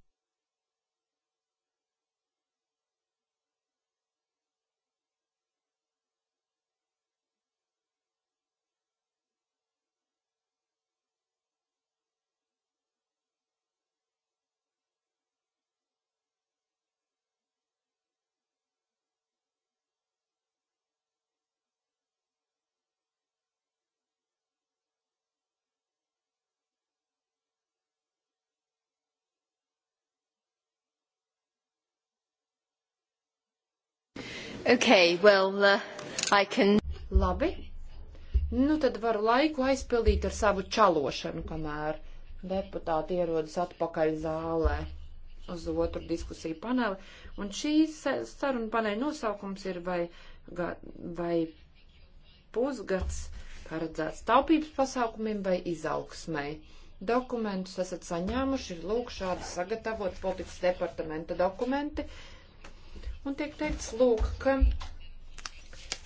Okay, well, uh, I can... Labi. Nu, tad varu laiku aizpildīt ar savu čalošanu, kamēr deputāti ierodas atpakaļ zālē uz otru diskusiju paneli. Un šī saruna paneļa nosaukums ir vai, vai pusgads paredzēts taupības pasākumiem vai izaugsmai. Dokumentus esat saņēmuši, ir lūk šādi sagatavot politikas departamenta dokumenti. Uh, Un tiek teikts, lūk, ka,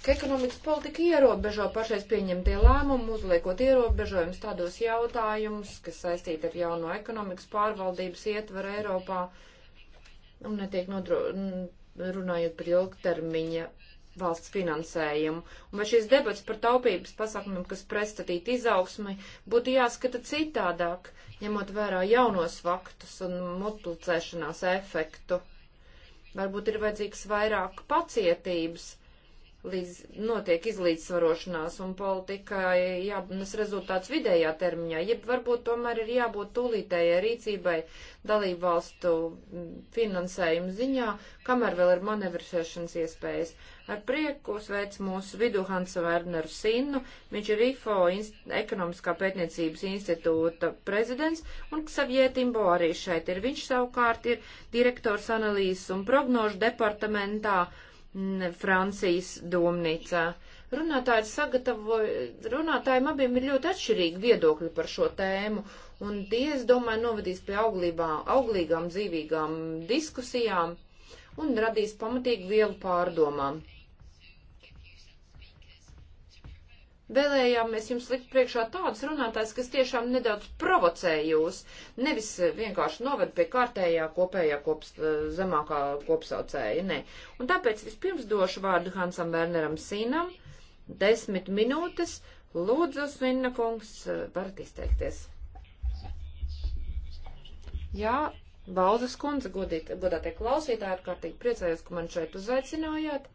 ka ekonomikas politika ierobežo pašais pieņemtie lēmumi, uzliekot ierobežojumus tādos jautājumus, kas saistīti ar jauno ekonomikas pārvaldības ietvaru Eiropā, un netiek nodro, runājot par ilgtermiņa valsts finansējumu, un vai šīs debats par taupības pasākumiem, kas pretstatīt izaugsmi, būtu jāskata citādāk, ņemot vērā jaunos faktus un multiplicēšanās efektu. Varbūt ir vajadzīgs vairāk pacietības līdz notiek izlīdzsvarošanās un politikai jābūt rezultāts vidējā termiņā, jeb varbūt tomēr ir jābūt tūlītējai rīcībai dalību valstu mm, finansējumu ziņā, kamēr vēl ir manevrēšanas iespējas. Ar prieku sveic mūsu vidu Hansa Werneru Sinnu, viņš ir IFO ekonomiskā pētniecības institūta prezidents, un Xavier Timbo arī šeit ir. Viņš savukārt ir direktors analīzes un prognožu departamentā Francijas domnīcā. Runātāji, sagatavo, runātājiem abiem ir ļoti atšķirīgi viedokļi par šo tēmu, un tie, es domāju, novadīs pie auglībā, auglīgām, dzīvīgām diskusijām un radīs pamatīgi vielu pārdomām. Vēlējāmies jums likt priekšā tādus runātājus, kas tiešām nedaudz provocē jūs, nevis vienkārši noved pie kārtējā kopējā kops, eh, zemākā kopsaucēja, nē. Un tāpēc vispirms došu vārdu Hansam Werneram Sīnam, desmit minūtes, lūdzu, Svinna kungs, eh, varat izteikties. Jā, Balzas kundze, godīt, godātie klausītāji, ārkārtīgi priecājos, ka man šeit uzaicinājāt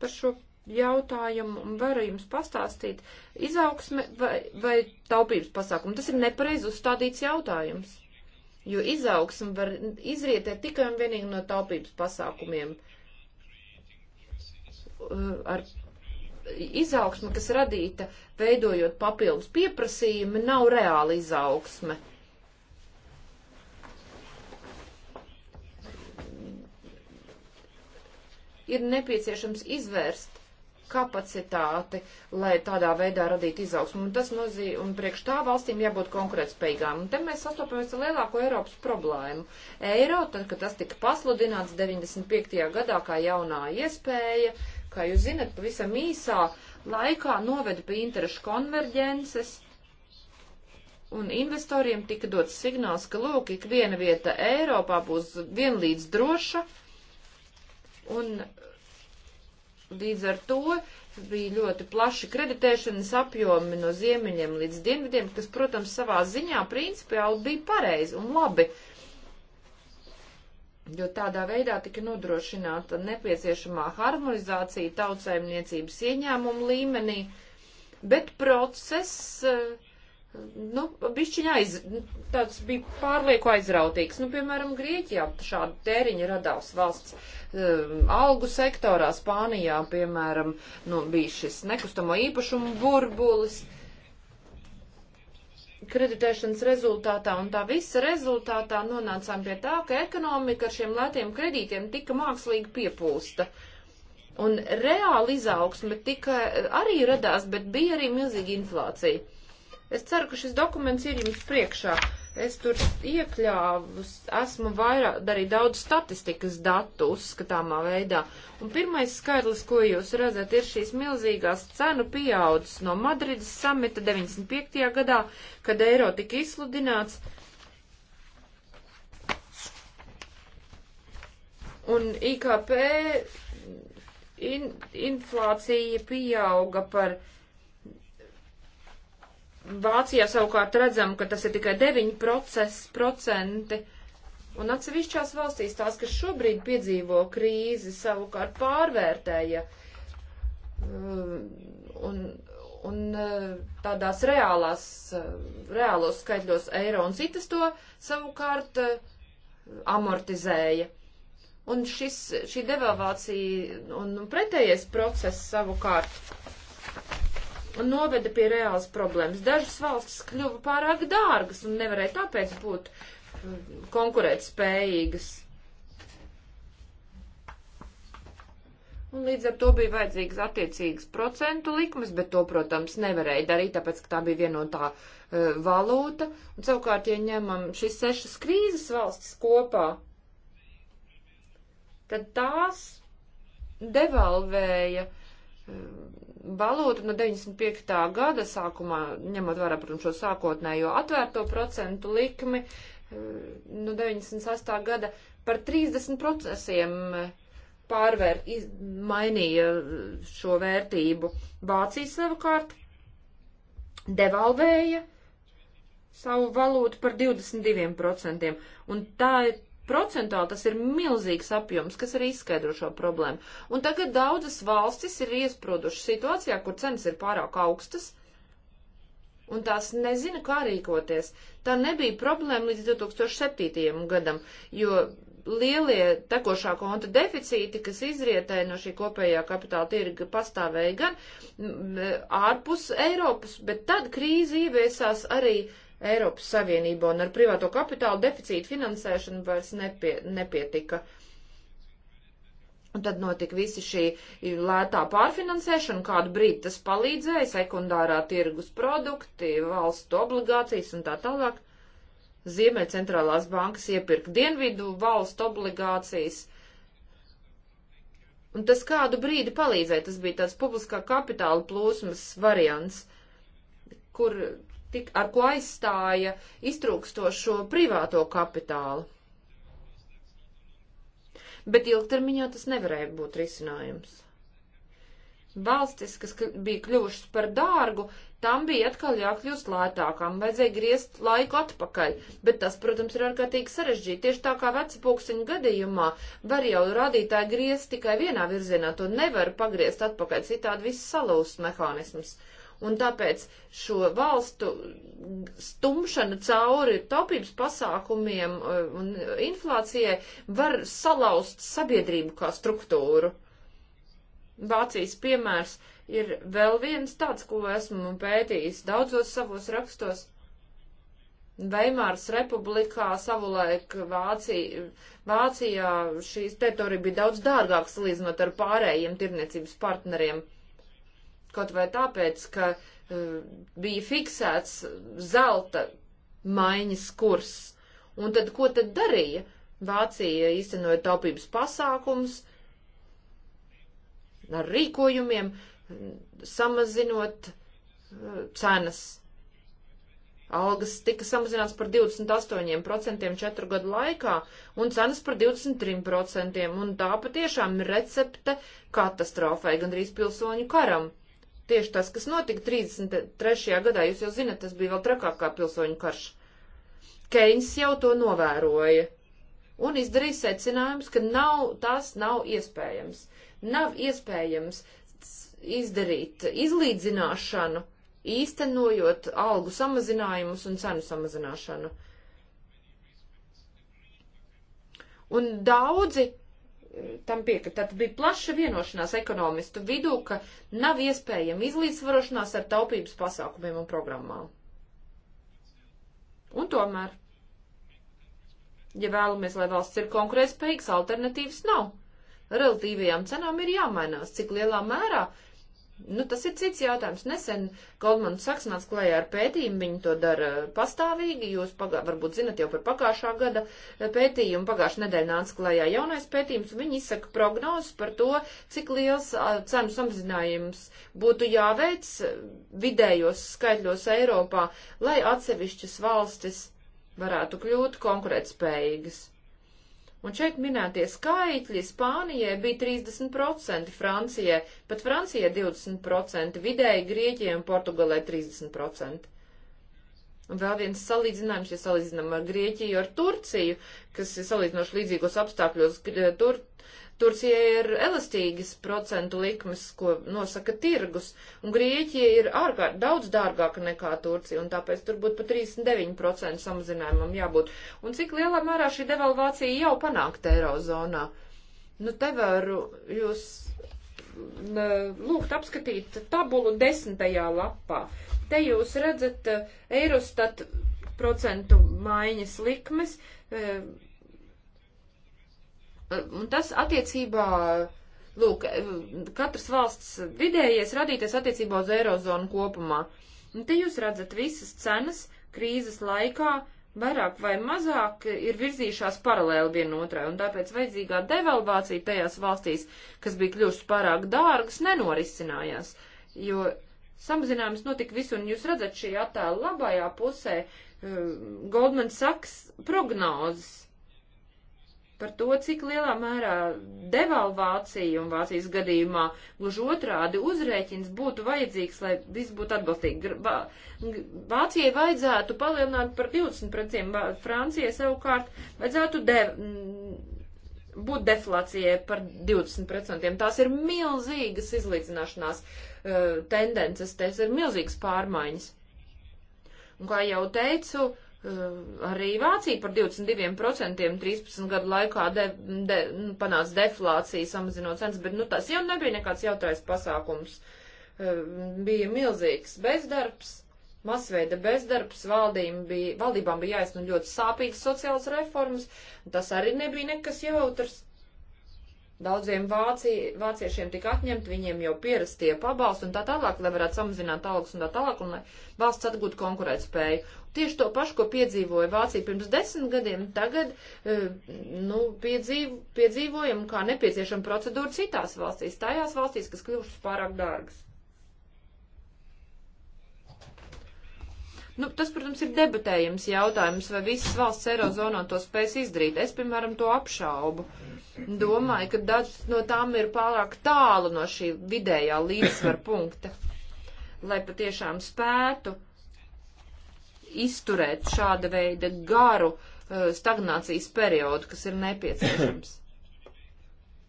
par šo jautājumu un varu jums pastāstīt. Izaugsme vai, vai taupības pasākumi? Tas ir nepareiz uzstādīts jautājums. Jo izaugsme var izrietēt tikai un vienīgi no taupības pasākumiem. Uh, ar izaugsme, kas radīta veidojot papildus pieprasījumi, nav reāla izaugsme. ir nepieciešams izvērst kapacitāti, lai tādā veidā radītu izaugsmu. Un tas nozīmē, un priekš tā valstīm jābūt konkurētspējīgām. Un te mēs sastopamies ar lielāko Eiropas problēmu. Eiro, tad, kad tas tika pasludināts 95. gadā kā jaunā iespēja, kā jūs zinat, pavisam īsā laikā noveda pie interešu konverģences. Un investoriem tika dots signāls, ka lūk, ik viena vieta Eiropā būs vienlīdz droša, un Līdz ar to bija ļoti plaši kreditēšanas apjomi no ziemeņiem līdz dienvidiem, kas, protams, savā ziņā principiāli bija pareizi un labi, jo tādā veidā tika nodrošināta nepieciešamā harmonizācija tautsēmniecības ieņēmumu līmenī, bet process uh, nu, bišķiņā aiz, tāds bija pārlieku aizrautīgs. Nu, piemēram, Grieķijā šāda tēriņa radās valsts um, algu sektorā, Spānijā, piemēram, nu, bija šis nekustamo īpašumu burbulis kreditēšanas rezultātā, un tā visa rezultātā nonācām pie tā, ka ekonomika ar šiem lētiem kredītiem tika mākslīgi piepūsta. Un reāli izaugsme tika arī radās, bet bija arī milzīga inflācija. Es ceru, ka šis dokuments ir jums priekšā. Es tur iekļāvus, esmu vairāk, arī daudz statistikas datu uzskatāmā veidā. Un pirmais skaidrs, ko jūs redzat, ir šīs milzīgās cenu pieaudzes no Madrides samita 95. gadā, kad eiro tika izsludināts. Un IKP in, inflācija pieauga par 0,5%. Vācijā savukārt redzam, ka tas ir tikai 9%, un atsevišķās valstīs tās, kas šobrīd piedzīvo krīzi, savukārt pārvērtēja uh, un, un uh, tādās reālās, uh, reālos skaitļos eiro, un citas to savukārt amortizēja. Un šis, šī devalvācija un pretējais process savukārt noveda pie reālas problēmas. Dažas valstis kļuva pārāk dārgas un nevarēja tāpēc būt mm, konkurēt spējīgas. Un līdz ar to bija vajadzīgas attiecīgas procentu likmes, bet to, protams, nevarēja darīt, tāpēc, ka tā bija vienotā uh, valūta. Un savukārt, ja ņemam šīs sešas krīzes valstis kopā, tad tās devalvēja uh, valūtu no 95. gada sākumā, ņemot vērā, protams, šo sākotnējo atvērto procentu likmi eh, no 98. gada par 30 procesiem eh, pārvērt, iz, mainīja eh, šo vērtību. Vācija savukārt devalvēja savu valūtu par 22%. Un tā ir procentuāli tas ir milzīgs apjoms, kas arī izskaidro šo problēmu. Un tagad daudzas valstis ir iesprūdušas situācijā, kur cenas ir pārāk augstas, un tās nezina, kā rīkoties. Tā nebija problēma līdz 2007. gadam, jo lielie tekošā konta deficīti, kas izrietēja no šī kopējā kapitāla tirga, pastāvēja gan ārpus Eiropas, bet tad krīze ieviesās arī Eiropas Savienībā, un ar privāto kapitālu deficītu finansēšanu vairs nepie, nepietika. Un tad notika visi šī lētā pārfinansēšana, kādu brīdi tas palīdzēja, sekundārā tirgus produkti, valstu obligācijas un tā tālāk. Ziemē centrālās bankas iepirka dienvidu valstu obligācijas. Un tas kādu brīdi palīdzēja, tas bija tāds publiskā kapitāla plūsmas variants, kur tik, ar ko aizstāja iztrūkstošo privāto kapitālu. Bet ilgtermiņā tas nevarēja būt risinājums. Valstis, kas bija kļuvušas par dārgu, tam bija atkal jākļūst lētākām, vajadzēja griezt laiku atpakaļ, bet tas, protams, ir ārkārtīgi sarežģīti. Tieši tā kā veca pulksteņa gadījumā var jau rādītāji griezt tikai vienā virzienā, to nevar pagriezt atpakaļ, citādi viss salūst mehānisms. Uh, Un tāpēc šo valstu stumšana cauri taupības pasākumiem e, un inflācijai var salauzt sabiedrību kā struktūru. Vācijas piemērs ir vēl viens tāds, ko esmu pētījis daudzos savos rakstos. Veimāras republikā savulaik Vācija, Vācijā šīs teritorija bija daudz dārgākas salīdzinot ar pārējiem tirniecības partneriem. Kaut vai tāpēc, ka uh, bija fiksēts zelta maiņas kurs. Un tad, ko tad darīja? Vācija īstenoja taupības pasākums ar rīkojumiem, samazinot uh, cenas. Algas tika samazināts par 28% četru gadu laikā un cenas par 23%, un tā patiešām ir recepte katastrofai, gandrīz pilsoņu karam. Tieši tas, kas notika 33. gadā, jūs jau zinat, tas bija vēl trakāk kā pilsoņu karš. Keins jau to novēroja un izdarīja secinājumus, ka nav, tas nav iespējams. Nav iespējams izdarīt izlīdzināšanu, īstenojot algu samazinājumus un cenu samazināšanu. Un daudzi tam piekrīt. Tad bija plaša vienošanās ekonomistu vidū, ka nav iespējama izlīdzvarošanās ar taupības pasākumiem un programmām. Un tomēr, ja vēlamies, lai valsts ir konkurētspējīgs, alternatīvas nav. Relatīvajām cenām ir jāmainās, cik lielā mērā Nu, tas ir cits jautājums. Nesen Goldman Sachs nāca klajā ar pētījumu, viņi to dara eh, pastāvīgi, jūs pagā, varbūt zinat jau par pagājušā gada eh, pētījumu, pagājušā nedēļa nāca klajā jaunais pētījums, viņi izsaka prognozes par to, cik liels eh, cenu samazinājums būtu jāveic vidējos skaitļos Eiropā, lai atsevišķas valstis varētu kļūt konkurētspējīgas. Un šeit minētie skaitļi Spānijai bija 30%, Francijai, pat Francijai 20%, vidēji Grieķijai un Portugalē 30%. Un vēl viens salīdzinājums, ja salīdzinām ar Grieķiju, ar Turciju, kas ir salīdzinoši līdzīgos apstākļos, tur Turcija ir elastīgas procentu likmes, ko nosaka tirgus, un Grieķija ir ārkār, daudz dārgāka nekā Turcija, un tāpēc tur būtu pa 39% samazinājumam jābūt. Un cik lielā mērā šī devalvācija jau panākta Eirozonā? Nu, te varu jūs lūgt apskatīt tabulu desmitajā lapā. Te jūs redzat Eirostat eh, procentu maiņas likmes, eh, Un tas attiecībā, lūk, katras valsts vidējais radīties attiecībā uz eirozonu kopumā. Un te jūs redzat visas cenas krīzes laikā, vairāk vai mazāk ir virzījušās paralēli vienotrai, un tāpēc vajadzīgā devalvācija tajās valstīs, kas bija kļuvusi pārāk dārgas, nenorisinājās, jo samazinājums notika visur, un jūs redzat šī attēla labajā pusē uh, Goldman Sachs prognozes par to, cik lielā mērā devalvācija un Vācijas gadījumā gluži otrādi uzrēķins būtu vajadzīgs, lai viss būtu atbalstīgi. Vācijai vajadzētu palielināt par 20%, Francijai savukārt vajadzētu de, būt deflācijai par 20%. Tās ir milzīgas izlīdzināšanās uh, tendences, tās ir milzīgas pārmaiņas. Un kā jau teicu, uh, Eh, arī Vācija par 22% 13 gadu laikā de, de, nu, panāca deflāciju, samazinot cenas, bet nu, tas jau nebija nekāds jautrais pasākums. Eh, bija milzīgs bezdarbs, masveida bezdarbs, bija, valdībām bija jāizsnu ļoti sāpīgas sociālas reformas, tas arī nebija nekas jautrs. Daudziem vāci, vāciešiem tika atņemt viņiem jau pierastie pabalsti un tā tālāk, lai varētu samazināt algas un tā tālāk, un lai valsts atgūtu konkurētspēju. Tieši to pašu, ko piedzīvoja Vācija pirms desmit gadiem, tagad e, nu, piedzīv, piedzīvojam kā nepieciešama procedūra citās valstīs, tajās valstīs, kas kļuvušas pārāk dārgas. Nu, tas, protams, ir debatējams jautājums, vai visas valsts Eirozonā to spēs izdarīt. Es, piemēram, to apšaubu. Domāju, ka dažas no tām ir pārāk tālu no šī vidējā līdzsvara punkta, lai patiešām spētu izturēt šāda veida garu eh, stagnācijas periodu, kas ir nepieciešams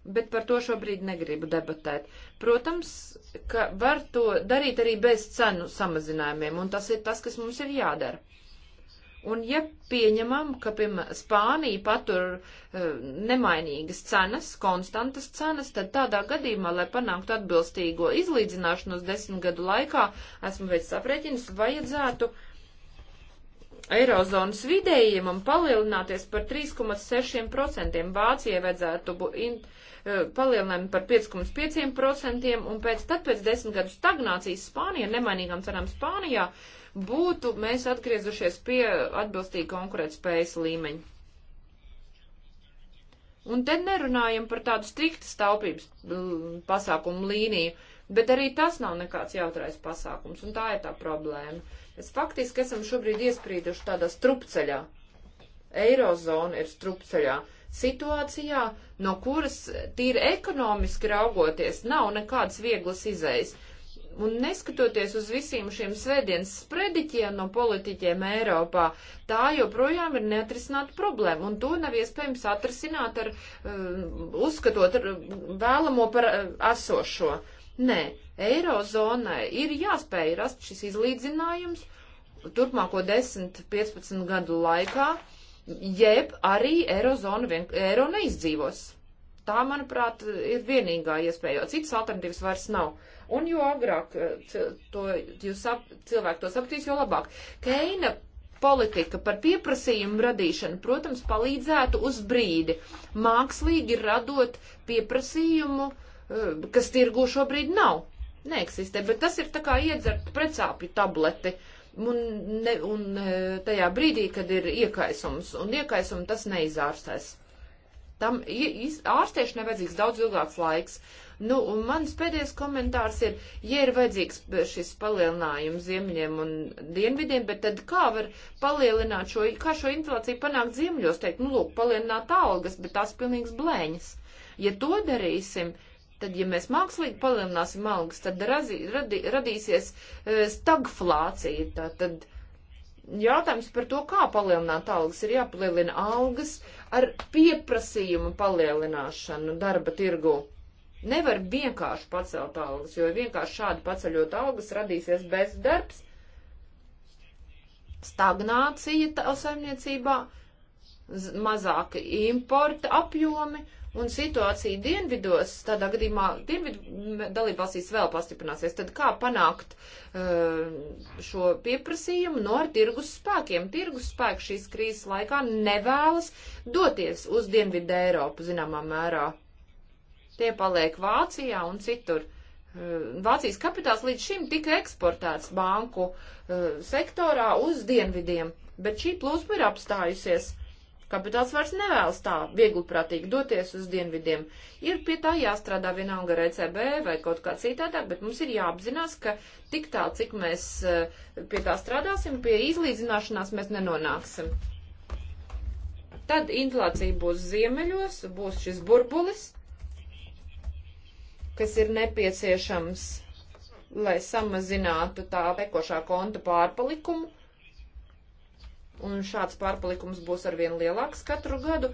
bet par to šobrīd negribu debatēt. Protams, ka var to darīt arī bez cenu samazinājumiem, un tas ir tas, kas mums ir jādara. Un ja pieņemam, ka, piemēram, Spānija patur uh, nemainīgas cenas, konstantas cenas, tad tādā gadījumā, lai panāktu atbilstīgo izlīdzināšanos desmit gadu laikā, esmu veids aprēķinus, vajadzētu Eirozonas vidējiem un palielināties par 3,6%. Vācijai vajadzētu būt Eh, palielinājumi par 5,5% un pēc tad pēc desmit gadu stagnācijas Spānija, nemainīgām cenām Spānijā, būtu mēs atgriezušies pie atbilstīgi konkurētspējas līmeņa. Un te nerunājam par tādu striktu staupības mm, pasākumu līniju, bet arī tas nav nekāds jautrais pasākums, un tā ir tā problēma. Mēs es faktiski esam šobrīd iesprīduši tādā strupceļā. Eirozona ir strupceļā. Uh, situācijā, no kuras tīri ekonomiski raugoties nav nekādas vieglas izējas. Un neskatoties uz visiem šiem svētdienas sprediķiem no politiķiem Eiropā, tā joprojām ir neatrisināta problēma, un to nav iespējams atrisināt ar, um, uzskatot ar vēlamo par uh, esošo. Nē, Eirozonai ir jāspēj rast šis izlīdzinājums turpmāko 10-15 gadu laikā jeb arī Eirozona vien, Eiro neizdzīvos. Tā, manuprāt, ir vienīgā iespēja, jo citas alternatīvas vairs nav. Un jo agrāk eh, to, jūs ap, cilvēki to sapratīs, jo labāk. Keina politika par pieprasījumu radīšanu, protams, palīdzētu uz brīdi, mākslīgi radot pieprasījumu, eh, kas tirgu šobrīd nav, neeksistē, bet tas ir tā kā iedzert precāpju tableti. Uh, un, ne, un e, tajā brīdī, kad ir iekaisums, un iekaisums tas neizārstēs. Tam ārstēšanai vajadzīgs daudz ilgāks laiks. Nu, un mans pēdējais komentārs ir, ja ir vajadzīgs šis palielinājums ziemeļiem un dienvidiem, bet tad kā var palielināt šo, kā šo inflāciju panākt ziemeļos, teikt, nu, lūk, palielināt algas, bet tās pilnīgs blēņas. Ja to darīsim, uh, Tad, ja mēs mākslīgi palielināsim algas, tad razi, radi, radīsies e, stagflācija. Tā, tad jautājums par to, kā palielināt algas, ir jāpalielina algas ar pieprasījumu palielināšanu darba tirgu. Nevar vienkārši pacelt algas, jo vienkārši šādi paceļot algas radīsies bezdarbs, stagnācija tausaimniecībā, mazāka importa apjomi un situācija dienvidos, tādā gadījumā dienvidu dalībvalstīs vēl pastiprināsies, tad kā panākt uh, šo pieprasījumu no ar tirgus spēkiem? Tirgus spēki šīs krīzes laikā nevēlas doties uz dienvidu Eiropu, zināmā mērā. Tie paliek Vācijā un citur. Uh, Vācijas kapitāls līdz šim tika eksportēts banku uh, sektorā uz dienvidiem, bet šī plūsma ir apstājusies. Uh, Kapitāls vairs nevēlas tā viegli prātīgi doties uz dienvidiem. Ir pie tā jāstrādā vienalga ar ECB vai kaut kā citādāk, bet mums ir jāapzinās, ka tik tā, cik mēs eh, pie tā strādāsim, pie izlīdzināšanās mēs nenonāksim. Tad inflācija būs ziemeļos, būs šis burbulis, kas ir nepieciešams, lai samazinātu tā tekošā konta pārpalikumu un šāds pārpalikums būs arvien lielāks katru gadu.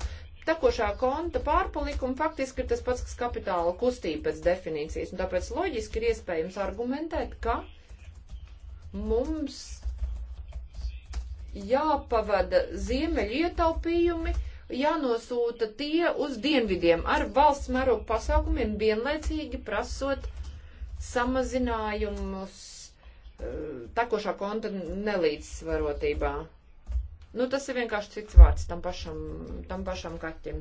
Tekošā konta pārpalikuma faktiski ir tas pats, kas kapitāla kustība pēc definīcijas, un tāpēc loģiski ir iespējams argumentēt, ka mums jāpavada ziemeļu ietaupījumi, jānosūta tie uz dienvidiem ar valsts mērogu pasākumiem, vienlaicīgi prasot samazinājumus eh, tekošā konta nelīdzsvarotībā. Nu, tas ir vienkārši cits vārds tam pašam, tam pašam kaķim.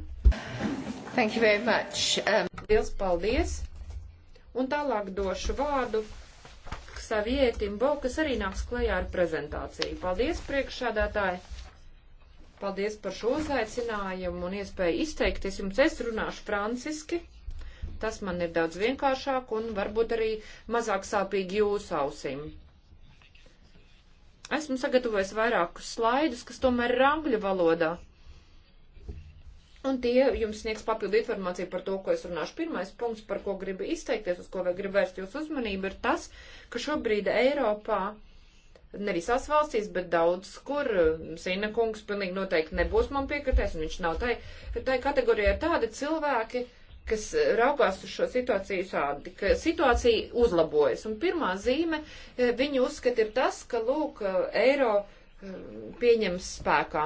Thank you very much. Um... Liels paldies. Un tālāk došu vārdu savietim Bo, kas arī nāks klajā ar prezentāciju. Paldies, priekšādātāji. Paldies par šo uzaicinājumu un iespēju izteikties jums. Es runāšu franciski. Tas man ir daudz vienkāršāk un varbūt arī mazāk sāpīgi jūsu ausīm. Esmu sagatavojis vairākus slaidus, kas tomēr ir angļu valodā. Un tie jums sniegs papildu informāciju par to, ko es runāšu. Pirmais punkts, par ko gribu izteikties, uz ko gribu vērst jūsu uzmanību, ir tas, ka šobrīd Eiropā, ne visās valstīs, bet daudz kur, um, Sina kungs pilnīgi noteikti nebūs man piekritēs, un viņš nav tai, tai kategorijai tādi cilvēki, uh, kas raugās uz šo situāciju šādi, ka situācija uzlabojas. Un pirmā zīme eh, viņa uzskata ir tas, ka, lūk, eh, eiro eh, pieņems spēkā.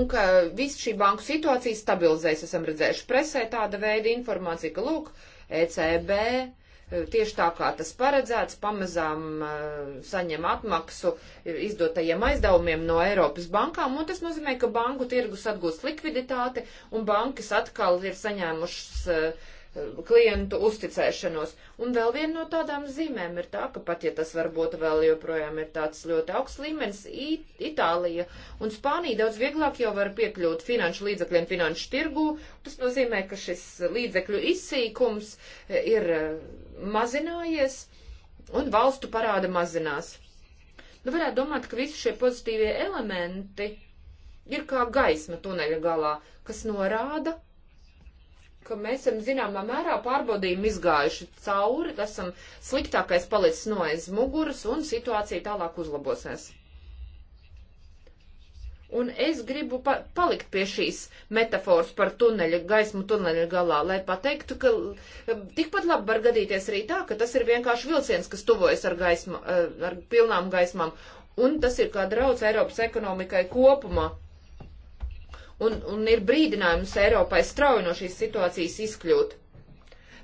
Un ka viss šī banku situācija stabilizēs, esam redzējuši presē tāda veida informācija, ka, lūk, ECB Eh, tieši tā kā tas paredzēts, pamazām eh, saņem atmaksu eh, izdotajiem aizdevumiem no Eiropas bankām, un tas nozīmē, ka banku tirgus atgūst likviditāti, un bankas atkal ir saņēmušas klientu uzticēšanos. Un vēl viena no tādām zīmēm ir tā, ka pat ja tas varbūt vēl joprojām ir tāds ļoti augsts līmenis, It Itālija un Spānija daudz vieglāk jau var piekļūt finanšu līdzekļiem finanšu tirgū. Tas nozīmē, ka šis līdzekļu izsīkums ir mazinājies un valstu parāda mazinās. Nu, varētu domāt, ka visi šie pozitīvie elementi ir kā gaisma tuneļa galā, kas norāda, ka mēs esam zināmā mērā pārbaudījumi izgājuši cauri, esam sliktākais palicis no aiz muguras un situācija tālāk uzlabosies. Un es gribu pa palikt pie šīs metafors par tuneļa, gaismu tuneļa galā, lai pateiktu, ka tikpat labi var gadīties arī tā, ka tas ir vienkārši vilciens, kas tuvojas ar, gaisma, eh, ar pilnām gaismām. Un tas ir kā draudz Eiropas ekonomikai kopumā. Un, un ir brīdinājums Eiropai strauji no šīs situācijas izkļūt.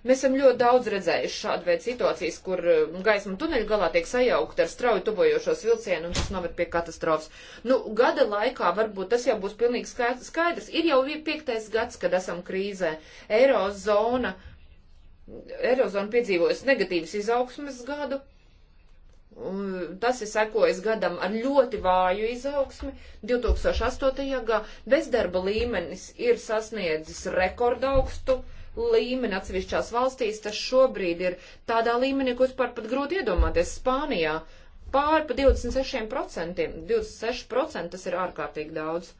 Mēs esam ļoti daudz redzējuši šādu veidu situācijas, kur um, gaisma tuneļu galā tiek sajaukta ar strauju tuvojošos vilcienu un tas noved pie katastrofas. Nu, gada laikā varbūt tas jau būs pilnīgi skaidrs. Ir jau piektais gads, kad esam krīzē. Eirozona, Eirozona piedzīvojas negatīvas izaugsmes gadu, Tas ir sekojis gadam ar ļoti vāju izaugsmi. 2008. gadā bezdarba līmenis ir sasniedzis rekordaugstu līmeni atsevišķās valstīs, tas šobrīd ir tādā līmenī, ko vispār pat grūti iedomāties Spānijā. Pāri pa 26%, 26% tas ir ārkārtīgi daudz.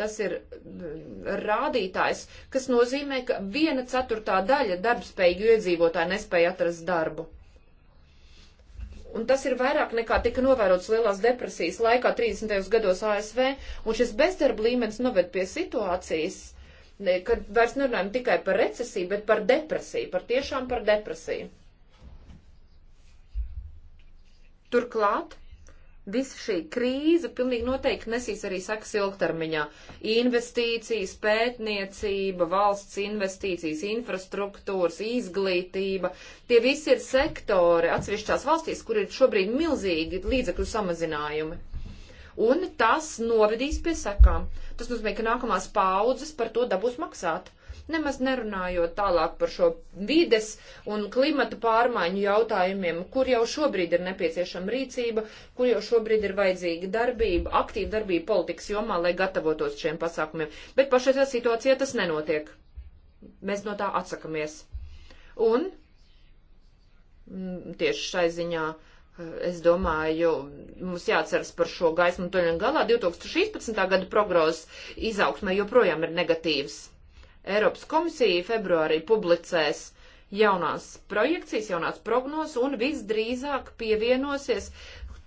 Tas ir mm, rādītājs, kas nozīmē, ka viena ceturtā daļa darbspējīgu iedzīvotāju nespēja atrast darbu. Un tas ir vairāk nekā tika novērots lielās depresijas laikā 30. gados ASV, un šis bezdarba līmenis noved pie situācijas, kad vairs nerunājam tikai par recesiju, bet par depresiju, par tiešām par depresiju. Turklāt visa šī krīze pilnīgi noteikti nesīs arī sakas ilgtermiņā. Investīcijas, pētniecība, valsts investīcijas, infrastruktūras, izglītība, tie visi ir sektori atsevišķās valstīs, kur ir šobrīd milzīgi līdzekļu samazinājumi. Un tas novedīs pie sakām. Uh, Tas nozīmē, ka nākamās paudzes par to dabūs maksāt. Nemaz nerunājot tālāk par šo vides un klimata pārmaiņu jautājumiem, kur jau šobrīd ir nepieciešama rīcība, kur jau šobrīd ir vajadzīga darbība, aktīva darbība politikas jomā, lai gatavotos šiem pasākumiem. Bet pašreizā situācijā tas nenotiek. Mēs no tā atsakamies. Un mm, tieši šai ziņā uh, es domāju, mums jāatceras par šo gaismu toļu un galā 2016. gada prognozes izaugsmē joprojām ir negatīvas. Eiropas komisija februārī publicēs jaunās projekcijas, jaunās prognozes un visdrīzāk pievienosies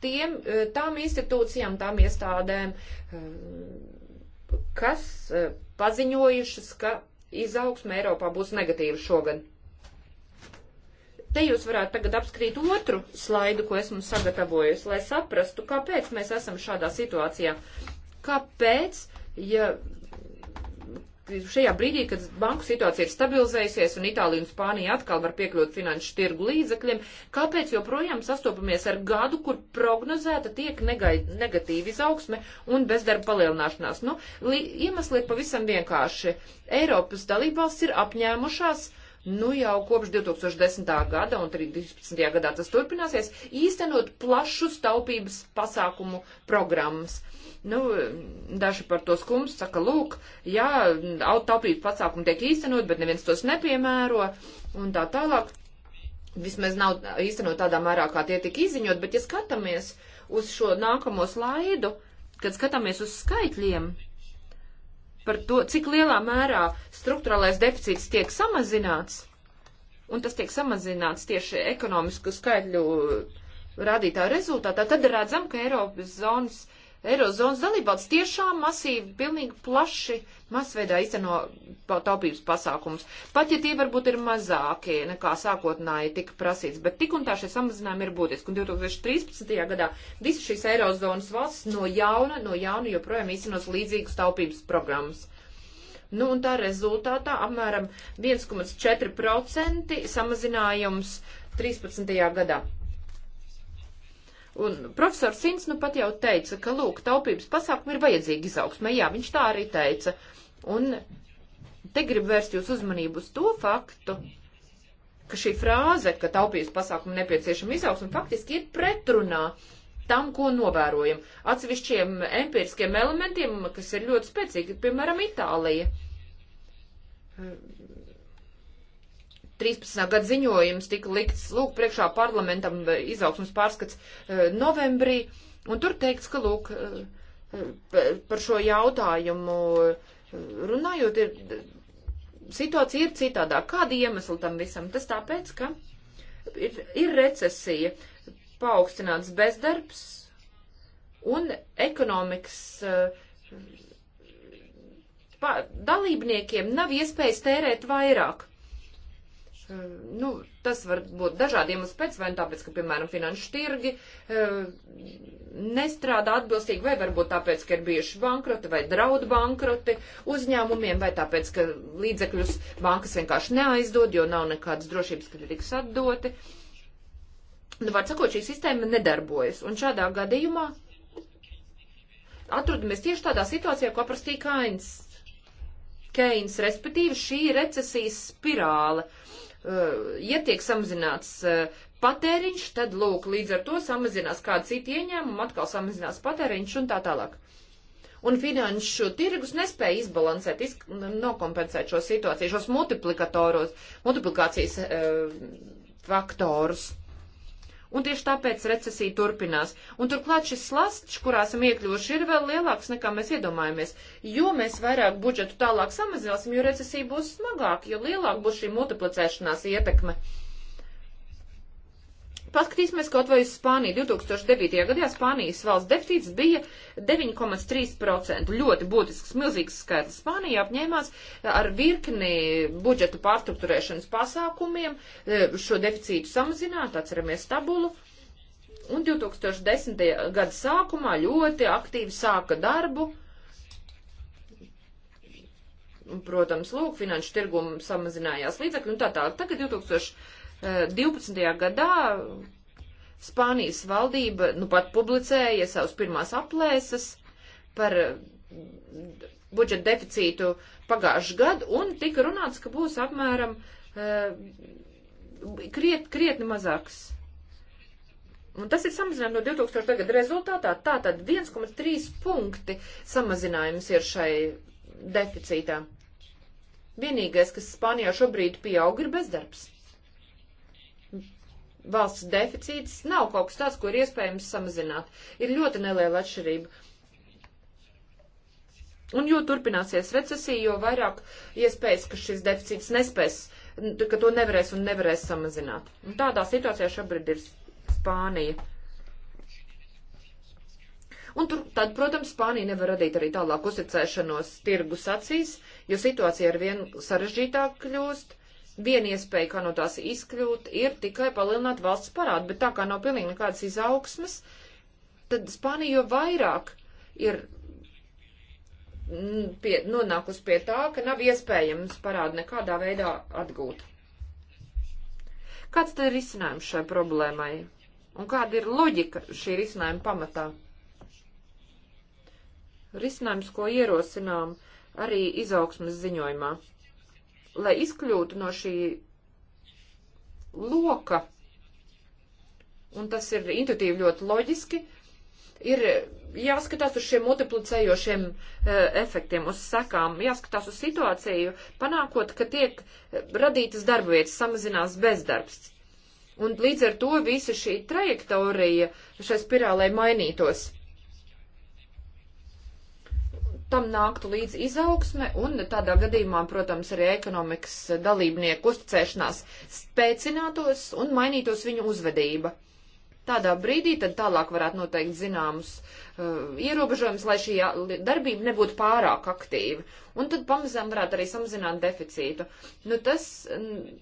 tiem, eh, tām institūcijām, tām iestādēm, eh, kas eh, paziņojušas, ka izaugsme Eiropā būs negatīva šogad. Te jūs varētu tagad apskrīt otru slaidu, ko esmu sagatavojusi, lai saprastu, kāpēc mēs esam šādā situācijā. Kāpēc, ja šajā brīdī, kad banku situācija ir stabilizējusies un Itālija un Spānija atkal var piekļūt finanšu tirgu līdzekļiem, kāpēc joprojām sastopamies ar gadu, kur prognozēta tiek negatīva izaugsme un bezdarba palielināšanās? Nu, iemesli ir pavisam vienkārši. Eiropas dalībvalsts ir apņēmušās uh, nu jau kopš 2010. gada un 2013. gadā tas turpināsies, īstenot plašu staupības pasākumu programmas. Nu, daži par to skumst, saka, lūk, jā, taupības pasākumi tiek īstenot, bet neviens tos nepiemēro un tā tālāk. Vismaz nav īstenot tādā mērā, kā tie tika izziņot, bet ja skatāmies uz šo nākamo slaidu, kad skatāmies uz skaitļiem, par to, cik lielā mērā struktūrālais deficīts tiek samazināts, un tas tiek samazināts tieši ekonomisku skaitļu rādītāju rezultātā, tad redzam, ka Eiropas zonas Eirozonas dalībvalsts tiešām masīvi, pilnīgi plaši, masveidā izteno taupības pasākums. Pat ja tie varbūt ir mazākie nekā sākotnēji tika prasīts, bet tik un tā šie samazinājumi ir būtiski. Un 2013. gadā visas šīs Eirozonas valstis no jauna, no jauna joprojām īstenos līdzīgas taupības programmas. Nu, un tā rezultātā apmēram 1,4% samazinājums 13. gadā. Un profesors Sins nu pat jau teica, ka, lūk, taupības pasākumi ir vajadzīgi izaugsmē. Jā, viņš tā arī teica. Un te grib vērst jūs uzmanību uz to faktu, ka šī frāze, ka taupības pasākumu nepieciešama izaugsme, faktiski ir pretrunā tam, ko novērojam. Atsevišķiem empiriskiem elementiem, kas ir ļoti spēcīgi, piemēram, Itālija 13. gada ziņojums tika likts, lūk, priekšā parlamentam eh, izaugsmas pārskats eh, novembrī, un tur teikts, ka, lūk, eh, par šo jautājumu runājot, ir, situācija ir citādāk. Kāda iemesla tam visam? Tas tāpēc, ka ir, ir recesija, paaugstināts bezdarbs un ekonomikas pa, dalībniekiem nav iespējas tērēt vairāk. Nu, tas var būt dažādiem uz pēc, vai nu tāpēc, ka, piemēram, finanšu tirgi nestrādā atbilstīgi, vai varbūt tāpēc, ka ir bijuši bankroti vai draudu bankroti uzņēmumiem, vai tāpēc, ka līdzekļus bankas vienkārši neaizdod, jo nav nekādas drošības, ka tiks atdoti. Nu, var sakot, šī sistēma nedarbojas, un šādā gadījumā atrodamies tieši tādā situācijā, ko aprastīja Kains. Keins, respektīvi šī recesijas spirāle, uh, Eh, ja tiek samazināts eh, patēriņš, tad lūk, līdz ar to samazinās kāda cita ieņēmuma, atkal samazinās patēriņš un tā tālāk. Un finanšu tirgus nespēja izbalansēt, iz, nokompensēt šo situāciju, šos multiplikatoros, multiplikācijas e, faktorus un tieši tāpēc recesija turpinās. Un turklāt šis slasts, kurā esam iekļuvuši, ir vēl lielāks nekā mēs iedomājamies, jo mēs vairāk budžetu tālāk samazināsim, jo recesija būs smagāka, jo lielāka būs šī multiplicēšanās ietekme. Uh, Paskatīsimies kaut vai uz Spāniju. 2009. gadā Spānijas valsts deficīts bija 9,3%. Ļoti būtisks, milzīgs skaitlis. Spānija apņēmās ar virkni budžeta pārstruktūrēšanas pasākumiem e, šo deficītu samazināt, atceramies tabulu. Un 2010. gada sākumā ļoti aktīvi sāka darbu. Protams, lūk, finanšu tirgumu samazinājās līdzekļi un tā tālāk. Tagad 2000. 12. gadā Spānijas valdība nu pat publicēja savus pirmās aplēses par budžeta deficītu pagājušu gadu un tika runāts, ka būs apmēram eh, kriet, krietni mazāks. Un tas ir samazinājums no 2000 tagad rezultātā. Tātad 1,3 punkti samazinājums ir šai deficītā. Vienīgais, kas Spānijā šobrīd pieaug, ir bezdarbs valsts deficīts nav kaut kas tāds, ko ir iespējams samazināt. Ir ļoti neliela atšķirība. Un jo turpināsies recesija, jo vairāk iespējas, ka šis deficīts nespēs, ka to nevarēs un nevarēs samazināt. Un tādā situācijā šobrīd ir Spānija. Un tur, tad, protams, Spānija nevar radīt arī tālāk uzticēšanos tirgus acīs, jo situācija ar vien sarežģītāk kļūst viena iespēja, kā no tās izkļūt, ir tikai palielināt valsts parādu, bet tā kā nav pilnīgi nekādas izaugsmes, tad Spānija jau vairāk ir pie, nonākusi pie tā, ka nav iespējams parādu nekādā veidā atgūt. Kāds tad ir risinājums šai problēmai? Un kāda ir loģika šī risinājuma pamatā? Risinājums, ko ierosinām arī izaugsmas ziņojumā lai izkļūtu no šī loka, un tas ir intuitīvi ļoti loģiski, ir jāskatās uz šiem multiplicējošiem uh, efektiem, uz sekām, jāskatās uz situāciju, panākot, ka tiek radītas darba vietas, samazinās bezdarbs. Un līdz ar to visa šī trajektorija šai spirālē mainītos tam nāktu līdz izaugsme un tādā gadījumā, protams, arī ekonomikas dalībnieku uzticēšanās spēcinātos un mainītos viņu uzvedība. Tādā brīdī tad tālāk varētu noteikt zināmus uh, ierobežojumus, lai šī uh, darbība nebūtu pārāk aktīva. Un tad pamazām varētu arī samazināt deficītu. Nu, tas, mm,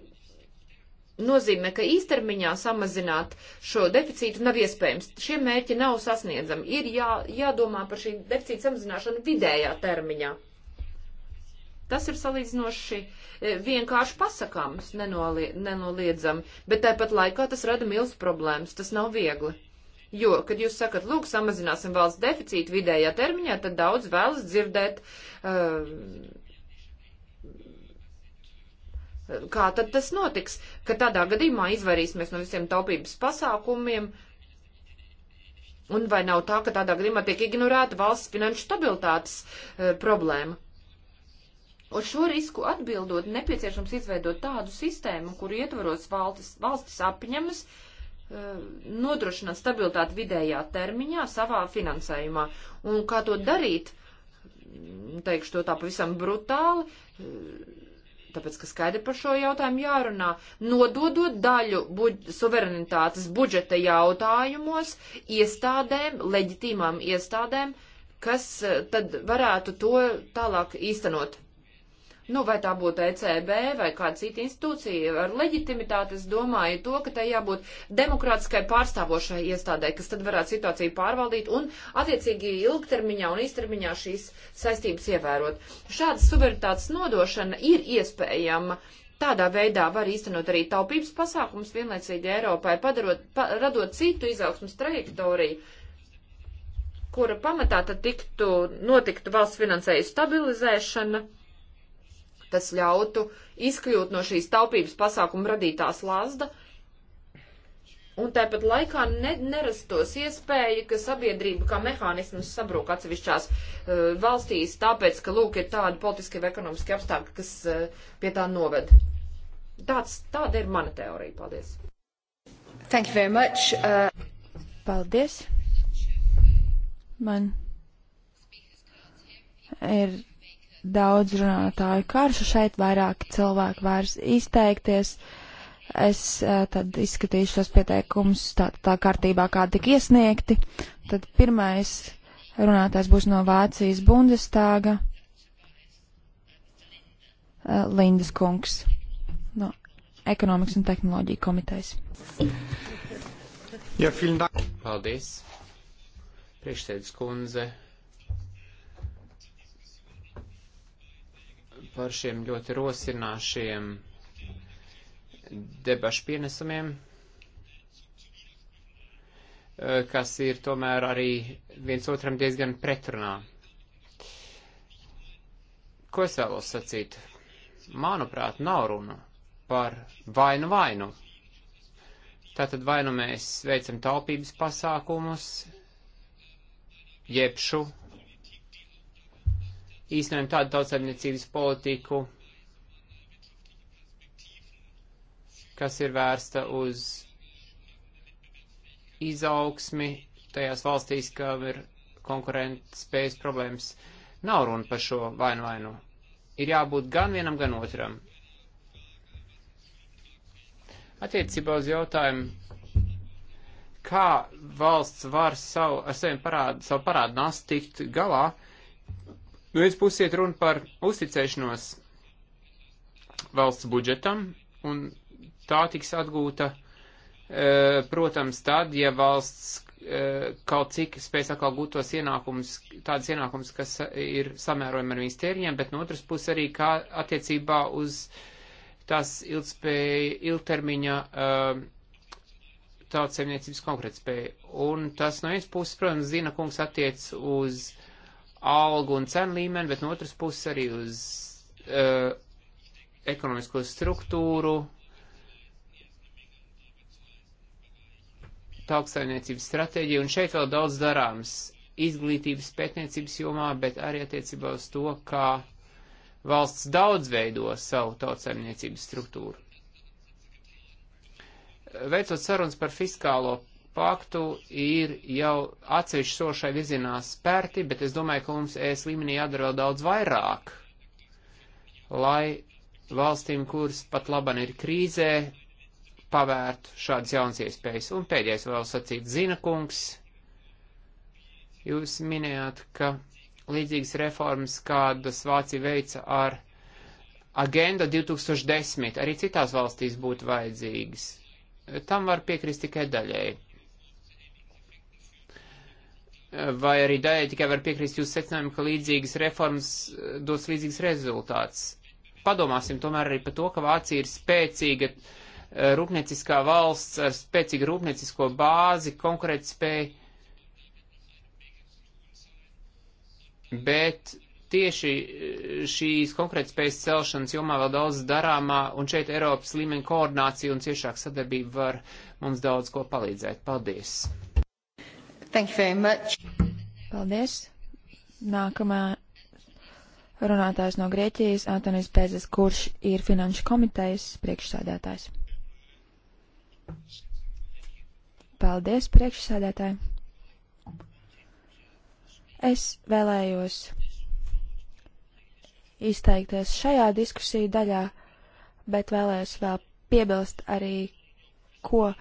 nozīmē, ka īstermiņā samazināt šo deficītu nav iespējams. Šie mērķi nav sasniedzami. Ir jā, jādomā par šī deficīta samazināšanu vidējā termiņā. Tas ir salīdzinoši e, vienkārši pasakāms, nenoliedzami, bet tāpat laikā tas rada milz problēmas. Tas nav viegli. Jo, kad jūs sakat, lūk, samazināsim valsts deficītu vidējā termiņā, tad daudz vēlas dzirdēt. Uh, Kā tad tas notiks, ka tādā gadījumā izvairīsimies no visiem taupības pasākumiem? Un vai nav tā, ka tādā gadījumā tiek ignorēta valsts finanšu stabilitātes e, problēma? Uz šo risku atbildot, nepieciešams izveidot tādu sistēmu, kur ietvaros valstis, valstis apņemas e, nodrošināt stabilitāti vidējā termiņā savā finansējumā. Un kā to darīt, teikšu to tā pavisam brutāli, e, tāpēc, ka skaidri par šo jautājumu jārunā, nododot daļu buģ suverenitātes budžeta jautājumos iestādēm, leģitīmām iestādēm, kas eh, tad varētu to tālāk īstenot. Nu, vai tā būtu ECB vai kāda cita institūcija ar leģitimitāti, es domāju to, ka tai jābūt demokrātiskai pārstāvošai iestādē, kas tad varētu situāciju pārvaldīt un attiecīgi ilgtermiņā un īstermiņā šīs saistības ievērot. Šāda suverenitātes nodošana ir iespējama. Tādā veidā var īstenot arī taupības pasākums vienlaicīgi Eiropai, padarot, pa, radot citu izaugsmas trajektoriju, kura pamatā tad tiktu, notiktu valsts finansēju stabilizēšana tas ļautu izkļūt no šīs taupības pasākuma radītās lazda. Un tāpat laikā ne, nerastos iespēja, ka sabiedrība kā mehānisms sabrūk atsevišķās uh, valstīs, tāpēc, ka, lūk, ir tādi politiskie vai ekonomiskie apstākļi, kas uh, pie tā noved. Tāds, tāda ir mana teorija. Paldies. Thank you very much. Uh... Paldies. Man ir daudz runātāju karšu, šeit vairāk cilvēku vairs izteikties. Es eh, tad izskatīšu tos pieteikumus tā, tā kārtībā, kā tik iesniegti. Tad pirmais runātājs būs no Vācijas Bundestāga eh, Lindas kungs no Ekonomikas un tehnoloģija komitejas. Ja, Paldies, priekšsēdus kundze, par šiem ļoti rosināšiem debašu pienesumiem, eh, kas ir tomēr arī viens otram diezgan pretrunā. Ko es vēlos sacīt? Manuprāt, nav runa par vainu vainu. Tātad vainu mēs veicam taupības pasākumus, jebšu īstenojam tādu tautsaimniecības politiku, kas ir vērsta uz izaugsmi tajās valstīs, kam ir konkurenta spējas problēmas. Nav runa par šo vainu vainu. Ir jābūt gan vienam, gan otram. Attiecībā uz jautājumu, kā valsts var savu, ar saviem parādu, savu parādu nast tikt galā, uh, No nu, vienas puses iet runa par uzticēšanos valsts budžetam, un tā tiks atgūta, e, protams, tad, ja valsts e, kaut cik spēs atkal gūt tos ienākumus, tādas ienākumus, kas ir samērojami ar viņas tēriņiem, bet no otras puses arī kā attiecībā uz tās ilgspēja, ilgtermiņa uh, e, tautsemniecības konkrētspēja. Un tas no vienas puses, protams, zina kungs attiec uz algu un cenu līmeni, bet no otras puses arī uz uh, ekonomisko struktūru, tautsainiecības stratēģiju, un šeit vēl daudz darāms izglītības pētniecības jomā, bet arī attiecībā uz to, kā valsts daudzveido savu tautsainiecības struktūru. Veicot sarunas par fiskālo tiesību aktu ir jau atsevišķi sošai virzienā spērti, bet es domāju, ka mums ES līmenī jādara vēl daudz vairāk, lai valstīm, kuras pat laban ir krīzē, pavērt šādas jaunas iespējas. Un pēdējais vēl sacīt Zinakungs. Jūs minējāt, ka līdzīgas reformas, kādas Vācija veica ar Agenda 2010, arī citās valstīs būtu vajadzīgas. Tam var piekrist tikai daļēji vai arī daļai tikai var piekrist jūsu secinājumu, ka līdzīgas reformas eh, dos līdzīgas rezultāts. Padomāsim tomēr arī par to, ka Vācija ir spēcīga eh, rūpnieciskā valsts ar spēcīgu rūpniecisko bāzi, konkurētspēju, bet tieši eh, šīs konkurētspējas celšanas jomā vēl daudz darāmā, un šeit Eiropas līmeņa koordinācija un ciešāka sadarbība var mums daudz ko palīdzēt. Paldies! Thank you very much. Paldies. Nākamā runātājs no Grieķijas, Antonijs Pēzes, kurš ir finanšu komitejas priekšsādātājs. Paldies, priekšsādātāji. Es vēlējos izteikties šajā diskusiju daļā, bet vēlējos vēl piebilst arī, ko uh,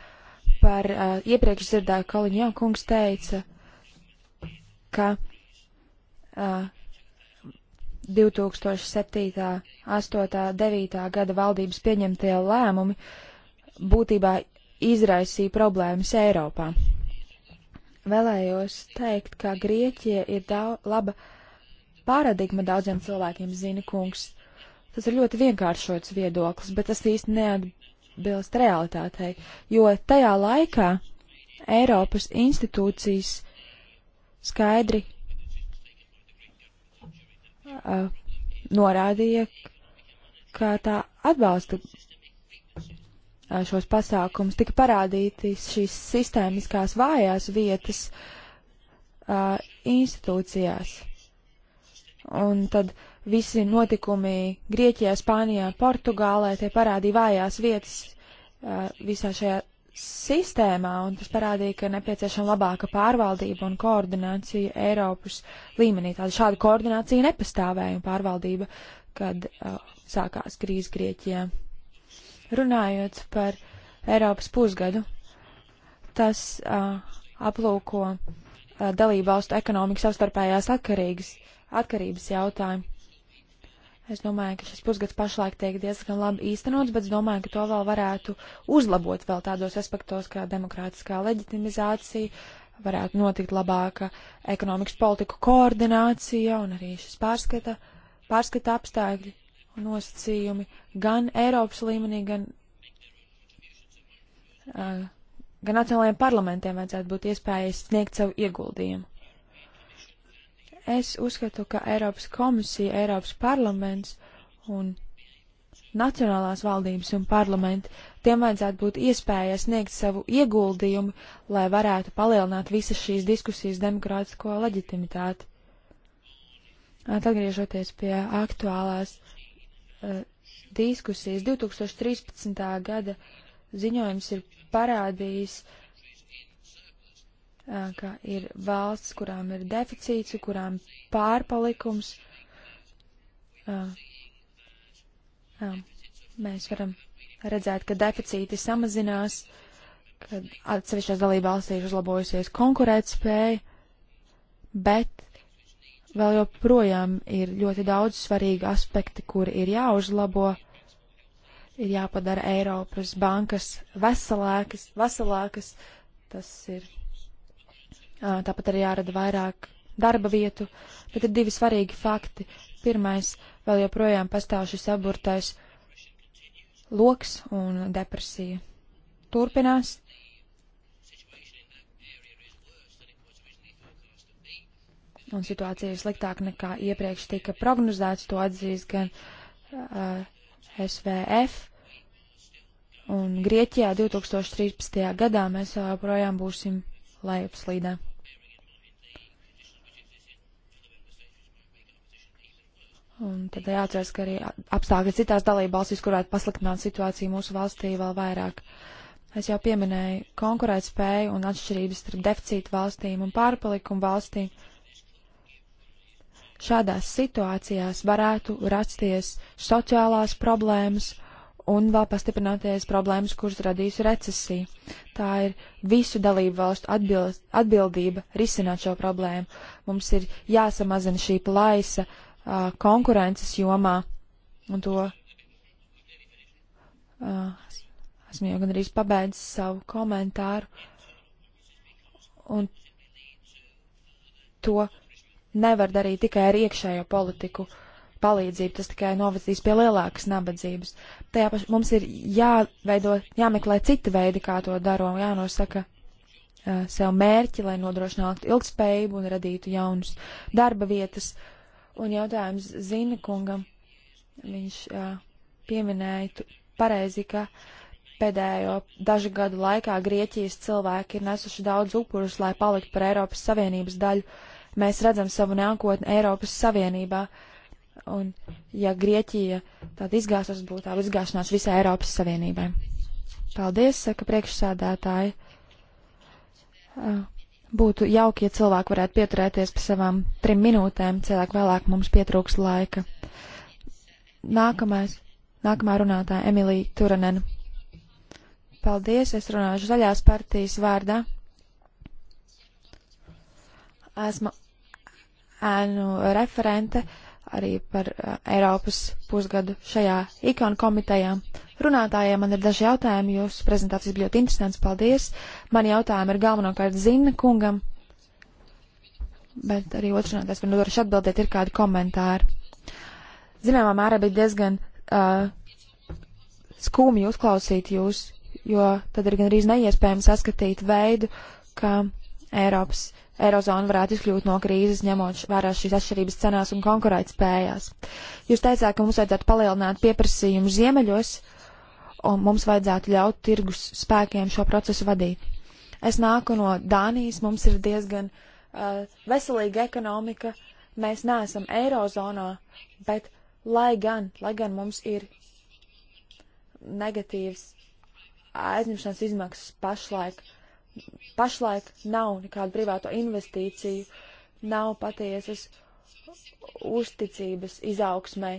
par uh, iepriekš dzirdēju, ka Liņā kungs teica, ka uh, 2007., 8., 9. gada valdības pieņemtie lēmumi būtībā izraisīja problēmas Eiropā. Vēlējos teikt, ka Grieķija ir daudz, laba paradigma daudziem cilvēkiem, zina kungs. Tas ir ļoti vienkāršots viedoklis, bet tas īsti neat, atbilst realitātei, jo tajā laikā Eiropas institūcijas skaidri uh, norādīja, ka tā atbalsta uh, šos pasākumus, tika parādītas šīs sistēmiskās vājās vietas uh, institūcijās. Un tad uh, visi notikumi Grieķijā, Spānijā, Portugālē, tie parādīja vājās vietas uh, visā šajā sistēmā, un tas parādīja, ka nepieciešama labāka pārvaldība un koordinācija Eiropas līmenī. Tāda šāda koordinācija nepastāvēja un pārvaldība, kad uh, sākās krīze Grieķijā. Runājot par Eiropas pusgadu, tas uh, aplūko uh, dalībvalstu ekonomikas savstarpējās atkarīgas, atkarības jautājumu Es domāju, ka šis pusgads pašlaik tiek diezgan labi īstenots, bet es domāju, ka to vēl varētu uzlabot vēl tādos aspektos, kā demokrātiskā leģitimizācija, varētu notikt labāka ekonomikas politiku koordinācija un arī šis pārskata, pārskata apstākļi un nosacījumi gan Eiropas līmenī, gan, uh, gan nacionālajiem parlamentiem vajadzētu būt iespējas sniegt savu ieguldījumu. Es uzskatu, ka Eiropas komisija, Eiropas parlaments un nacionālās valdības un parlamenti, tiem vajadzētu būt iespēja sniegt savu ieguldījumu, lai varētu palielināt visas šīs diskusijas demokrātisko leģitimitāti. Atgriežoties pie aktuālās uh, diskusijas, 2013. gada ziņojums ir parādījis, ka ir valsts, kurām ir deficīts, kurām pārpalikums. Mēs varam redzēt, ka deficīti samazinās, kad atsevišķās dalībvalstīs uzlabojusies konkurētspēja, bet vēl joprojām ir ļoti daudz svarīgi aspekti, kuri ir jāuzlabo, ir jāpadara Eiropas bankas veselākas, veselākas. Tas ir tāpat arī jārada vairāk darba vietu, bet ir divi svarīgi fakti. Pirmais, vēl joprojām pastāv šis aburtais loks un depresija. Turpinās. Un situācija ir sliktāka nekā iepriekš tika prognozēts, to atzīst gan uh, SVF. Un Grieķijā 2013. gadā mēs joprojām būsim lejupslīdē. Un tad jāatcerās, ka arī apstākļi citās dalībvalstīs, kur varētu pasliktināt situāciju mūsu valstī vēl vairāk. Es jau pieminēju konkurētspēju un atšķirības starp deficītu valstīm un pārpalikumu valstīm. Šādās situācijās varētu rasties sociālās problēmas un vēl pastiprināties problēmas, kuras radīs recesija. Tā ir visu dalību valstu atbild, atbildība risināt šo problēmu. Mums ir jāsamazina šī plaisa uh, konkurences jomā, un to uh, esmu jau gandrīz pabeidzis savu komentāru, un to nevar darīt tikai ar iekšējo politiku palīdzību, tas tikai novacīs pie lielākas nabadzības. Tajā pašā mums ir jāveido, jāmeklē citi veidi, kā to daro, jānosaka uh, sev mērķi, lai nodrošinātu ilgspējību un radītu jaunas darba vietas. Uh, Un jautājums Zina kungam. Viņš uh, pieminēja pareizi, ka pēdējo dažu gadu laikā Grieķijas cilvēki ir nesuši daudz upurus, lai paliktu par Eiropas Savienības daļu. Mēs redzam savu nākotni Eiropas Savienībā. Un ja Grieķija tāda izgāstos, būtu tāda izgāšanās visai Eiropas Savienībai. Paldies, saka priekšsādātāji. Uh, Būtu jauki, ja cilvēki varētu pieturēties pie savām trim minūtēm, cilvēki vēlāk mums pietrūks laika. Nākamais, nākamā runātāja Emilija Turanena. Paldies, es runāšu zaļās partijas vārdā. Esmu ēnu referente arī par uh, Eiropas pusgadu šajā ikonu komitejā. Runātājiem man ir daži jautājumi, jūsu prezentācijas bija ļoti interesants, paldies. Mani jautājumi ir galvenokārt Zina kungam, bet arī otrs runātājs nu var nodošu atbildēt, ir kādi komentāri. Zināmā mērā bija diezgan uh, skumji uzklausīt jūs, jo tad ir gan arī neiespējami saskatīt veidu, kā Eiropas uh, Eirozona varētu izkļūt no krīzes, ņemot vērā šīs atšķirības cenās un konkurētspējās. Jūs teicāt, ka mums vajadzētu palielināt pieprasījumu ziemeļos, un mums vajadzētu ļaut tirgus spēkiem šo procesu vadīt. Es nāku no Dānijas, mums ir diezgan uh, veselīga ekonomika, mēs neesam eirozonā, bet lai gan, lai gan mums ir negatīvs aizņemšanas izmaksas pašlaik, uh, pašlaik nav nekādu privāto investīciju, nav patiesas uzticības izaugsmai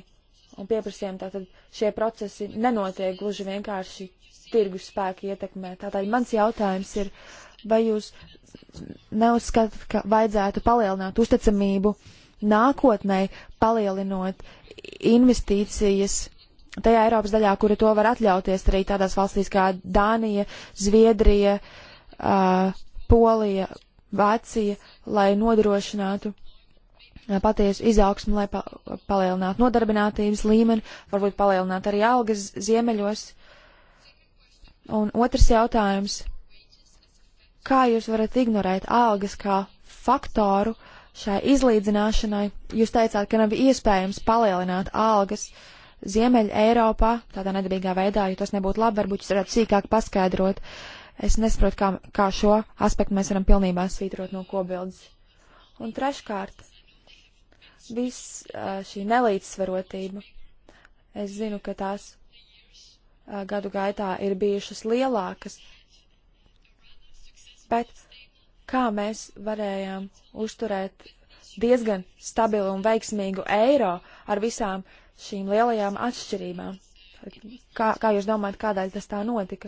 un pieprasījumi. Tātad šie procesi nenotiek gluži vienkārši tirgus spēku ietekmē. Tātad mans jautājums ir, vai jūs neuzskatāt, ka vajadzētu palielināt uzticamību nākotnē, palielinot investīcijas tajā Eiropas daļā, kura to var atļauties arī tādās valstīs kā Dānija, Zviedrija, uh, uh, Polija, Vācija, lai nodrošinātu uh, patiesu izaugsmu, lai pa, palielinātu nodarbinātības līmeni, varbūt palielinātu arī algas ziemeļos. Un otrs jautājums. Kā jūs varat ignorēt algas kā faktoru šai izlīdzināšanai? Jūs teicāt, ka nav iespējams palielināt algas. Uh, Ziemeļa Eiropā, tādā nedabīgā veidā, jo tas nebūtu labi, varbūt jūs varētu sīkāk paskaidrot. Es nesaprotu, kā, kā šo aspektu mēs varam pilnībā svītrot no kobildes. Un treškārt, viss šī nelīdzsvarotība. Es zinu, ka tās gadu gaitā ir bijušas lielākas, bet kā mēs varējām uzturēt diezgan stabilu un veiksmīgu eiro ar visām šīm lielajām atšķirībām. Kā, kā jūs domājat, kādēļ tas tā notika?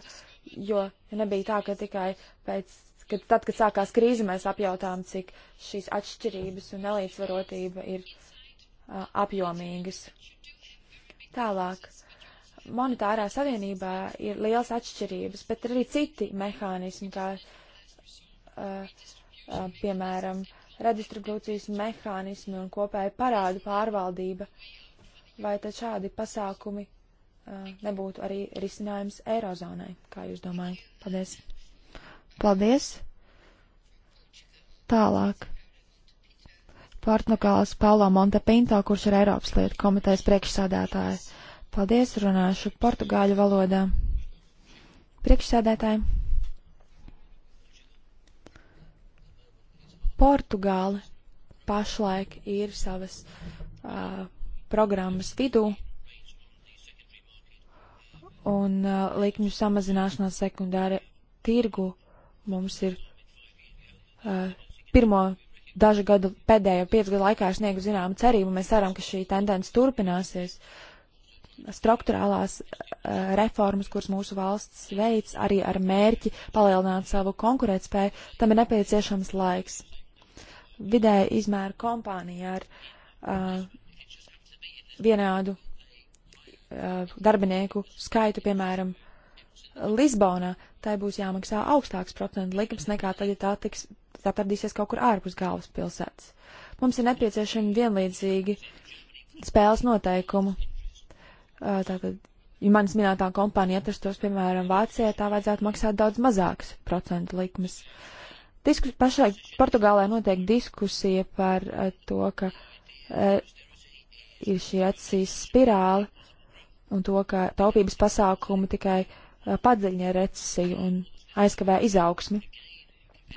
jo nebija tā, ka tikai pēc, kad, tad, kad sākās krīze, mēs apjautām, cik šīs atšķirības un nelīdzvarotība ir uh, apjomīgas. Tālāk. Monetārā savienībā ir liels atšķirības, bet arī citi mehānismi, kā, uh, uh, piemēram, redistribūcijas mehānismi un kopēja parādu pārvaldība. Vai tad šādi pasākumi nebūtu arī risinājums Eirozonai, kā jūs domājat. Paldies! Paldies! Tālāk. Portugāles Paulo Montepinto, kurš ir Eiropas lietu komitejas priekšsādātājs. Paldies, runāšu portugāļu valodā. Priekšsādātāji. Portugāli pašlaik ir savas uh, programmas vidū, un uh, likmju samazināšanās sekundāra tirgu mums ir uh, pirmo dažu gadu pēdējo piecu gadu laikā sniegu zināmu cerību. Mēs ceram, ka šī tendence turpināsies. Strukturālās uh, reformas, kuras mūsu valsts veids arī ar mērķi palielināt savu konkurētspēju, tam ir nepieciešams laiks. Vidēja izmēra kompānija ar uh, vienādu Uh, darbinieku skaitu, piemēram, Lisbonā, tai būs jāmaksā augstāks procentu likums nekā tad, ja tā tiks atradīsies kaut kur ārpus galvaspilsētas. Mums ir nepieciešami vienlīdzīgi spēles noteikumu. Uh, tātad, ja manis minētā kompānija atrastos, piemēram, Vācijā, tā vajadzētu maksāt daudz mazāks procentu likmes. Diskus, pašlaik Portugālē notiek diskusija par uh, to, ka ir šī acīs spirāli, un to, ka taupības pasākumi tikai eh, padziļina recesiju un aizkavē izaugsmi.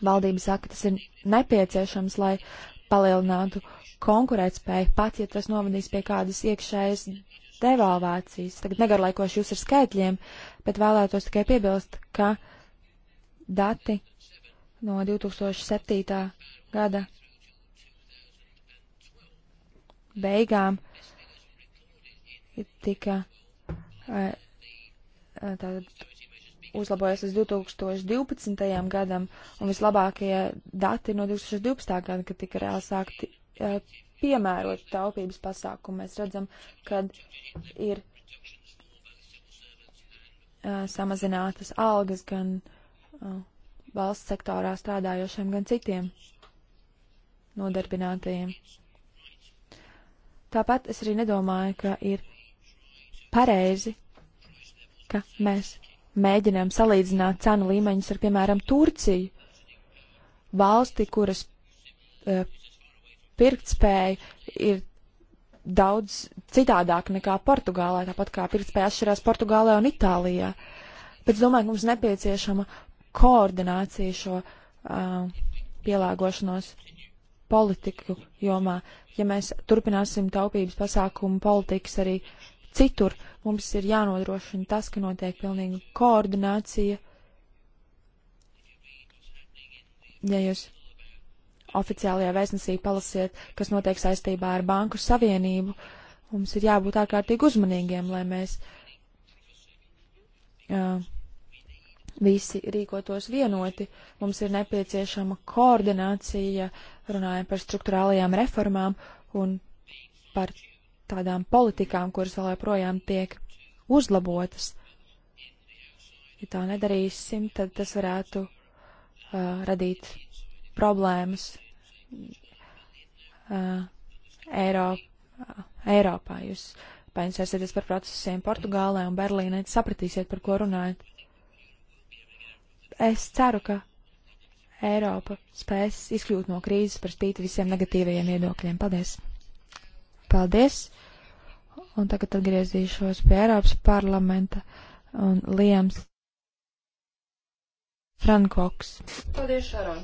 Valdība saka, ka tas ir nepieciešams, lai palielinātu konkurētspēju, pat ja tas novadīs pie kādas iekšējas devalvācijas. Tagad negarlaikoši jūs ar skaitļiem, bet vēlētos tikai piebilst, ka dati no 2007. gada beigām tika tātad uzlabojas līdz 2012. gadam, un vislabākie dati no 2012. gada, kad tika reāli sākti piemērot taupības pasākumu. Mēs redzam, kad ir samazinātas algas gan valsts sektorā strādājošiem, gan citiem nodarbinātajiem. Tāpat es arī nedomāju, ka ir pareizi, ka mēs mēģinām salīdzināt cenu līmeņus ar, piemēram, Turciju, valsti, kuras uh, pirktspēja ir daudz citādāk nekā Portugālē, tāpat kā pirktspēja atšķirās Portugālē un Itālijā. Bet es domāju, ka mums nepieciešama koordinācija šo uh, pielāgošanos politiku jomā. Ja mēs turpināsim taupības pasākumu politikas arī uh, citur. Mums ir jānodrošina tas, ka notiek pilnīga koordinācija. Ja jūs oficiālajā vēstnesī palasiet, kas notiek saistībā ar Banku Savienību, mums ir jābūt ārkārtīgi uzmanīgiem, lai mēs uh, visi rīkotos vienoti. Mums ir nepieciešama koordinācija, runājam par struktūrālajām reformām un par tādām politikām, kuras vēl joprojām tiek uzlabotas. Ja tā nedarīsim, tad tas varētu uh, radīt problēmas uh, Eiropā. Uh, Eiropā. Jūs painteresēties par procesiem Portugālē un Berlīnē, sapratīsiet, par ko runājat. Es ceru, ka Eiropa spēs izkļūt no krīzes par spīti visiem negatīvajiem viedokļiem. Paldies! Paldies! Un tagad atgriezīšos pie Eiropas parlamenta un Liams Frankoks. Paldies, Šaron!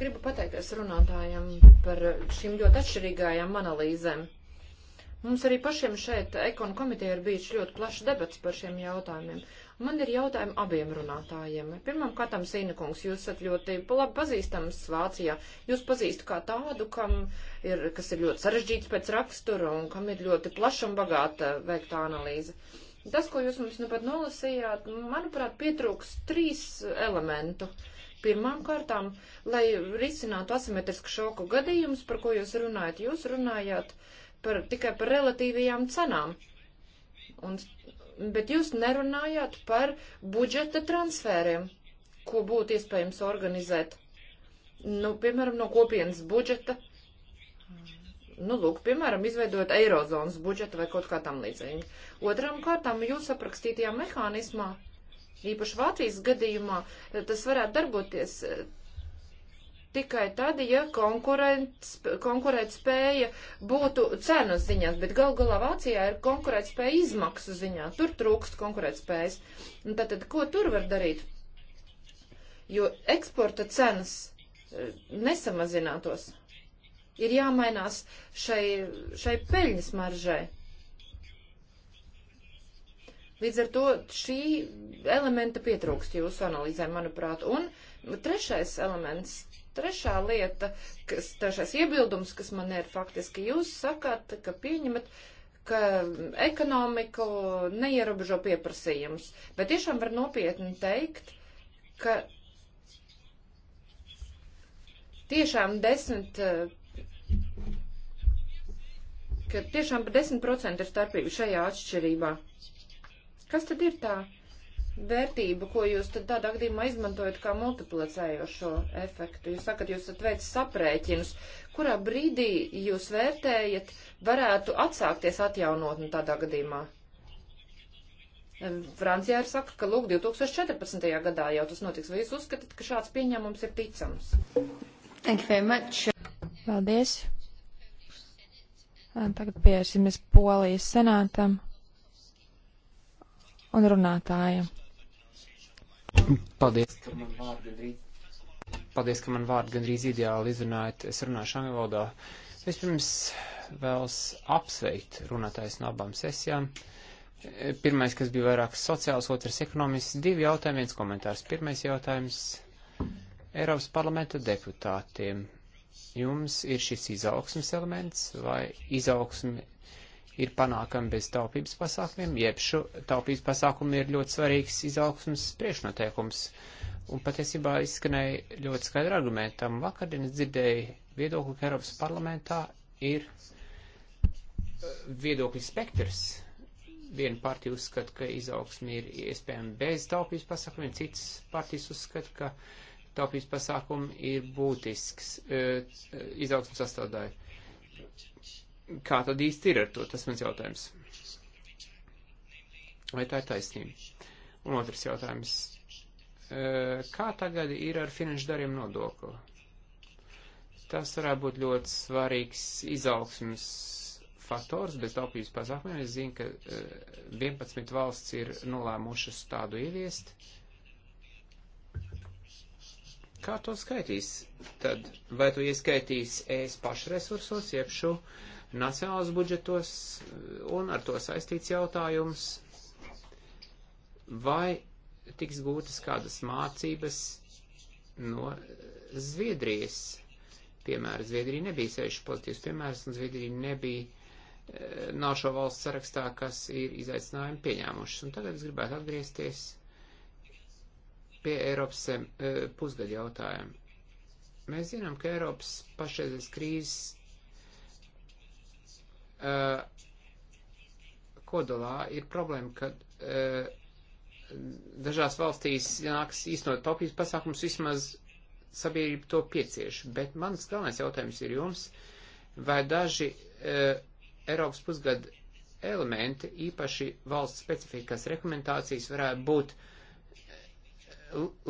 Gribu pateikties runātājiem par šīm ļoti atšķirīgajām analīzēm. Mums arī pašiem šeit ekonu komiteja ir bijis ļoti plašs debats par šiem jautājumiem. Man ir jautājumi abiem runātājiem. Pirmam katam Sīnekungs, jūs esat ļoti labi pazīstams Vācijā. Jūs pazīstu kā tādu, kam ir, kas ir ļoti sarežģīts pēc rakstura un kam ir ļoti plaša un bagāta veikta analīze. Tas, ko jūs mums nu pat nolasījāt, manuprāt, pietrūks trīs elementu. Pirmām kārtām, lai risinātu asimetrisku šoku gadījumus, par ko jūs runājat, jūs runājāt par, tikai par relatīvajām cenām. Un bet jūs nerunājāt par budžeta transfēriem, ko būtu iespējams organizēt. Nu, piemēram, no kopienas budžeta. Nu, lūk, piemēram, izveidot eirozonas budžetu vai kaut kā tam līdzīgi. Otram kārtām jūs aprakstītajā mehānismā, īpaši Vācijas gadījumā, tas varētu darboties tikai tad, ja konkurēt spēja būtu cenas ziņās, bet gal galā Vācijā ir konkurēt spēja izmaksu ziņā, tur trūkst konkurēt spējas. Un tātad, ko tur var darīt? Jo eksporta cenas e, nesamazinātos. Ir jāmainās šai, šai peļņas maržai. Līdz ar to šī elementa pietrūkst jūsu analīzē, manuprāt. Un trešais elements trešā lieta, kas, trešais iebildums, kas man ir faktiski, jūs sakāt, ka pieņemat, ka ekonomiku neierobežo pieprasījums, bet tiešām var nopietni teikt, ka tiešām desmit ka tiešām par 10% ir starpība šajā atšķirībā. Kas tad ir tā? vērtību, ko jūs tad tādā gadījumā izmantojat kā multiplicējošo efektu? Jūs sakat, jūs esat veicis aprēķinus, kurā brīdī jūs vērtējat, varētu atsākties atjaunotni tādā gadījumā? Francijā ir saka, ka lūk, 2014. gadā jau tas notiks. Vai jūs uzskatāt, ka šāds pieņēmums ir ticams? Thank you very much. Paldies. Tagad pievērsimies Polijas senātam un runātājiem. Paldies, ka man vārdu drīz, paldies, ka man vārdu gandrīz ideāli izrunājat. Es runāju šāmi valodā. Vispirms vēlos apsveikt runātājs no abām sesijām. Pirmais, kas bija vairāk sociāls, otrs ekonomisks, divi jautājumi, viens komentārs. Pirmais jautājums Eiropas parlamenta deputātiem. Jums ir šis izaugsmes elements vai izaugsme ir panākami bez taupības pasākumiem, jeb šo taupības pasākumu ir ļoti svarīgs izaugsmas priekšnoteikums. Un patiesībā izskanēja ļoti skaidri argumenti tam. Vakardien es dzirdēju viedokli, ka Eiropas parlamentā ir eh, viedokļu spektrs. Viena partija uzskata, ka izaugsmi ir iespējama bez taupības pasākumiem, citas partijas uzskata, ka taupības pasākumi ir būtisks eh, izaugsmas sastāvdaļa kā tad īsti ir ar to? Tas mans jautājums. Vai tā ir taisnība? Un otrs jautājums. Kā tagad ir ar finanšu darījumu nodokli? Tas varētu būt ļoti svarīgs izaugsmas faktors bez taupības pasākumiem. Es zinu, ka 11 valsts ir nolēmušas tādu ieviest. Kā to skaitīs? Tad vai tu ieskaitīs ēs pašresursos, jeb šo uh, nacionālos budžetos eh, un ar to saistīts jautājums, vai tiks gūtas kādas mācības no Zviedrijas. Piemēra Zviedrija nebija sevišķi pozitīvs piemērs, un Zviedrija nebija eh, nav šo valstu sarakstā, kas ir izaicinājumi pieņēmušas. Un tagad es gribētu atgriezties pie Eiropas eh, pusgada jautājuma. Mēs zinām, ka Eiropas pašreizes krīzes Eh, kodolā ir problēma, ka eh, dažās valstīs nāks īstenot taupības pasākums, vismaz sabiedrība to piecieš. Bet mans galvenais jautājums ir jums, vai daži eh, Eiropas pusgada elementi, īpaši valsts specifikas rekomendācijas, varētu būt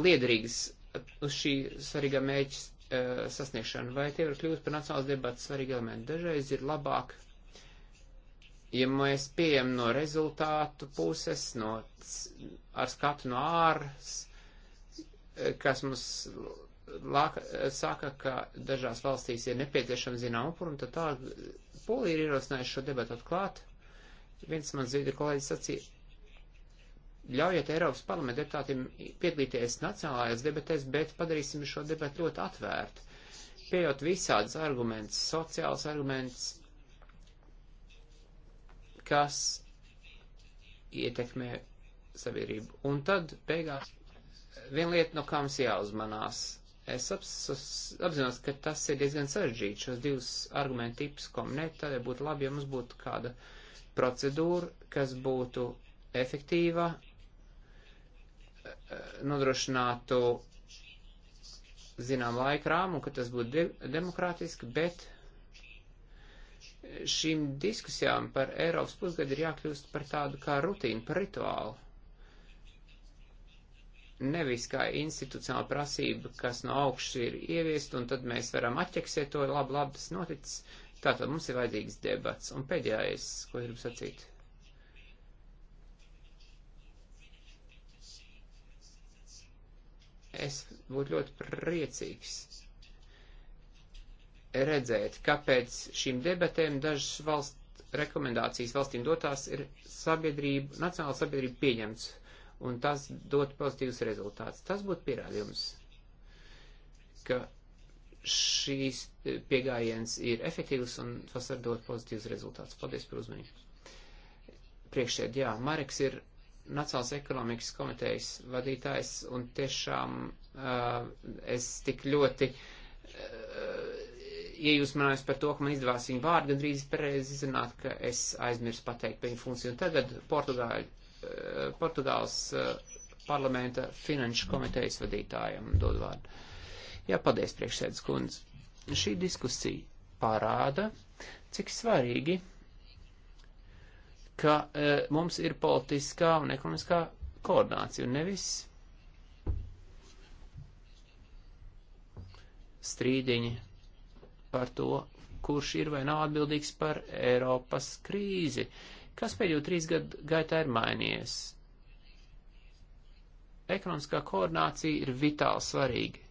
liederīgas uz šī svarīga mēģis sasniegšanu, vai tie var kļūt par nacionālas debatas svarīgi elementi. Dažreiz ir labāk ja mēs pieejam no rezultātu puses, no, ar skatu no āras, eh, kas mums laka, eh, saka, ka dažās valstīs ir nepieciešama zinām upuru, un tad tā Polija ir ierosinājusi šo debatu atklāt. Viens mans zviedru kolēģis sacīja, ļaujiet Eiropas parlamenta deputātiem piedalīties nacionālajās debatēs, bet padarīsim šo debatu ļoti atvērtu. Pieejot visādas argumentus, sociāls argumentus, kas ietekmē sabiedrību. Un tad beigās viena lieta, no kā mums jāuzmanās. Es apzinos, ka tas ir diezgan sarežģīti, šos divus argumentu tipus kombinēt, tādēļ būtu labi, ja mums būtu kāda procedūra, kas būtu efektīva, eh, nodrošinātu zinām laika rāmu, ka tas būtu de demokrātiski, bet šīm diskusijām par Eiropas pusgadu ir jākļūst par tādu kā rutīnu, par rituālu. Nevis kā institucionāla prasība, kas no augšas ir ieviest, un tad mēs varam atķeksēt to, labi, labi, tas noticis. Tātad mums ir vajadzīgs debats. Un pēdējais, ko gribu sacīt. Es būtu ļoti priecīgs, redzēt, kāpēc šīm debatēm dažas valsts rekomendācijas valstīm dotās ir sabiedrība, nacionāla sabiedrība pieņemts, un tas dot pozitīvs rezultāts. Tas būtu pierādījums, ka šīs eh, piegājiens ir efektīvs un tas var dot pozitīvs rezultāts. Paldies par uzmanību. Priekšēd, jā, Mareks ir Nacionāls ekonomikas komitejas vadītājs un tiešām uh, es tik ļoti uh, ja jūs manājat par to, ka man izdevās viņu vārdu, gan drīz pareizi izrunāt, ka es aizmirsu pateikt par viņu funkciju. Un tagad Portugāļ, eh, Portugāls eh, parlamenta finanšu komitejas vadītājam dod vārdu. Jā, paldies, priekšsēdus kundze. Šī diskusija parāda, cik svarīgi, ka e, mums ir politiskā un ekonomiskā koordinācija un nevis strīdiņi par to, kurš ir vai nav atbildīgs par Eiropas krīzi. Kas pēdējo trīs gadu gaitā ir mainījies? Ekonomiskā koordinācija ir vitāli svarīga,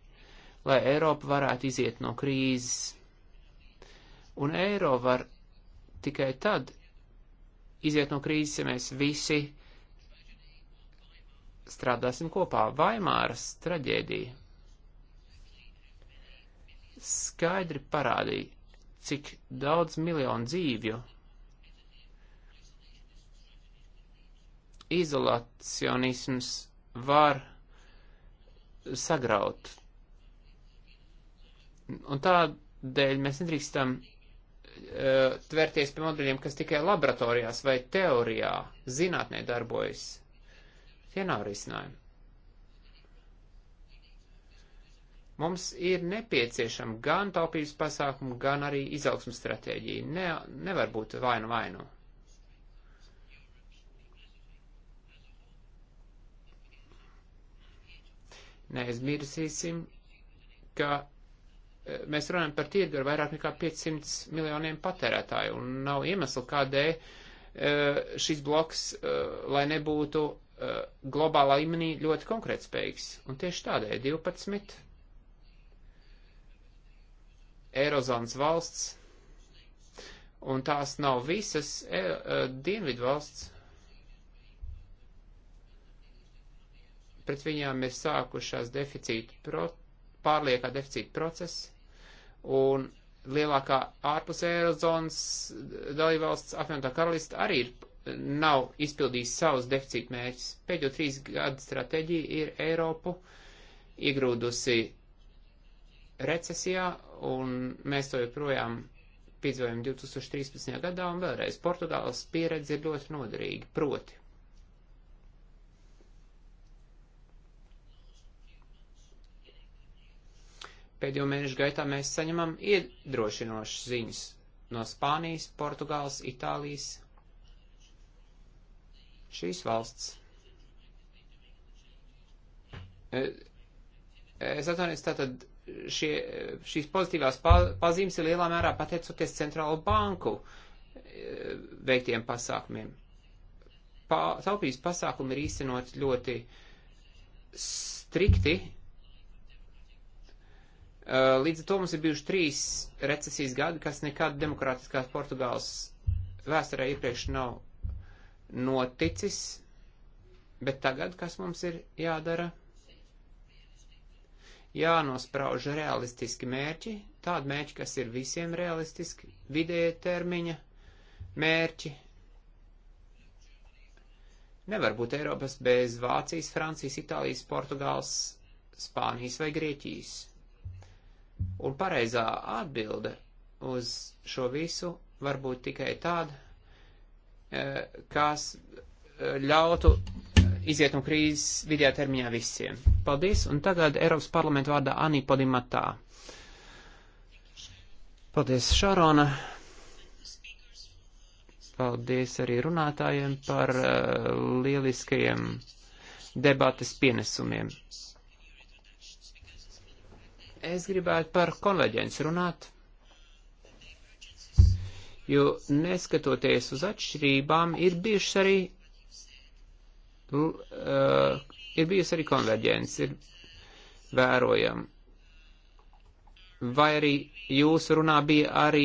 lai Eiropa varētu iziet no krīzes. Un eiro var tikai tad iziet no krīzes, ja mēs visi strādāsim kopā. Vaimāras traģēdija skaidri parādīja, cik daudz miljonu dzīvju izolacionisms var sagraut. Un tādēļ mēs nedrīkstam uh, tvērties pie modeļiem, kas tikai laboratorijās vai teorijā, zinātnē darbojas. Tie nav risinājumi. Mums ir nepieciešama gan taupības pasākuma, gan arī izaugsmas stratēģija. Ne, nevar būt vainu vainu. Neaizmirsīsim, ka e, mēs runājam par tirgu ar vairāk nekā 500 miljoniem patērētāju, un nav iemesla, kādēļ e, šis bloks, e, lai nebūtu globālā līmenī ļoti konkrētspējīgs. Un tieši tādēļ 12 Eirozonas valsts, un tās nav visas e, e, dienvidu valsts. Pret viņām ir sākušās deficīta pro, pārliekā deficīta procesa, un lielākā ārpus Eirozonas dalībvalsts apvienotā karalista arī ir, nav izpildījis savus deficīta mērķus. Pēdējo trīs gadu stratēģija ir Eiropu iegrūdusi recesijā, un mēs to joprojām piedzīvojam 2013. gadā, un vēlreiz Portugāles pieredze ir ļoti noderīga. Proti, pēdējo mēnešu gaitā mēs saņemam iedrošinošas ziņas no Spānijas, Portugāles, Itālijas. Šīs valsts. Eh, es atvainojos, tātad šie, šīs pozitīvās pazīmes ir lielā mērā pateicoties centrālo banku e, veiktiem pasākumiem. Pa, taupības pasākumi ir īstenot ļoti strikti. E, līdz ar to mums ir bijuši trīs recesijas gadi, kas nekad demokrātiskās Portugāles vēsturē iepriekš nav noticis. Bet tagad, kas mums ir jādara? jānosprauž realistiski mērķi, tādi mērķi, kas ir visiem realistiski, vidēja termiņa mērķi. Nevar būt Eiropas bez Vācijas, Francijas, Itālijas, Portugāles, Spānijas vai Grieķijas. Un pareizā atbilde uz šo visu var būt tikai tāda, eh, kas ļautu iziet no krīzes vidējā termiņā visiem. Paldies, un tagad Eiropas parlamenta vārdā Anī Podimatā. Paldies, Šarona. Paldies arī runātājiem par uh, lieliskajiem debates pienesumiem. Es gribētu par konverģenci runāt jo neskatoties uz atšķirībām, ir bijušas arī Nu, uh, ir bijusi arī konverģence, ir vērojama. Vai arī jūsu runā bija arī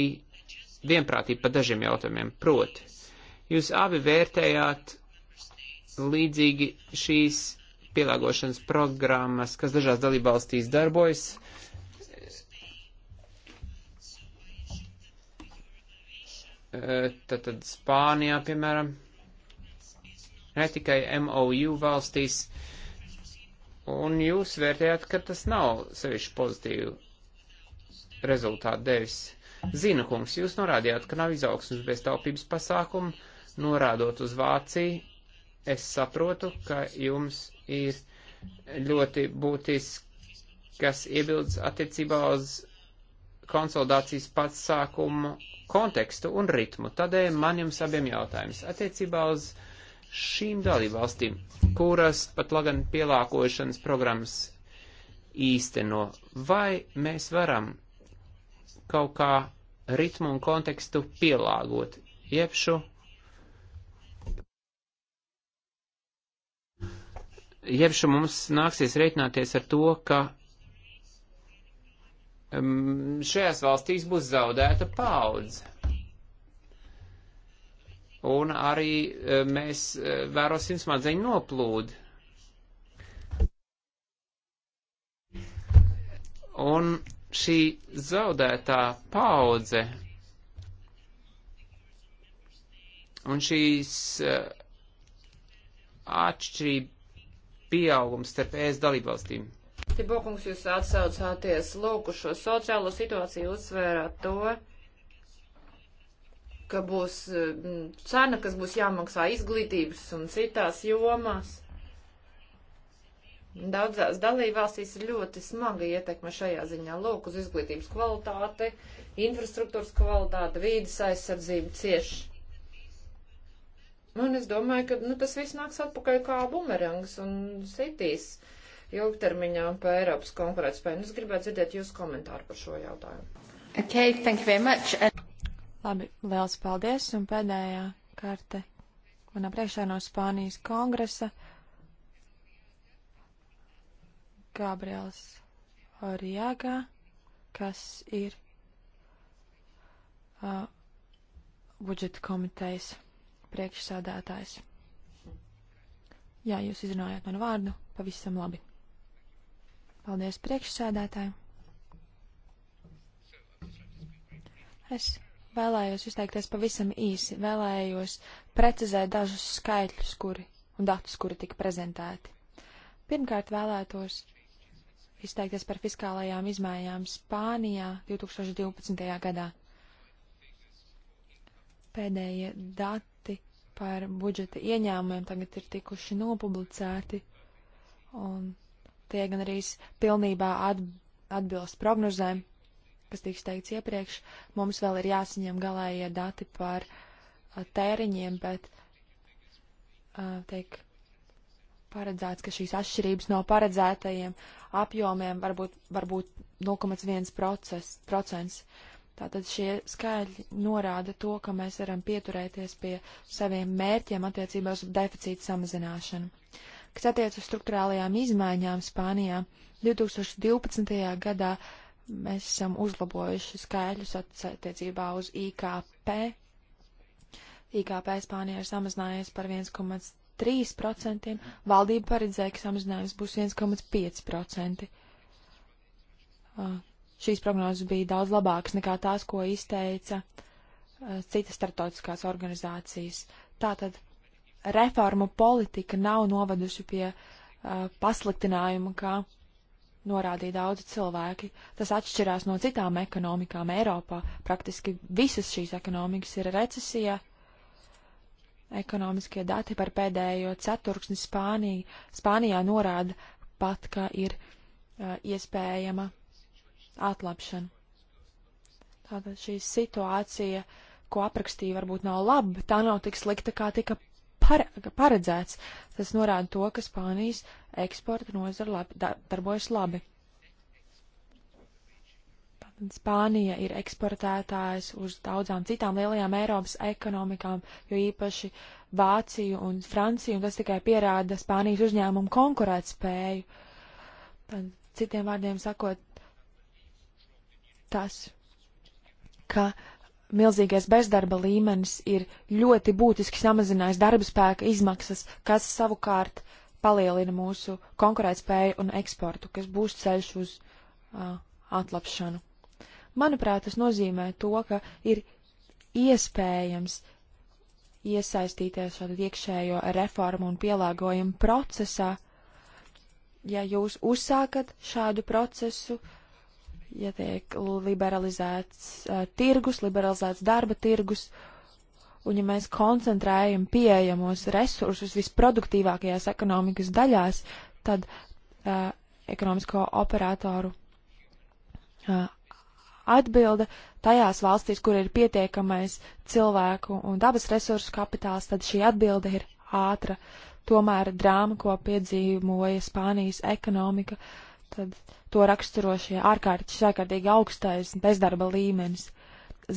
vienprātība par dažiem jautājumiem? Proti, jūs abi vērtējāt līdzīgi šīs pielāgošanas programmas, kas dažās dalībvalstīs darbojas, eh, tad, tad Spānijā, piemēram, ne tikai MOU valstīs, un jūs vērtējat, ka tas nav sevišķi pozitīvu rezultātu devis. Zinu, kungs, jūs norādījāt, ka nav izaugsmas bez taupības pasākumu, norādot uz Vāciju. Es saprotu, ka jums ir ļoti būtiskas iebildes attiecībā uz konsolidācijas pasākumu kontekstu un ritmu. Tādēļ man jums abiem jautājums. Attiecībā uz uh, šīm dalībvalstīm, kuras pat lagan pielāgošanas programmas īsteno, vai mēs varam kaut kā ritmu un kontekstu pielāgot iepšu. Jebšu mums nāksies reiķināties ar to, ka mm, šajās valstīs būs zaudēta paudze un arī e, mēs e, vērosim smadzeņu noplūdi. Un šī zaudētā paudze un šīs e, atšķirība pieaugums starp ES dalībvalstīm. Tibokungs, jūs atsaucāties lūk uz šo sociālo situāciju, uzsvērāt to, ka būs mm, cena, kas būs jāmaksā izglītības un citās jomās. Daudzās dalībvalstīs ir ļoti smaga ietekme šajā ziņā. Lūk, uz izglītības kvalitāti, infrastruktūras kvalitāti, vīdes aizsardzību cieši. Un es domāju, ka nu, tas viss nāks atpakaļ kā bumerangs un sitīs ilgtermiņā pa Eiropas konkurētspēju. Es gribētu dzirdēt jūsu komentāru par šo jautājumu. Okay, thank you very much. Labi, liels paldies, un pēdējā karte manā priekšā no Spānijas kongresa. Gabriels Oriaga, kas ir uh, budžeta komitejas priekšsādātājs. Jā, jūs izrunājāt manu vārdu pavisam labi. Paldies priekšsēdētāju. Es Vēlējos izteikties pavisam īsi, vēlējos precizēt dažus skaitļus kuri, un datus, kuri tika prezentēti. Pirmkārt vēlētos izteikties par fiskālajām izmaiņām Spānijā 2012. gadā. Pēdējie dati par budžeta ieņēmumiem tagad ir tikuši nopublicēti, un tie gan arī pilnībā atbilst prognozēm, kas tiks teikts iepriekš, mums vēl ir jāsaņem galējie dati par a, tēriņiem, bet a, teik, paredzēts, ka šīs atšķirības no paredzētajiem apjomiem varbūt, varbūt 0,1%. Tātad šie skaļi norāda to, ka mēs varam pieturēties pie saviem mērķiem attiecībā uz deficīta samazināšanu. Kas attiec uz struktūrālajām izmaiņām Spānijā, 2012. gadā Mēs esam uzlabojuši skaidrus attiecībā uz IKP. IKP Spānijā ir samazinājies par 1,3%, valdība paredzēja, ka samazinājums būs 1,5%. Uh, šīs prognozes bija daudz labākas nekā tās, ko izteica uh, citas startautiskās organizācijas. Tātad reformu politika nav novedusi pie uh, pasliktinājuma, kā norādīja daudzi cilvēki. Tas atšķirās no citām ekonomikām Eiropā. Praktiski visas šīs ekonomikas ir recesijā. Ekonomiskie dati par pēdējo ceturksni Spāniju, Spānijā norāda pat, ka ir uh, iespējama atlapšana. Tātad šī situācija, ko aprakstīja, varbūt nav laba, bet tā nav tik slikta, kā tika par, paredzēts, tas norāda to, ka Spānijas eksporta nozara labi, da, darbojas labi. Tātad Spānija ir eksportētājs uz daudzām citām lielajām Eiropas ekonomikām, jo īpaši Vāciju un Franciju, un tas tikai pierāda Spānijas uzņēmumu konkurētspēju. Tad, citiem vārdiem sakot, tas, ka milzīgais bezdarba līmenis ir ļoti būtiski samazinājis darba spēka izmaksas, kas savukārt palielina mūsu konkurētspēju un eksportu, kas būs ceļš uz uh, atlapšanu. Manuprāt, tas nozīmē to, ka ir iespējams iesaistīties šādu iekšējo reformu un pielāgojumu procesā. Ja jūs uzsākat šādu procesu, uh, ja tiek liberalizēts uh, tirgus, liberalizēts darba tirgus, un ja mēs koncentrējam pieejamos resursus visproduktīvākajās ekonomikas daļās, tad uh, ekonomisko operatoru uh, atbilde tajās valstīs, kur ir pietiekamais cilvēku un dabas resursu kapitāls, tad šī atbilde ir ātra. Tomēr drāma, ko piedzīvoja Spānijas ekonomika, tad uh, to raksturo šie ārkārtīgi, ārkārtīgi augstais bezdarba līmenis.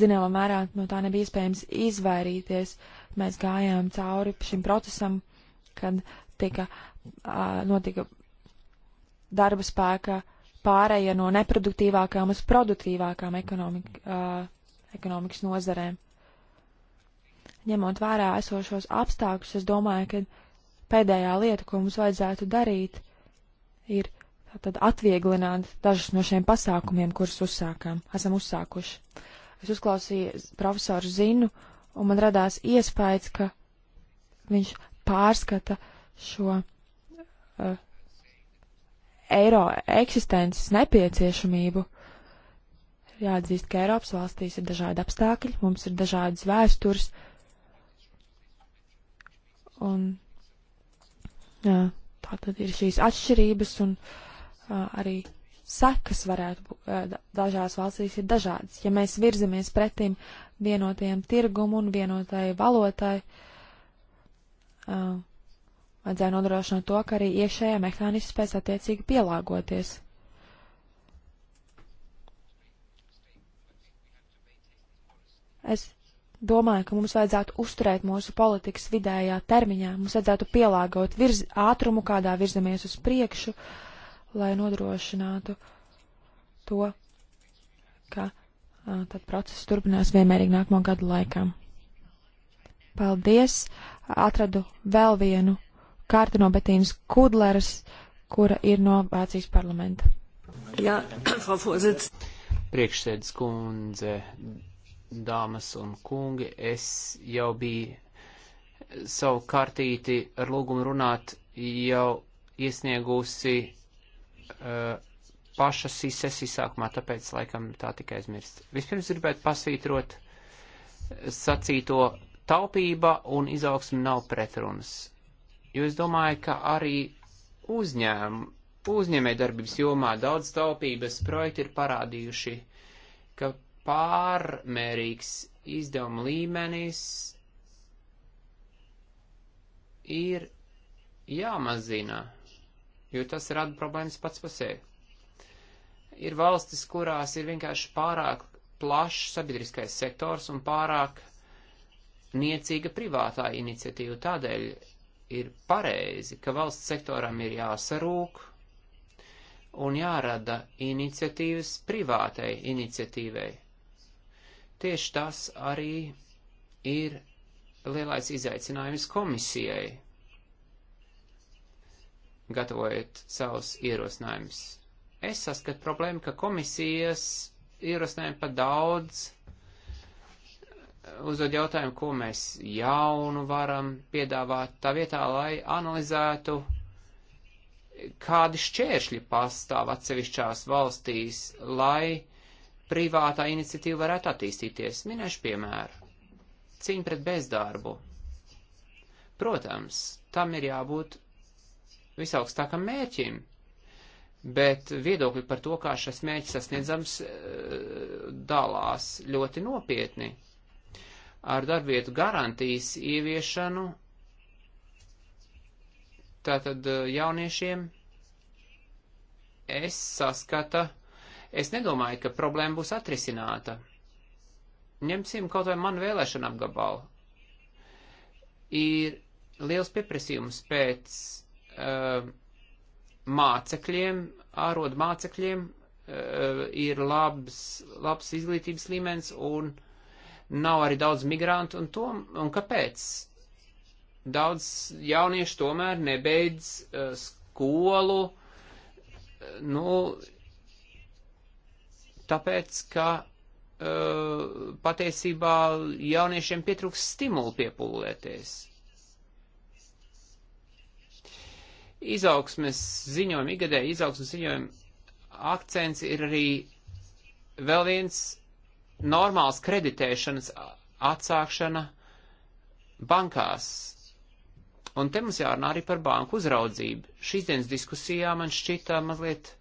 Zināmā mērā no tā nebija iespējams izvairīties. Mēs gājām cauri šim procesam, kad tika, uh, notika darba spēka pārēja no neproduktīvākām uz produktīvākām ekonomik, uh, ekonomikas nozarēm. Ņemot vērā esošos apstākļus, es domāju, ka pēdējā lieta, ko mums vajadzētu darīt, ir uh, tad atvieglināt dažus no šiem pasākumiem, kurus uzsākām, esam uzsākuši. Es uzklausīju profesoru Zinu, un man radās iespējas, ka viņš pārskata šo uh, eiro eksistences nepieciešamību. Jāatzīst, ka Eiropas valstīs ir dažādi apstākļi, mums ir dažādas vēstures, un jā, tā tad ir šīs atšķirības, un uh, arī sekas varētu būt dažās valstīs ir dažādas. Ja mēs virzamies pretim vienotajam tirgumu un vienotai valotai, vajadzēja nodrošināt to, ka arī iekšējā mehānisms spēs attiecīgi pielāgoties. Es domāju, ka mums vajadzētu uzturēt mūsu politikas vidējā termiņā, mums vajadzētu pielāgot virz, ātrumu, kādā virzamies uz priekšu, uh, lai nodrošinātu to, ka tad process turpinās vienmērīgi nākamo gadu laikā. Paldies! Atradu vēl vienu kārtu no Betīnas Kudleras, kura ir no Vācijas parlamenta. Jā, Frau Vorsitz. Priekšsēdus kundze, dāmas un kungi, es jau biju savu kartīti ar lūgumu runāt jau iesniegusi uh, paša sises izsākumā, tāpēc laikam tā tikai aizmirst. Vispirms gribētu pasvītrot sacīto taupība un izaugsme nav pretrunas. Jo es domāju, ka arī uzņēm, uzņēmē darbības jomā daudz taupības projekti ir parādījuši, ka pārmērīgs izdevuma līmenis ir jāmazina jo tas rada problēmas pats par sevi. Ir valstis, kurās ir vienkārši pārāk plašs sabiedriskais sektors un pārāk niecīga privātā iniciatīva. Tādēļ ir pareizi, ka valsts sektoram ir jāsarūk un jārada iniciatīvas privātai iniciatīvai. Tieši tas arī ir lielais izaicinājums komisijai gatavojot savus ierosinājumus. Es saskatu problēmu, ka komisijas ierosinājumi pa daudz uzdod jautājumu, ko mēs jaunu varam piedāvāt tā vietā, lai analizētu, kādi šķēršļi pastāv atsevišķās valstīs, lai privātā iniciatīva varētu attīstīties. Minēšu piemēru. Cīņa pret bezdarbu. Protams, tam ir jābūt visaugstākam mērķim. Bet viedokļi par to, kā šis mērķis sasniedzams, eh, dalās ļoti nopietni. Ar darbvietu garantijas ieviešanu tātad eh, jauniešiem es saskata, es nedomāju, ka problēma būs atrisināta. Ņemsim kaut vai manu vēlēšanu apgabalu. Ir liels pieprasījums pēc uh, mācekļiem, ārodu mācekļiem uh, ir labs, labs izglītības līmenis un nav arī daudz migrantu, un, tom, un kāpēc? Daudz jauniešu tomēr nebeidz uh, skolu, nu, tāpēc, ka uh, patiesībā jauniešiem pietrūks stimulu piepūlēties Izaugsmes ziņojuma, igadē izaugsmes ziņojuma akcents ir arī vēl viens normāls kreditēšanas atsākšana bankās. Un te mums jārunā arī par banku uzraudzību. Šīs dienas diskusijā man šķita mazliet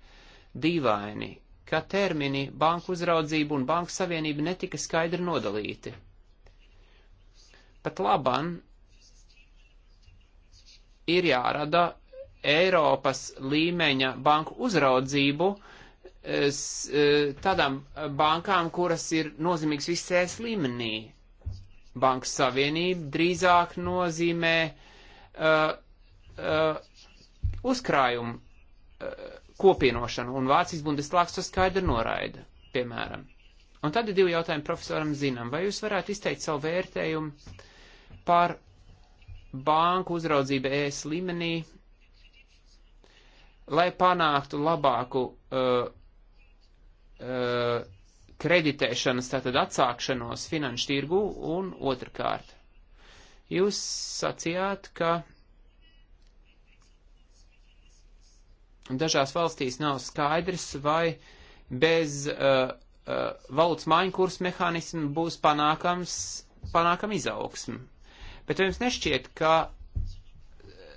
dīvaini, ka termini banku uzraudzība un banku savienība netika skaidri nodalīti. Pat laban ir jārada Eiropas līmeņa banku uzraudzību es, e, tādām bankām, kuras ir nozīmīgas visēs līmenī. Bankas savienība drīzāk nozīmē uh, uh, uzkrājumu uh, kopienošanu, un Vācijas bundeslāks to skaidri noraida, piemēram. Un tad ir divi jautājumi profesoram Zinam. Vai jūs varētu izteikt savu vērtējumu par banku uzraudzību ES līmenī lai panāktu labāku uh, uh, kreditēšanas, tātad atsākšanos finanšu tirgu, un otrkārt, jūs sacījāt, ka dažās valstīs nav skaidrs, vai bez uh, uh, valūtas maiņu kursu mehānismu būs panākams, panākam izaugsmu. Bet jums nešķiet, ka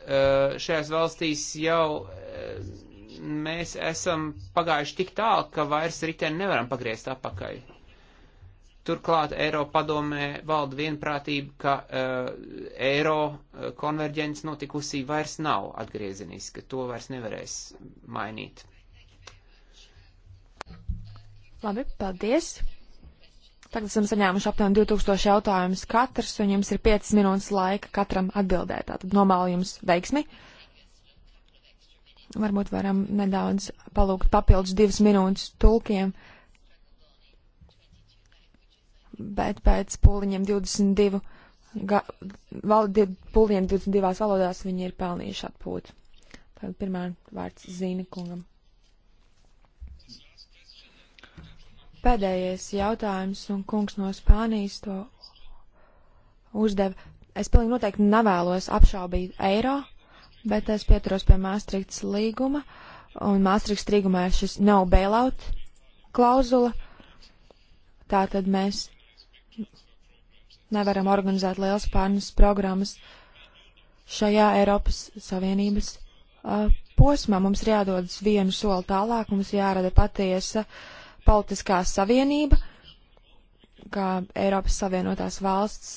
Eh, šajās valstīs jau eh, mēs esam pagājuši tik tālu, ka vairs riteni nevaram pagriezt apakaļ. Turklāt Eiropa padomē valda vienprātība, ka uh, eiro konverģents notikusī vairs nav atgriezeniska, to vairs nevarēs mainīt. Labi, paldies. Tagad esam saņēmuši aptuveni 2000 jautājumus katrs, un jums ir 5 minūtes laika katram atbildēt. Tātad nomālu jums veiksmi. Varbūt varam nedaudz palūgt papildus divas minūtes tulkiem. Bet pēc pūliņiem 22, ga, val, pūliņiem 22 valodās viņi ir pelnījuši atpūtu. Tad pirmā vārds Zīna kungam. Pēdējais jautājums, un kungs no Spānijas to uzdeva. Es pilnīgi noteikti nevēlos apšaubīt eiro, bet es pieturos pie Maastrichts līguma, un Maastrichts līgumā ir šis no bailout klauzula. Tātad mēs nevaram organizēt liels pārnes programmas šajā Eiropas Savienības uh, posmā. Mums ir jādodas vienu soli tālāk, mums jārada patiesa uh, politiskā savienība, kā Eiropas Savienotās valsts.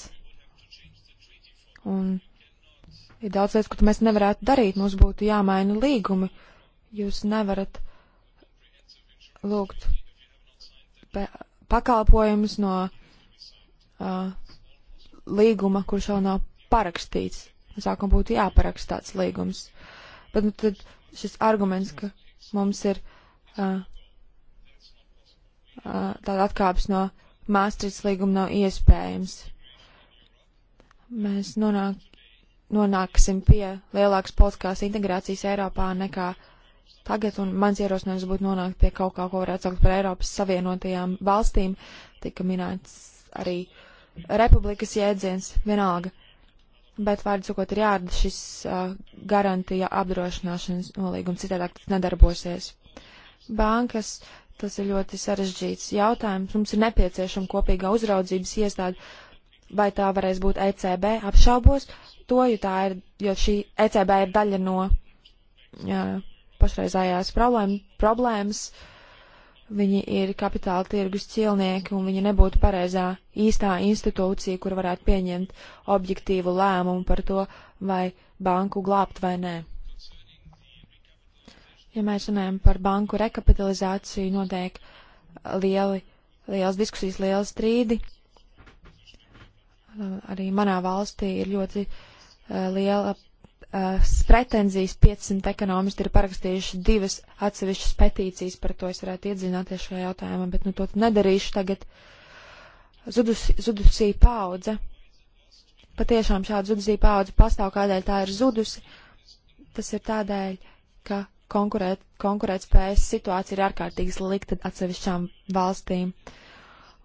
Un ir daudz lietas, ko mēs nevarētu darīt. Mums būtu jāmaina līgumi. Jūs nevarat lūgt pakalpojumus no uh, līguma, kurš vēl nav parakstīts. Sākumā būtu jāparaksta tāds līgums. Bet nu, tad šis arguments, ka mums ir uh, tāda atkāpes no Māstrītas līguma nav iespējams. Mēs nonāk, nonāksim pie lielākas politiskās integrācijas Eiropā nekā tagad, un mans ierosinājums būtu nonākt pie kaut kā, ko varētu saukt par Eiropas Savienotajām valstīm. Tika minēts arī republikas jēdziens, vienalga. Bet, vārdu sakot, ir jārada šis uh, garantija apdrošināšanas nolīgums, citādāk tas nedarbosies. Bankas uh, Tas ir ļoti sarežģīts jautājums. Mums ir nepieciešama kopīga uzraudzības iestāde. Vai tā varēs būt ECB? Apšaubos to, jo, ir, jo šī ECB ir daļa no jā, pašreizējās problēma, problēmas. Viņi ir kapitāla tirgus cilnieki un viņi nebūtu pareizā īstā institūcija, kur varētu pieņemt objektīvu lēmumu par to, vai banku glābt vai nē ja mēs runājam par banku rekapitalizāciju, notiek lieli, liels diskusijas, lieli strīdi. Arī manā valstī ir ļoti eh, liela eh, pretenzijas 500 ekonomisti ir parakstījuši divas atsevišķas petīcijas, par to es varētu iedzināties šajā jautājumā, bet nu to nedarīšu tagad. Zudusī, zudusī paudze. Patiešām šāda zudusī paudze pastāv, kādēļ tā ir zudusi. Tas ir tādēļ, ka konkurēt, konkurētspējas situācija ir ārkārtīgi slikta atsevišķām valstīm.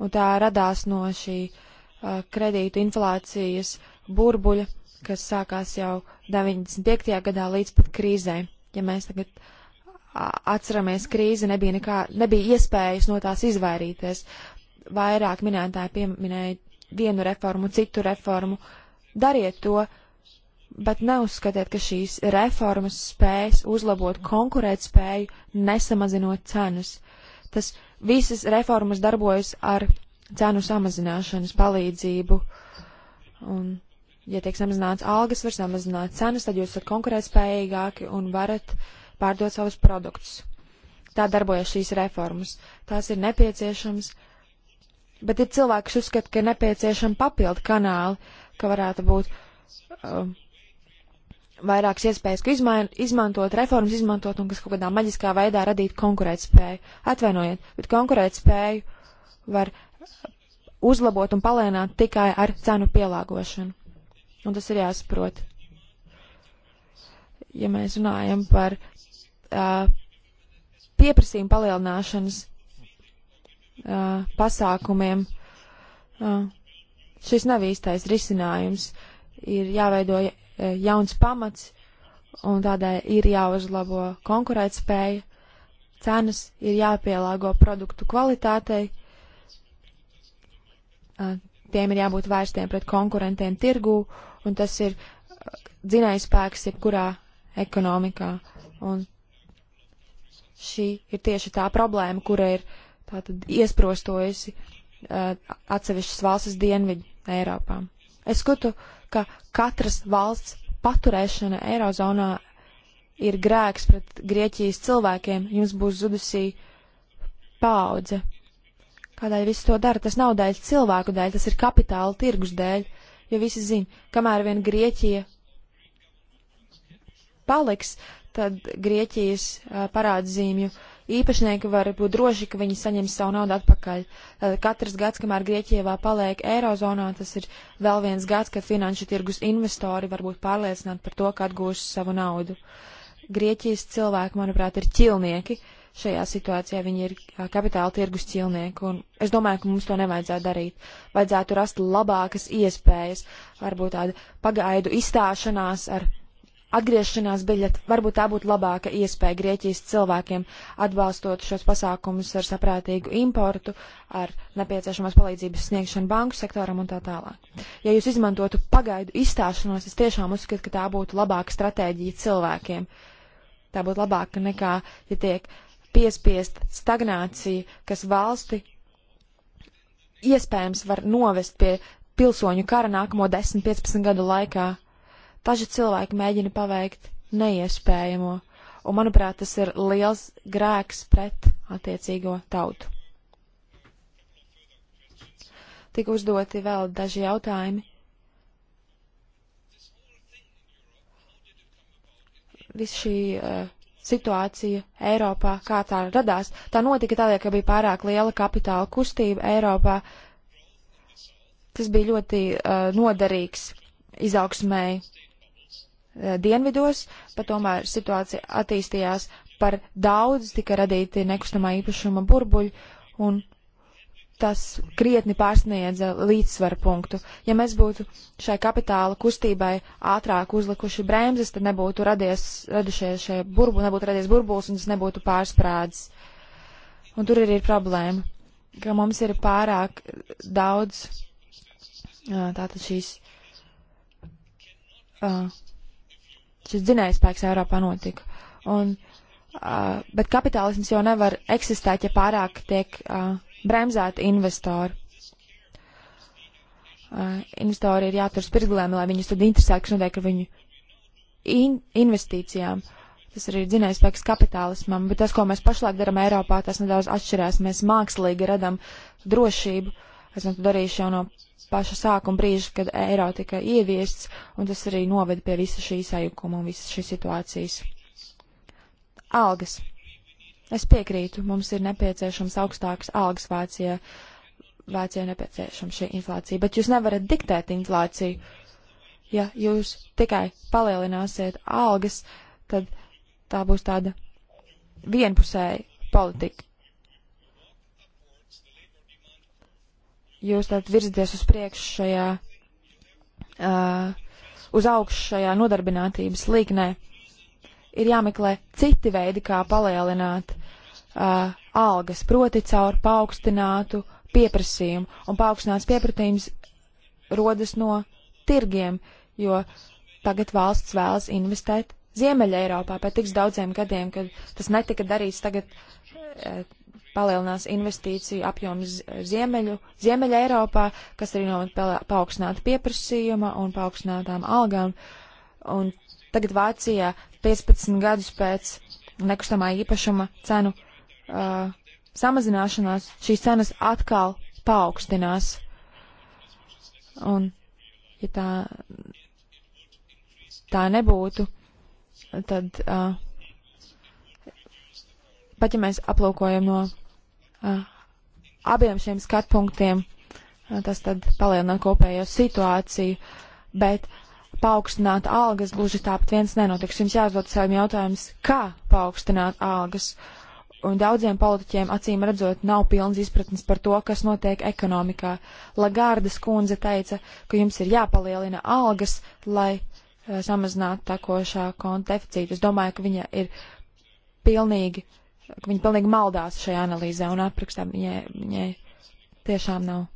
Un tā radās no šī uh, kredītu inflācijas burbuļa, kas sākās jau 95. gadā līdz pat krīzē. Ja mēs tagad atceramies krīzi, nebija, nekā, nebija iespējas no tās izvairīties. Vairāk minētāji pieminēja vienu reformu, citu reformu. Dariet to, uh, bet neuzskatiet, ka šīs reformas spējas uzlabot konkurētspēju, nesamazinot cenas. Tas visas reformas darbojas ar cenu samazināšanas palīdzību. Un, ja tiek samazināts algas, var samazināt cenas, tad jūs esat konkurētspējīgāki un varat pārdot savus produktus. Tā darbojas šīs reformas. Tās ir nepieciešams. Bet ir cilvēki, kas uzskata, ka ir nepieciešama papildu kanāli, ka varētu būt um, vairākas iespējas, ko izmain, izmantot, reformas izmantot un kas kaut kādā maģiskā veidā radīt konkurētspēju. Atvainojiet, bet konkurētspēju var uzlabot un palēnāt tikai ar cenu pielāgošanu. Un tas ir jāsaprot. Ja mēs runājam par uh, pieprasījumu palielināšanas uh, pasākumiem, uh, šis nav īstais risinājums. Ir jāveido E, jauns pamats, un tādēļ ir jāuzlabo konkurētspēja, cenas ir jāpielāgo produktu kvalitātei, tiem ir jābūt vērstiem pret konkurentiem tirgū, un tas ir dzinējspēks jebkurā ekonomikā. Un šī ir tieši tā problēma, kura ir tātad iesprostojusi uh, atsevišķas valstis dienvidu Eiropā. Es skatu ka katras valsts paturēšana Eirozonā ir grēks pret Grieķijas cilvēkiem, jums būs zudusī paudze. Kādēļ viss to dara? Tas nav dēļ cilvēku dēļ, tas ir kapitāla tirgus dēļ, jo visi zina, kamēr vien Grieķija paliks, tad Grieķijas uh, parādzīmju uh, īpašnieki var būt droši, ka viņi saņems savu naudu atpakaļ. Tad katrs gads, kamēr Grieķijā paliek Eirozonā, tas ir vēl viens gads, kad finanšu tirgus investori var būt pārliecināti par to, ka atgūšu savu naudu. Grieķijas cilvēki, manuprāt, ir ķilnieki. Šajā situācijā viņi ir kapitāla tirgus ķilnieki, un es domāju, ka mums to nevajadzētu darīt. Vajadzētu rast labākas iespējas, varbūt tādu pagaidu izstāšanās ar atgriešanās biļete. Varbūt tā būtu labāka iespēja Grieķijas cilvēkiem atbalstot šos pasākumus ar saprātīgu importu, ar nepieciešamās palīdzības sniegšanu banku sektoram un tā tālāk. Ja jūs izmantotu pagaidu izstāšanos, es tiešām uzskatu, ka tā būtu labāka stratēģija cilvēkiem. Tā būtu labāka nekā, ja tiek piespiest stagnācija, kas valsti iespējams var novest pie pilsoņu kara nākamo 10-15 gadu laikā Daži cilvēki mēģina paveikt neiespējamo, un manuprāt, tas ir liels grēks pret attiecīgo tautu. Tik uzdoti vēl daži jautājumi. Viss šī uh, situācija Eiropā, kā tā radās. Tā notika tādēļ, ka bija pārāk liela kapitāla kustība Eiropā. Tas bija ļoti uh, noderīgs izaugsmēji Eh, dienvidos, pat tomēr situācija attīstījās par daudz, tika radīti nekustamā īpašuma burbuļi, un tas krietni pārsniedza līdzsvaru punktu. Ja mēs būtu šai kapitāla kustībai ātrāk uzlikuši bremzes, tad nebūtu radies, radušies šie burbuļi, nebūtu radies burbulis, un tas nebūtu pārsprādzis. Un tur arī ir problēma, ka mums ir pārāk daudz tātad šīs. Uh, šis dzinējspēks Eiropā notika. Un, uh, bet kapitālisms jau nevar eksistēt, ja pārāk tiek uh, bremzēti investori. Uh, investori ir jātur spirglēm, lai viņus tad interesē, kas notiek ar viņu in investīcijām. Tas arī ir dzinējspēks kapitālismam, bet tas, ko mēs pašlaik darām Eiropā, tas nedaudz atšķirās. Mēs mākslīgi radam drošību. Uh, Esam to darījuši jau no paša sākuma brīža, kad eiro tika ieviests, un tas arī noveda pie visa šī sajukuma un visas šīs situācijas. Algas. Es piekrītu, mums ir nepieciešams augstāks algas Vācijā. Vācijā nepieciešama šī inflācija, bet jūs nevarat diktēt inflāciju. Ja jūs tikai palielināsiet algas, tad tā būs tāda vienpusēja politika jūs tad virzaties uz priekšu šajā, uh, uz augšu šajā nodarbinātības līknē, ir jāmeklē citi veidi, kā palielināt uh, algas, proti caur paaugstinātu pieprasījumu. Un paaugstināts pieprasījums rodas no tirgiem, jo tagad valsts vēlas investēt Ziemeļa Eiropā pēc tik daudziem gadiem, kad tas netika darīts tagad. Uh, palielinās investīciju apjoms ziemeļu, ziemeļa Eiropā, kas arī novad paaugstināta pieprasījuma un paaugstinātām algām. Un tagad Vācijā 15 gadus pēc nekustamā īpašuma cenu uh, samazināšanās šīs cenas atkal paaugstinās. Un, ja tā, tā nebūtu, tad. Uh, pat ja mēs aplūkojam no Eh, abiem šiem skatpunktiem. Eh, tas tad palielina kopējo situāciju, bet paaugstināt algas gluži tāpat viens nenotiks. Jums jāuzdod saviem jautājums, kā paaugstināt algas. Un daudziem politiķiem acīm redzot nav pilnas izpratnes par to, kas notiek ekonomikā. Lagardas kundze teica, ka jums ir jāpalielina algas, lai eh, samazinātu tekošā konta deficītu. Es domāju, ka viņa ir pilnīgi uh, Viņa pilnīgi maldās šajā analīzē un aprakstā viņai, viņai tiešām nav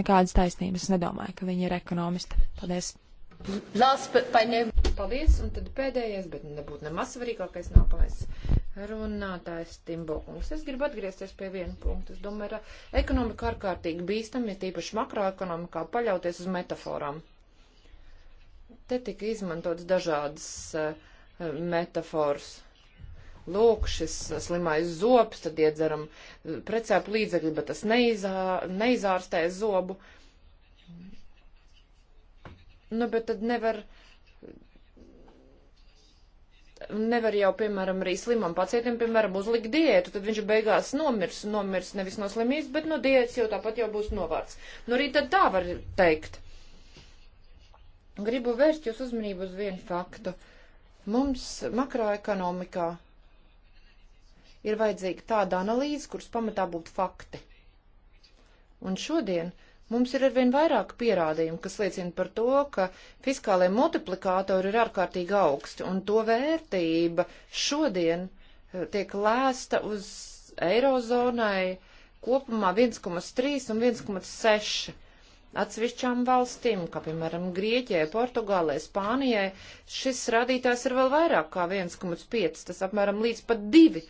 nekādas taisnības. Es nedomāju, ka viņa ir ekonomista. Paldies! Last, but by no... Paldies, un tad pēdējais, bet nebūtu nemaz svarīgākais nākamais runātājs Timbokungs. Es gribu atgriezties pie viena punkta. Es domāju, ka ekonomika ārkārtīgi bīstami, ja tīpaši makroekonomikā paļauties uz metaforām. Te tika izmantotas dažādas uh, metaforas lūk, šis slimais zobs, tad iedzeram precēpu līdzekļu, bet tas neizā, neizārstē zobu. Nu, bet tad nevar, nevar jau, piemēram, arī slimam pacientam, piemēram, uzlikt diētu, tad viņš beigās nomirs, nomirs nevis no slimības, bet no diētas jau tāpat jau būs novārts. Nu, arī tad tā var teikt. Gribu vērst jūs uzmanību uz vienu faktu. Mums makroekonomikā ir vajadzīga tāda analīze, kuras pamatā būtu fakti. Un šodien mums ir arvien vairāk pierādījumu, kas liecina par to, ka fiskālie multiplikātori ir ārkārtīgi augsti, un to vērtība šodien eh, tiek lēsta uz eirozonai kopumā 1,3 un 1,6. Atsevišķām valstīm, kā piemēram Grieķijai, Portugālei, Spānijai, šis rādītājs ir vēl vairāk kā 1,5, tas apmēram līdz pat 2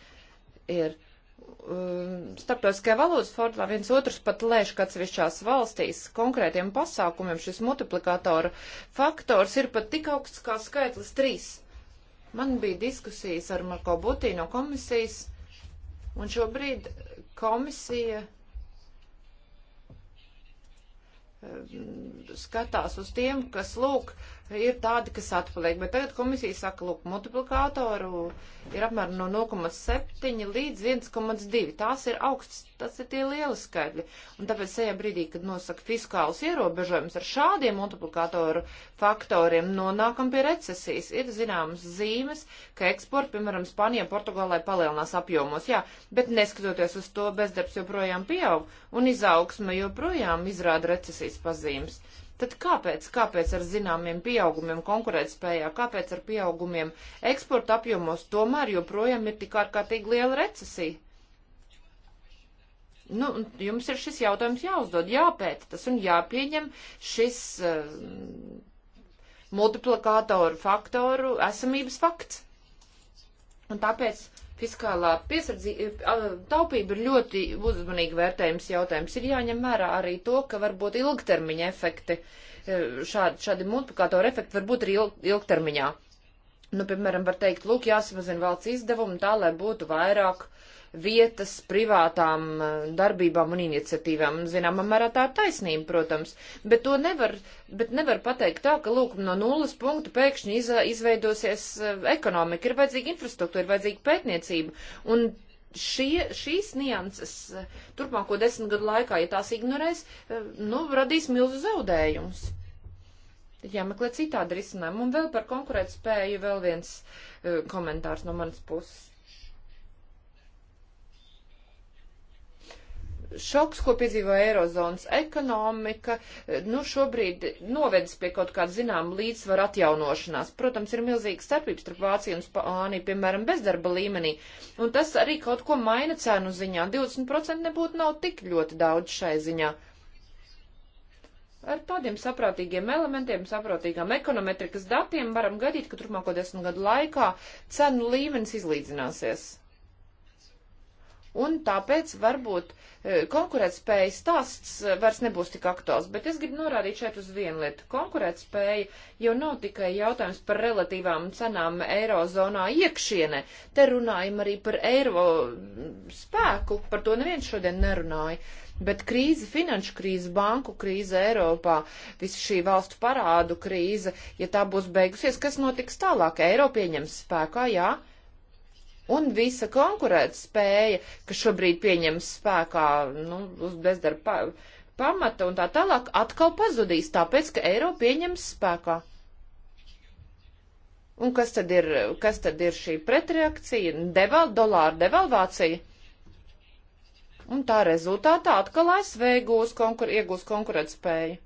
ir um, starptautiskajā valodas formulā viens otrs pat lēš, ka atsevišķās valstīs konkrētiem pasākumiem šis multiplikātora faktors ir pat tik augsts kā skaitlis trīs. Man bija diskusijas ar Marko Butī no komisijas, un šobrīd komisija um, skatās uz tiem, kas lūk, uh, ir tādi, kas atpaliek. Bet tagad komisija saka, lūk, multiplikātoru ir apmēram no 0,7 līdz 1,2. Tās ir augsts, tas ir tie lieli skaitļi. Un tāpēc tajā brīdī, kad nosaka fiskāls ierobežojums ar šādiem multiplikātoru faktoriem, nonākam pie recesijas. Ir zināmas zīmes, ka eksports, piemēram, Spanijā, Portugālē palielinās apjomos, jā, bet neskatoties uz to, bezdarbs joprojām pieaug un izaugsme joprojām izrāda recesijas pazīmes. Tad kāpēc, kāpēc ar zināmiem pieaugumiem konkurētspējā, kāpēc ar pieaugumiem eksporta apjomos tomēr joprojām ir tik ārkārtīgi liela recesija? Nu, jums ir šis jautājums jāuzdod, jāpēta tas un jāpieņem šis uh, multiplikātoru faktoru esamības fakts. Un tāpēc Fiskālā eh, taupība ir ļoti uzmanīgi vērtējums jautājums. Ir jāņem vērā arī to, ka var būt ilgtermiņa efekti. Eh, šādi, šādi multiplikātori efekti var būt arī ilg, ilgtermiņā. Nu, piemēram, var teikt, lūk, jāsamazina valsts izdevumi tā, lai būtu vairāk uh, vietas privātām eh, darbībām un iniciatīvām. Zināmā mērā tā ir taisnība, protams, bet to nevar, bet nevar pateikt tā, ka, lūk, no nulles punktu pēkšņi iz, izveidosies eh, ekonomika. Ir vajadzīga infrastruktūra, ir vajadzīga pētniecība. Un šie, šīs nianses eh, turpmāko desmit gadu laikā, ja tās ignorēs, nu, radīs milzu zaudējumus. Jāmeklē citādi risinājumi. Un vēl par konkurētspēju vēl viens uh, komentārs no manas puses šoks, ko piedzīvoja Eirozonas ekonomika, eh, nu šobrīd novedis pie kaut kāda zinām līdzsvara atjaunošanās. Protams, ir milzīga starpības starp Vāciju un Spāniju, piemēram, bezdarba līmenī. Un tas arī kaut ko maina cenu ziņā. 20% nebūtu nav tik ļoti daudz šai ziņā. Ar tādiem saprātīgiem elementiem, saprātīgām ekonometrikas datiem varam gadīt, ka turpmāko desmit gadu laikā cenu līmenis izlīdzināsies. Un tāpēc varbūt e, konkurētspējas stāsts e, vairs nebūs tik aktuāls, bet es gribu norādīt šeit uz vienu lietu. Konkurētspēja jau nav tikai jautājums par relatīvām cenām eirozonā iekšienē. Te runājam arī par eiro spēku, par to neviens šodien nerunāja. Bet krīze, finanšu krīze, banku krīze Eiropā, visa šī valstu parādu krīze, ja tā būs beigusies, kas notiks tālāk? Eiropa ieņems spēkā, jā. Ja? un visa konkurētspēja, kas šobrīd pieņem spēkā nu, uz bezdarba pamata un tā tālāk, atkal pazudīs, tāpēc, ka eiro pieņems spēkā. Un kas tad ir, kas tad ir šī pretreakcija? Deval, dolāra devalvācija. Un tā rezultātā atkal ASV konkur, iegūs konkurētspēju.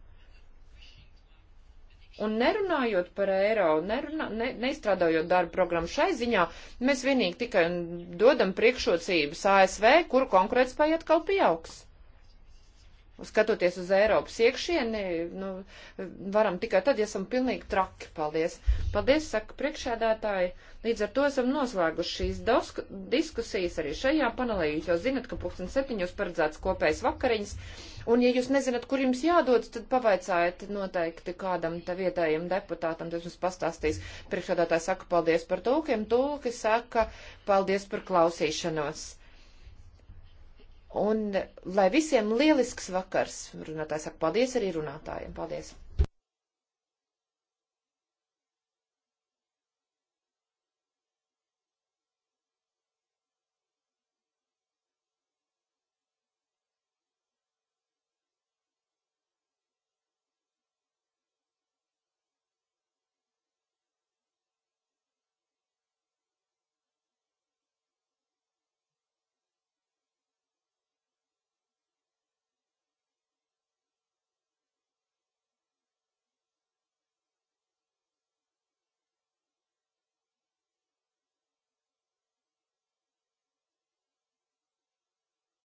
Un nerunājot par eiro, nerunā, ne, neizstrādājot darba programmu šai ziņā, mēs vienīgi tikai dodam priekšrocības ASV, kuru konkurētspēja atkal pieaugs. Skatoties uz Eiropas iekšieni, nu, varam tikai tad, ja esam pilnīgi traki. Paldies! Paldies, saka priekšēdētāji. Līdz ar to esam noslēguši šīs dosku, diskusijas arī šajā panelī. Jūs jau zinat, ka pulksten septiņos paredzēts kopējas vakariņas. Un, ja jūs nezināt, kur jums jādodas, tad pavaicājiet noteikti kādam te vietējiem deputātam, tas jums pastāstīs. Priekšādātāji saka paldies par tūkiem, tūki saka paldies par klausīšanos. Un lai visiem lielisks vakars, runātājs saka paldies arī runātājiem. Paldies!